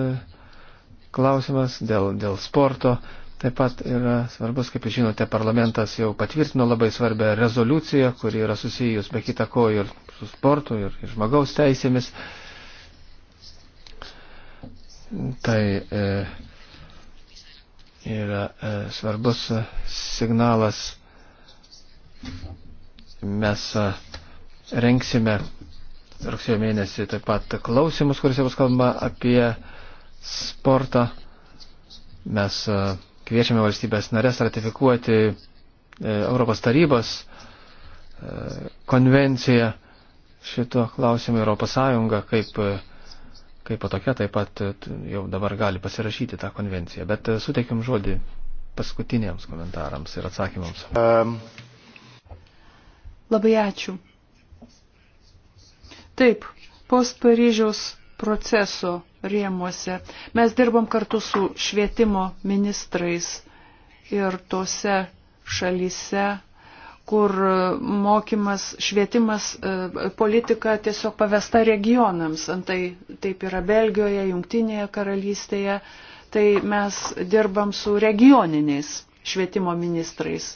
klausimas dėl, dėl sporto. Taip pat yra svarbus, kaip jūs žinote, parlamentas jau patvirtino labai svarbę rezoliuciją, kuri yra susijus be kita ko ir su sportu, ir, ir žmogaus teisėmis. Tai e, yra e, svarbus signalas. Mes e, renksime rugsėjo mėnesį taip pat klausimus, kuriuose bus kalbama apie sportą. Mes e, kviečiame valstybės narės ratifikuoti e, Europos tarybos e, konvenciją šito klausimu Europos Sąjunga kaip e, kaip po tokia taip pat e, jau dabar gali pasirašyti tą konvenciją. Bet e, suteikiam žodį paskutiniams komentarams ir atsakymams. Um. Labai ačiū. Taip, post Paryžiaus proceso rėmuose mes dirbom kartu su švietimo ministrais ir tose šalyse kur e, mokymas, švietimas, e, politika tiesiog pavesta regionams. Antai taip yra Belgijoje, Jungtinėje karalystėje. Tai mes dirbam su regioniniais švietimo ministrais.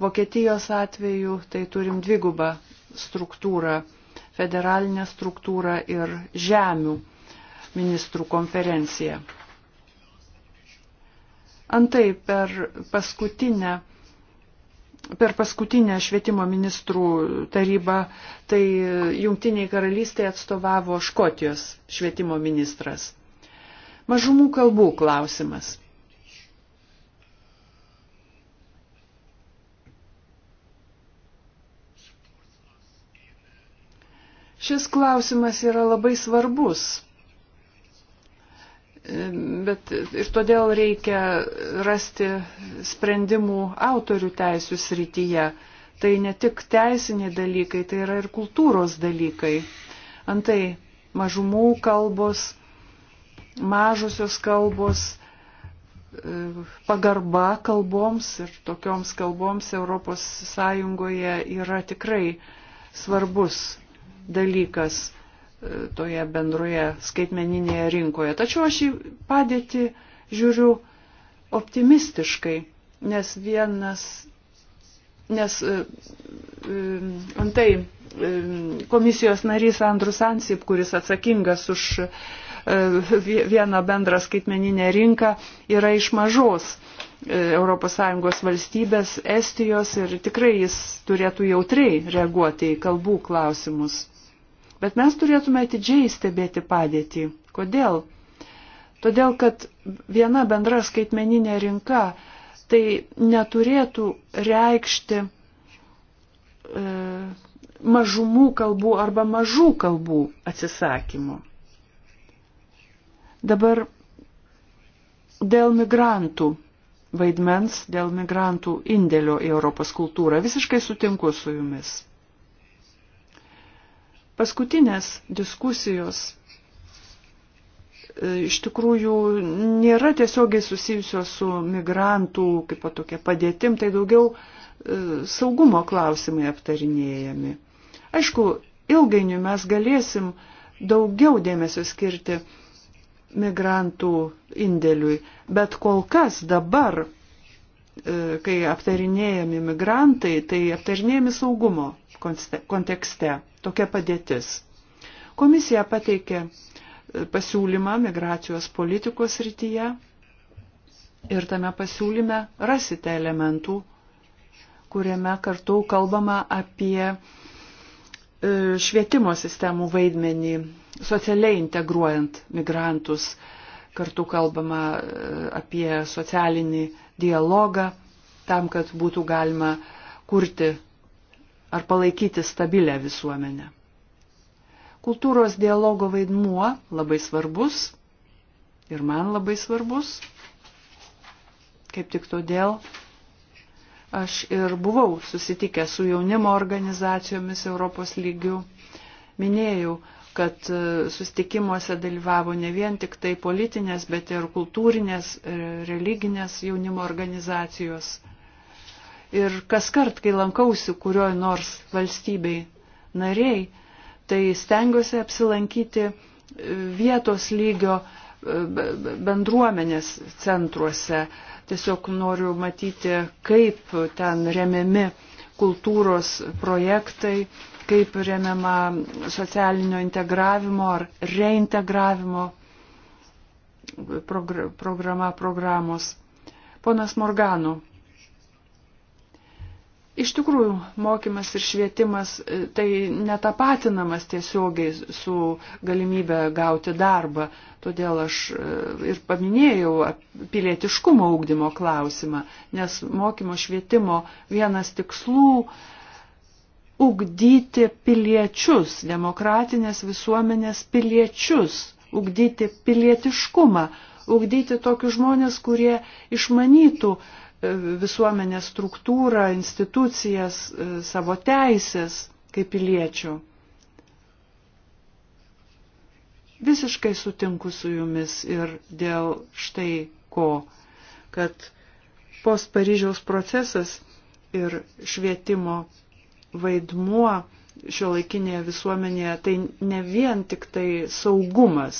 Vokietijos atveju tai turim dvigubą struktūrą - federalinę struktūrą ir žemių ministrų konferenciją. Antai per paskutinę per paskutinę švietimo ministrų tarybą, tai Jungtiniai karalystėje atstovavo Škotijos švietimo ministras. Mažumų kalbų klausimas. Šis klausimas yra labai svarbus Bet ir todėl reikia rasti sprendimų autorių teisų srityje. Tai ne tik teisiniai dalykai, tai yra ir kultūros dalykai. Antai mažumų kalbos, mažusios kalbos, pagarba kalboms ir tokioms kalboms ES yra tikrai svarbus dalykas toje bendroje skaitmeninėje rinkoje. Tačiau aš į padėtį žiūriu optimistiškai, nes vienas, nes e, e, antai e, komisijos narys Andrus Ansip, kuris atsakingas už vieną bendrą skaitmeninę rinką, yra iš mažos ES valstybės, Estijos ir tikrai jis turėtų jautriai reaguoti į kalbų klausimus. Bet mes turėtume atidžiai stebėti padėtį. Kodėl? Todėl, kad viena bendra skaitmeninė rinka tai neturėtų reikšti e, mažumų kalbų arba mažų kalbų atsisakymo. Dabar dėl migrantų vaidmens, dėl migrantų indėlio į Europos kultūrą visiškai sutinku su jumis paskutinės diskusijos e, iš tikrųjų nėra tiesiogiai susijusios su migrantų kaip tokia padėtim, tai daugiau e, saugumo klausimai aptarinėjami. Aišku, ilgainiui mes galėsim daugiau dėmesio skirti migrantų indėliui, bet kol kas dabar E, kai aptarinėjami migrantai, tai aptarinėjami saugumo kontekste tokia padėtis. Komisija pateikė e, pasiūlymą migracijos politikos rytyje ir tame pasiūlyme rasite elementų, kuriame kartu kalbama apie e, švietimo sistemų vaidmenį, socialiai integruojant migrantus, kartu kalbama apie socialinį dialogą tam, kad būtų galima kurti ar palaikyti stabilę visuomenę. Kultūros dialogo vaidmuo labai svarbus ir man labai svarbus. Kaip tik todėl aš ir buvau susitikęs su jaunimo organizacijomis Europos lygių, minėjau kad e, sustikimuose dalyvavo ne vien tik tai politinės, bet ir kultūrinės, e, religinės jaunimo organizacijos. Ir kas kart, kai lankausi kurioj nors valstybei nariai, tai stengiuosi apsilankyti e, vietos lygio bendruomenės centruose. Tiesiog noriu matyti, kaip ten remiami kultūros projektai, kaip remiama socialinio integravimo ar reintegravimo programa programos. Ponas Morgano. Iš tikrųjų, mokymas ir švietimas e, tai netapatinamas tiesiogiai su galimybė gauti darbą. Todėl aš e, ir paminėjau pilietiškumo ūkdymo klausimą, nes mokymo švietimo vienas tikslų ugdyti piliečius, demokratinės visuomenės piliečius, ugdyti pilietiškumą, ugdyti tokius žmonės, kurie išmanytų e, visuomenės struktūrą, institucijas, e, savo teisės kaip piliečių. Visiškai sutinku su jumis ir dėl štai ko, kad post Paryžiaus procesas ir švietimo vaidmuo šio laikinėje visuomenėje tai ne vien tik tai saugumas.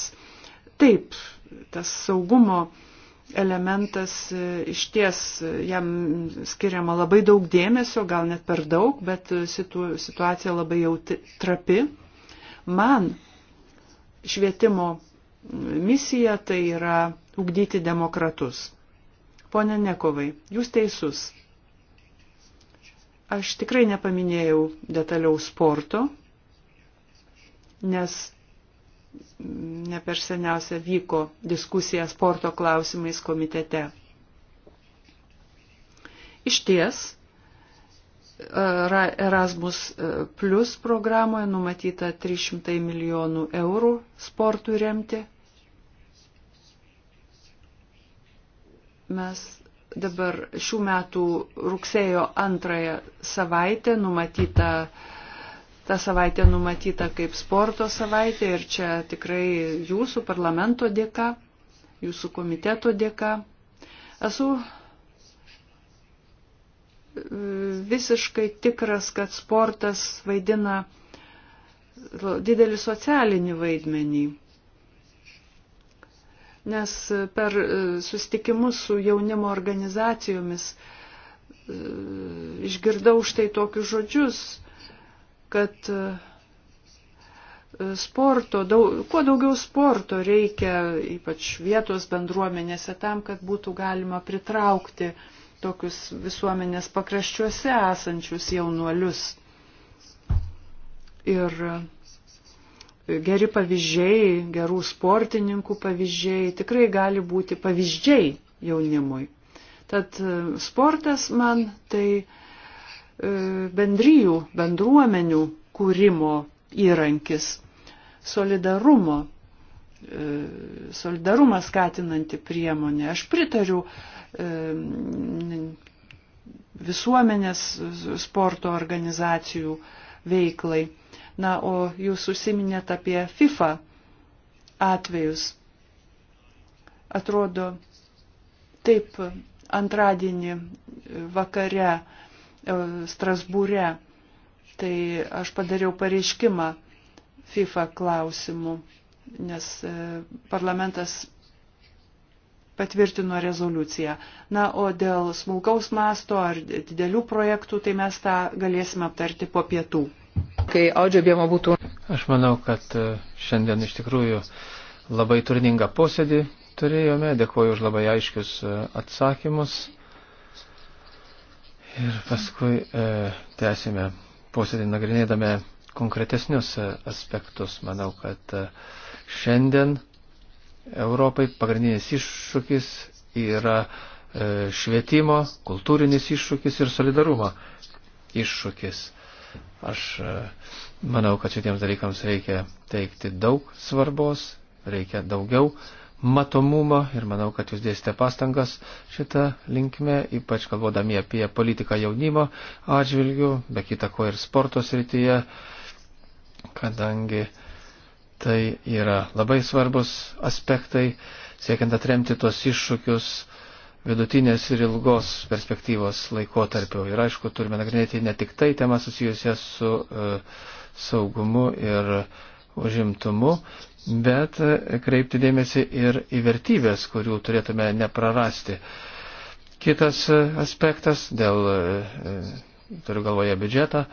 Taip, tas saugumo elementas e, iš ties e, jam skiriama labai daug dėmesio, gal net per daug, bet e, situ, situacija labai jau trapi. Man švietimo misija tai yra ugdyti demokratus. Pone Nekovai, jūs teisus. Aš tikrai nepaminėjau detaliau sporto, nes ne per seniausia vyko diskusija sporto klausimais komitete. Iš ties, Erasmus e, Plus programoje numatyta 300 milijonų eurų sportui remti. Mes dabar šių metų rugsėjo antrąją savaitę numatyta, ta savaitė numatyta kaip sporto savaitė ir čia tikrai jūsų parlamento dėka, jūsų komiteto dėka. Esu e, visiškai tikras, kad sportas vaidina didelį socialinį vaidmenį nes per e, susitikimus su jaunimo organizacijomis e, išgirdau štai tokius žodžius, kad e, sporto, daug, kuo daugiau sporto reikia, ypač vietos bendruomenėse, tam, kad būtų galima pritraukti tokius visuomenės pakraščiuose esančius jaunuolius. Ir geri pavyzdžiai, gerų sportininkų pavyzdžiai tikrai gali būti pavyzdžiai jaunimui. Tad e, sportas man tai e, bendryjų, bendruomenių kūrimo įrankis, solidarumo, e, solidarumą skatinanti priemonė. Aš pritariu visuomenės sporto organizacijų veiklai. Na, o jūs užsiminėt apie FIFA atvejus. Atrodo, taip antradienį vakare e, Strasbūre, tai aš padariau pareiškimą FIFA klausimų, nes e, parlamentas patvirtino rezoliuciją. Na, o dėl smulkaus masto ar didelių projektų, tai mes tą galėsime aptarti po pietų. Kai audžio bėmo būtų. Aš manau, kad e, šiandien iš tikrųjų labai turningą posėdį turėjome. Dėkuoju už labai aiškius e, atsakymus. Ir paskui e, tęsime posėdį nagrinėdami konkretesnius e, aspektus. Manau, kad šiandien Europai pagrindinis iššūkis yra švietimo, kultūrinis iššūkis ir solidarumo iššūkis. Aš e, manau, kad šitiems dalykams reikia teikti daug svarbos, reikia daugiau matomumo ir manau, kad jūs dėsite pastangas šitą linkmę, ypač kalbodami apie politiką jaunimo atžvilgių, be kita ko ir sporto srityje, kadangi tai yra labai svarbus aspektai, siekiant atremti tos iššūkius, vidutinės ir ilgos perspektyvos laikotarpio. Ir aišku, turime nagrinėti ne tik tai temas susijusias su e, saugumu ir užimtumu, bet e, kreipti dėmesį ir į vertybės, kurių turėtume neprarasti. Kitas e, aspektas, dėl, e, e, turiu galvoje, biudžetą,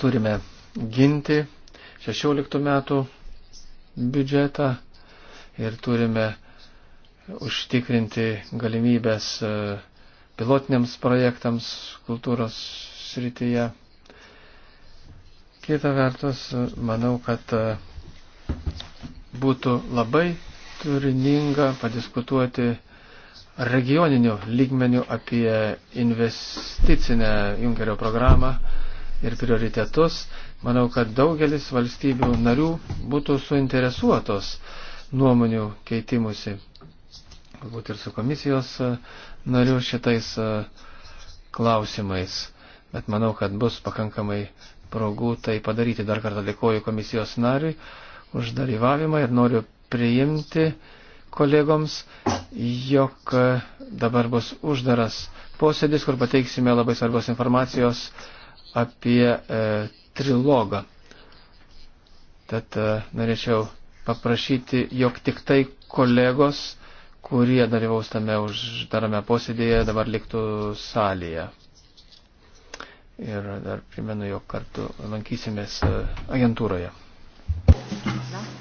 turime ginti 16 metų biudžetą ir turime užtikrinti galimybės e, pilotiniams projektams kultūros srityje. Kita vertus, manau, kad e, būtų labai turininga padiskutuoti regioninių lygmenių apie investicinę Junkerio programą ir prioritetus. Manau, kad daugelis valstybių narių būtų suinteresuotos nuomonių keitimusi galbūt ir su komisijos e, nariu šitais e, klausimais, bet manau, kad bus pakankamai progų tai padaryti. Dar kartą dėkoju komisijos nariui už dalyvavimą ir noriu priimti kolegoms, jog e, dabar bus uždaras posėdis, kur pateiksime labai svarbios informacijos apie e, trilogą. Tad e, norėčiau paprašyti, jog tik tai kolegos kurie dalyvaus tame uždarame posėdėje, dabar liktų salėje. Ir dar primenu, jog kartu lankysimės e, agentūroje. Na.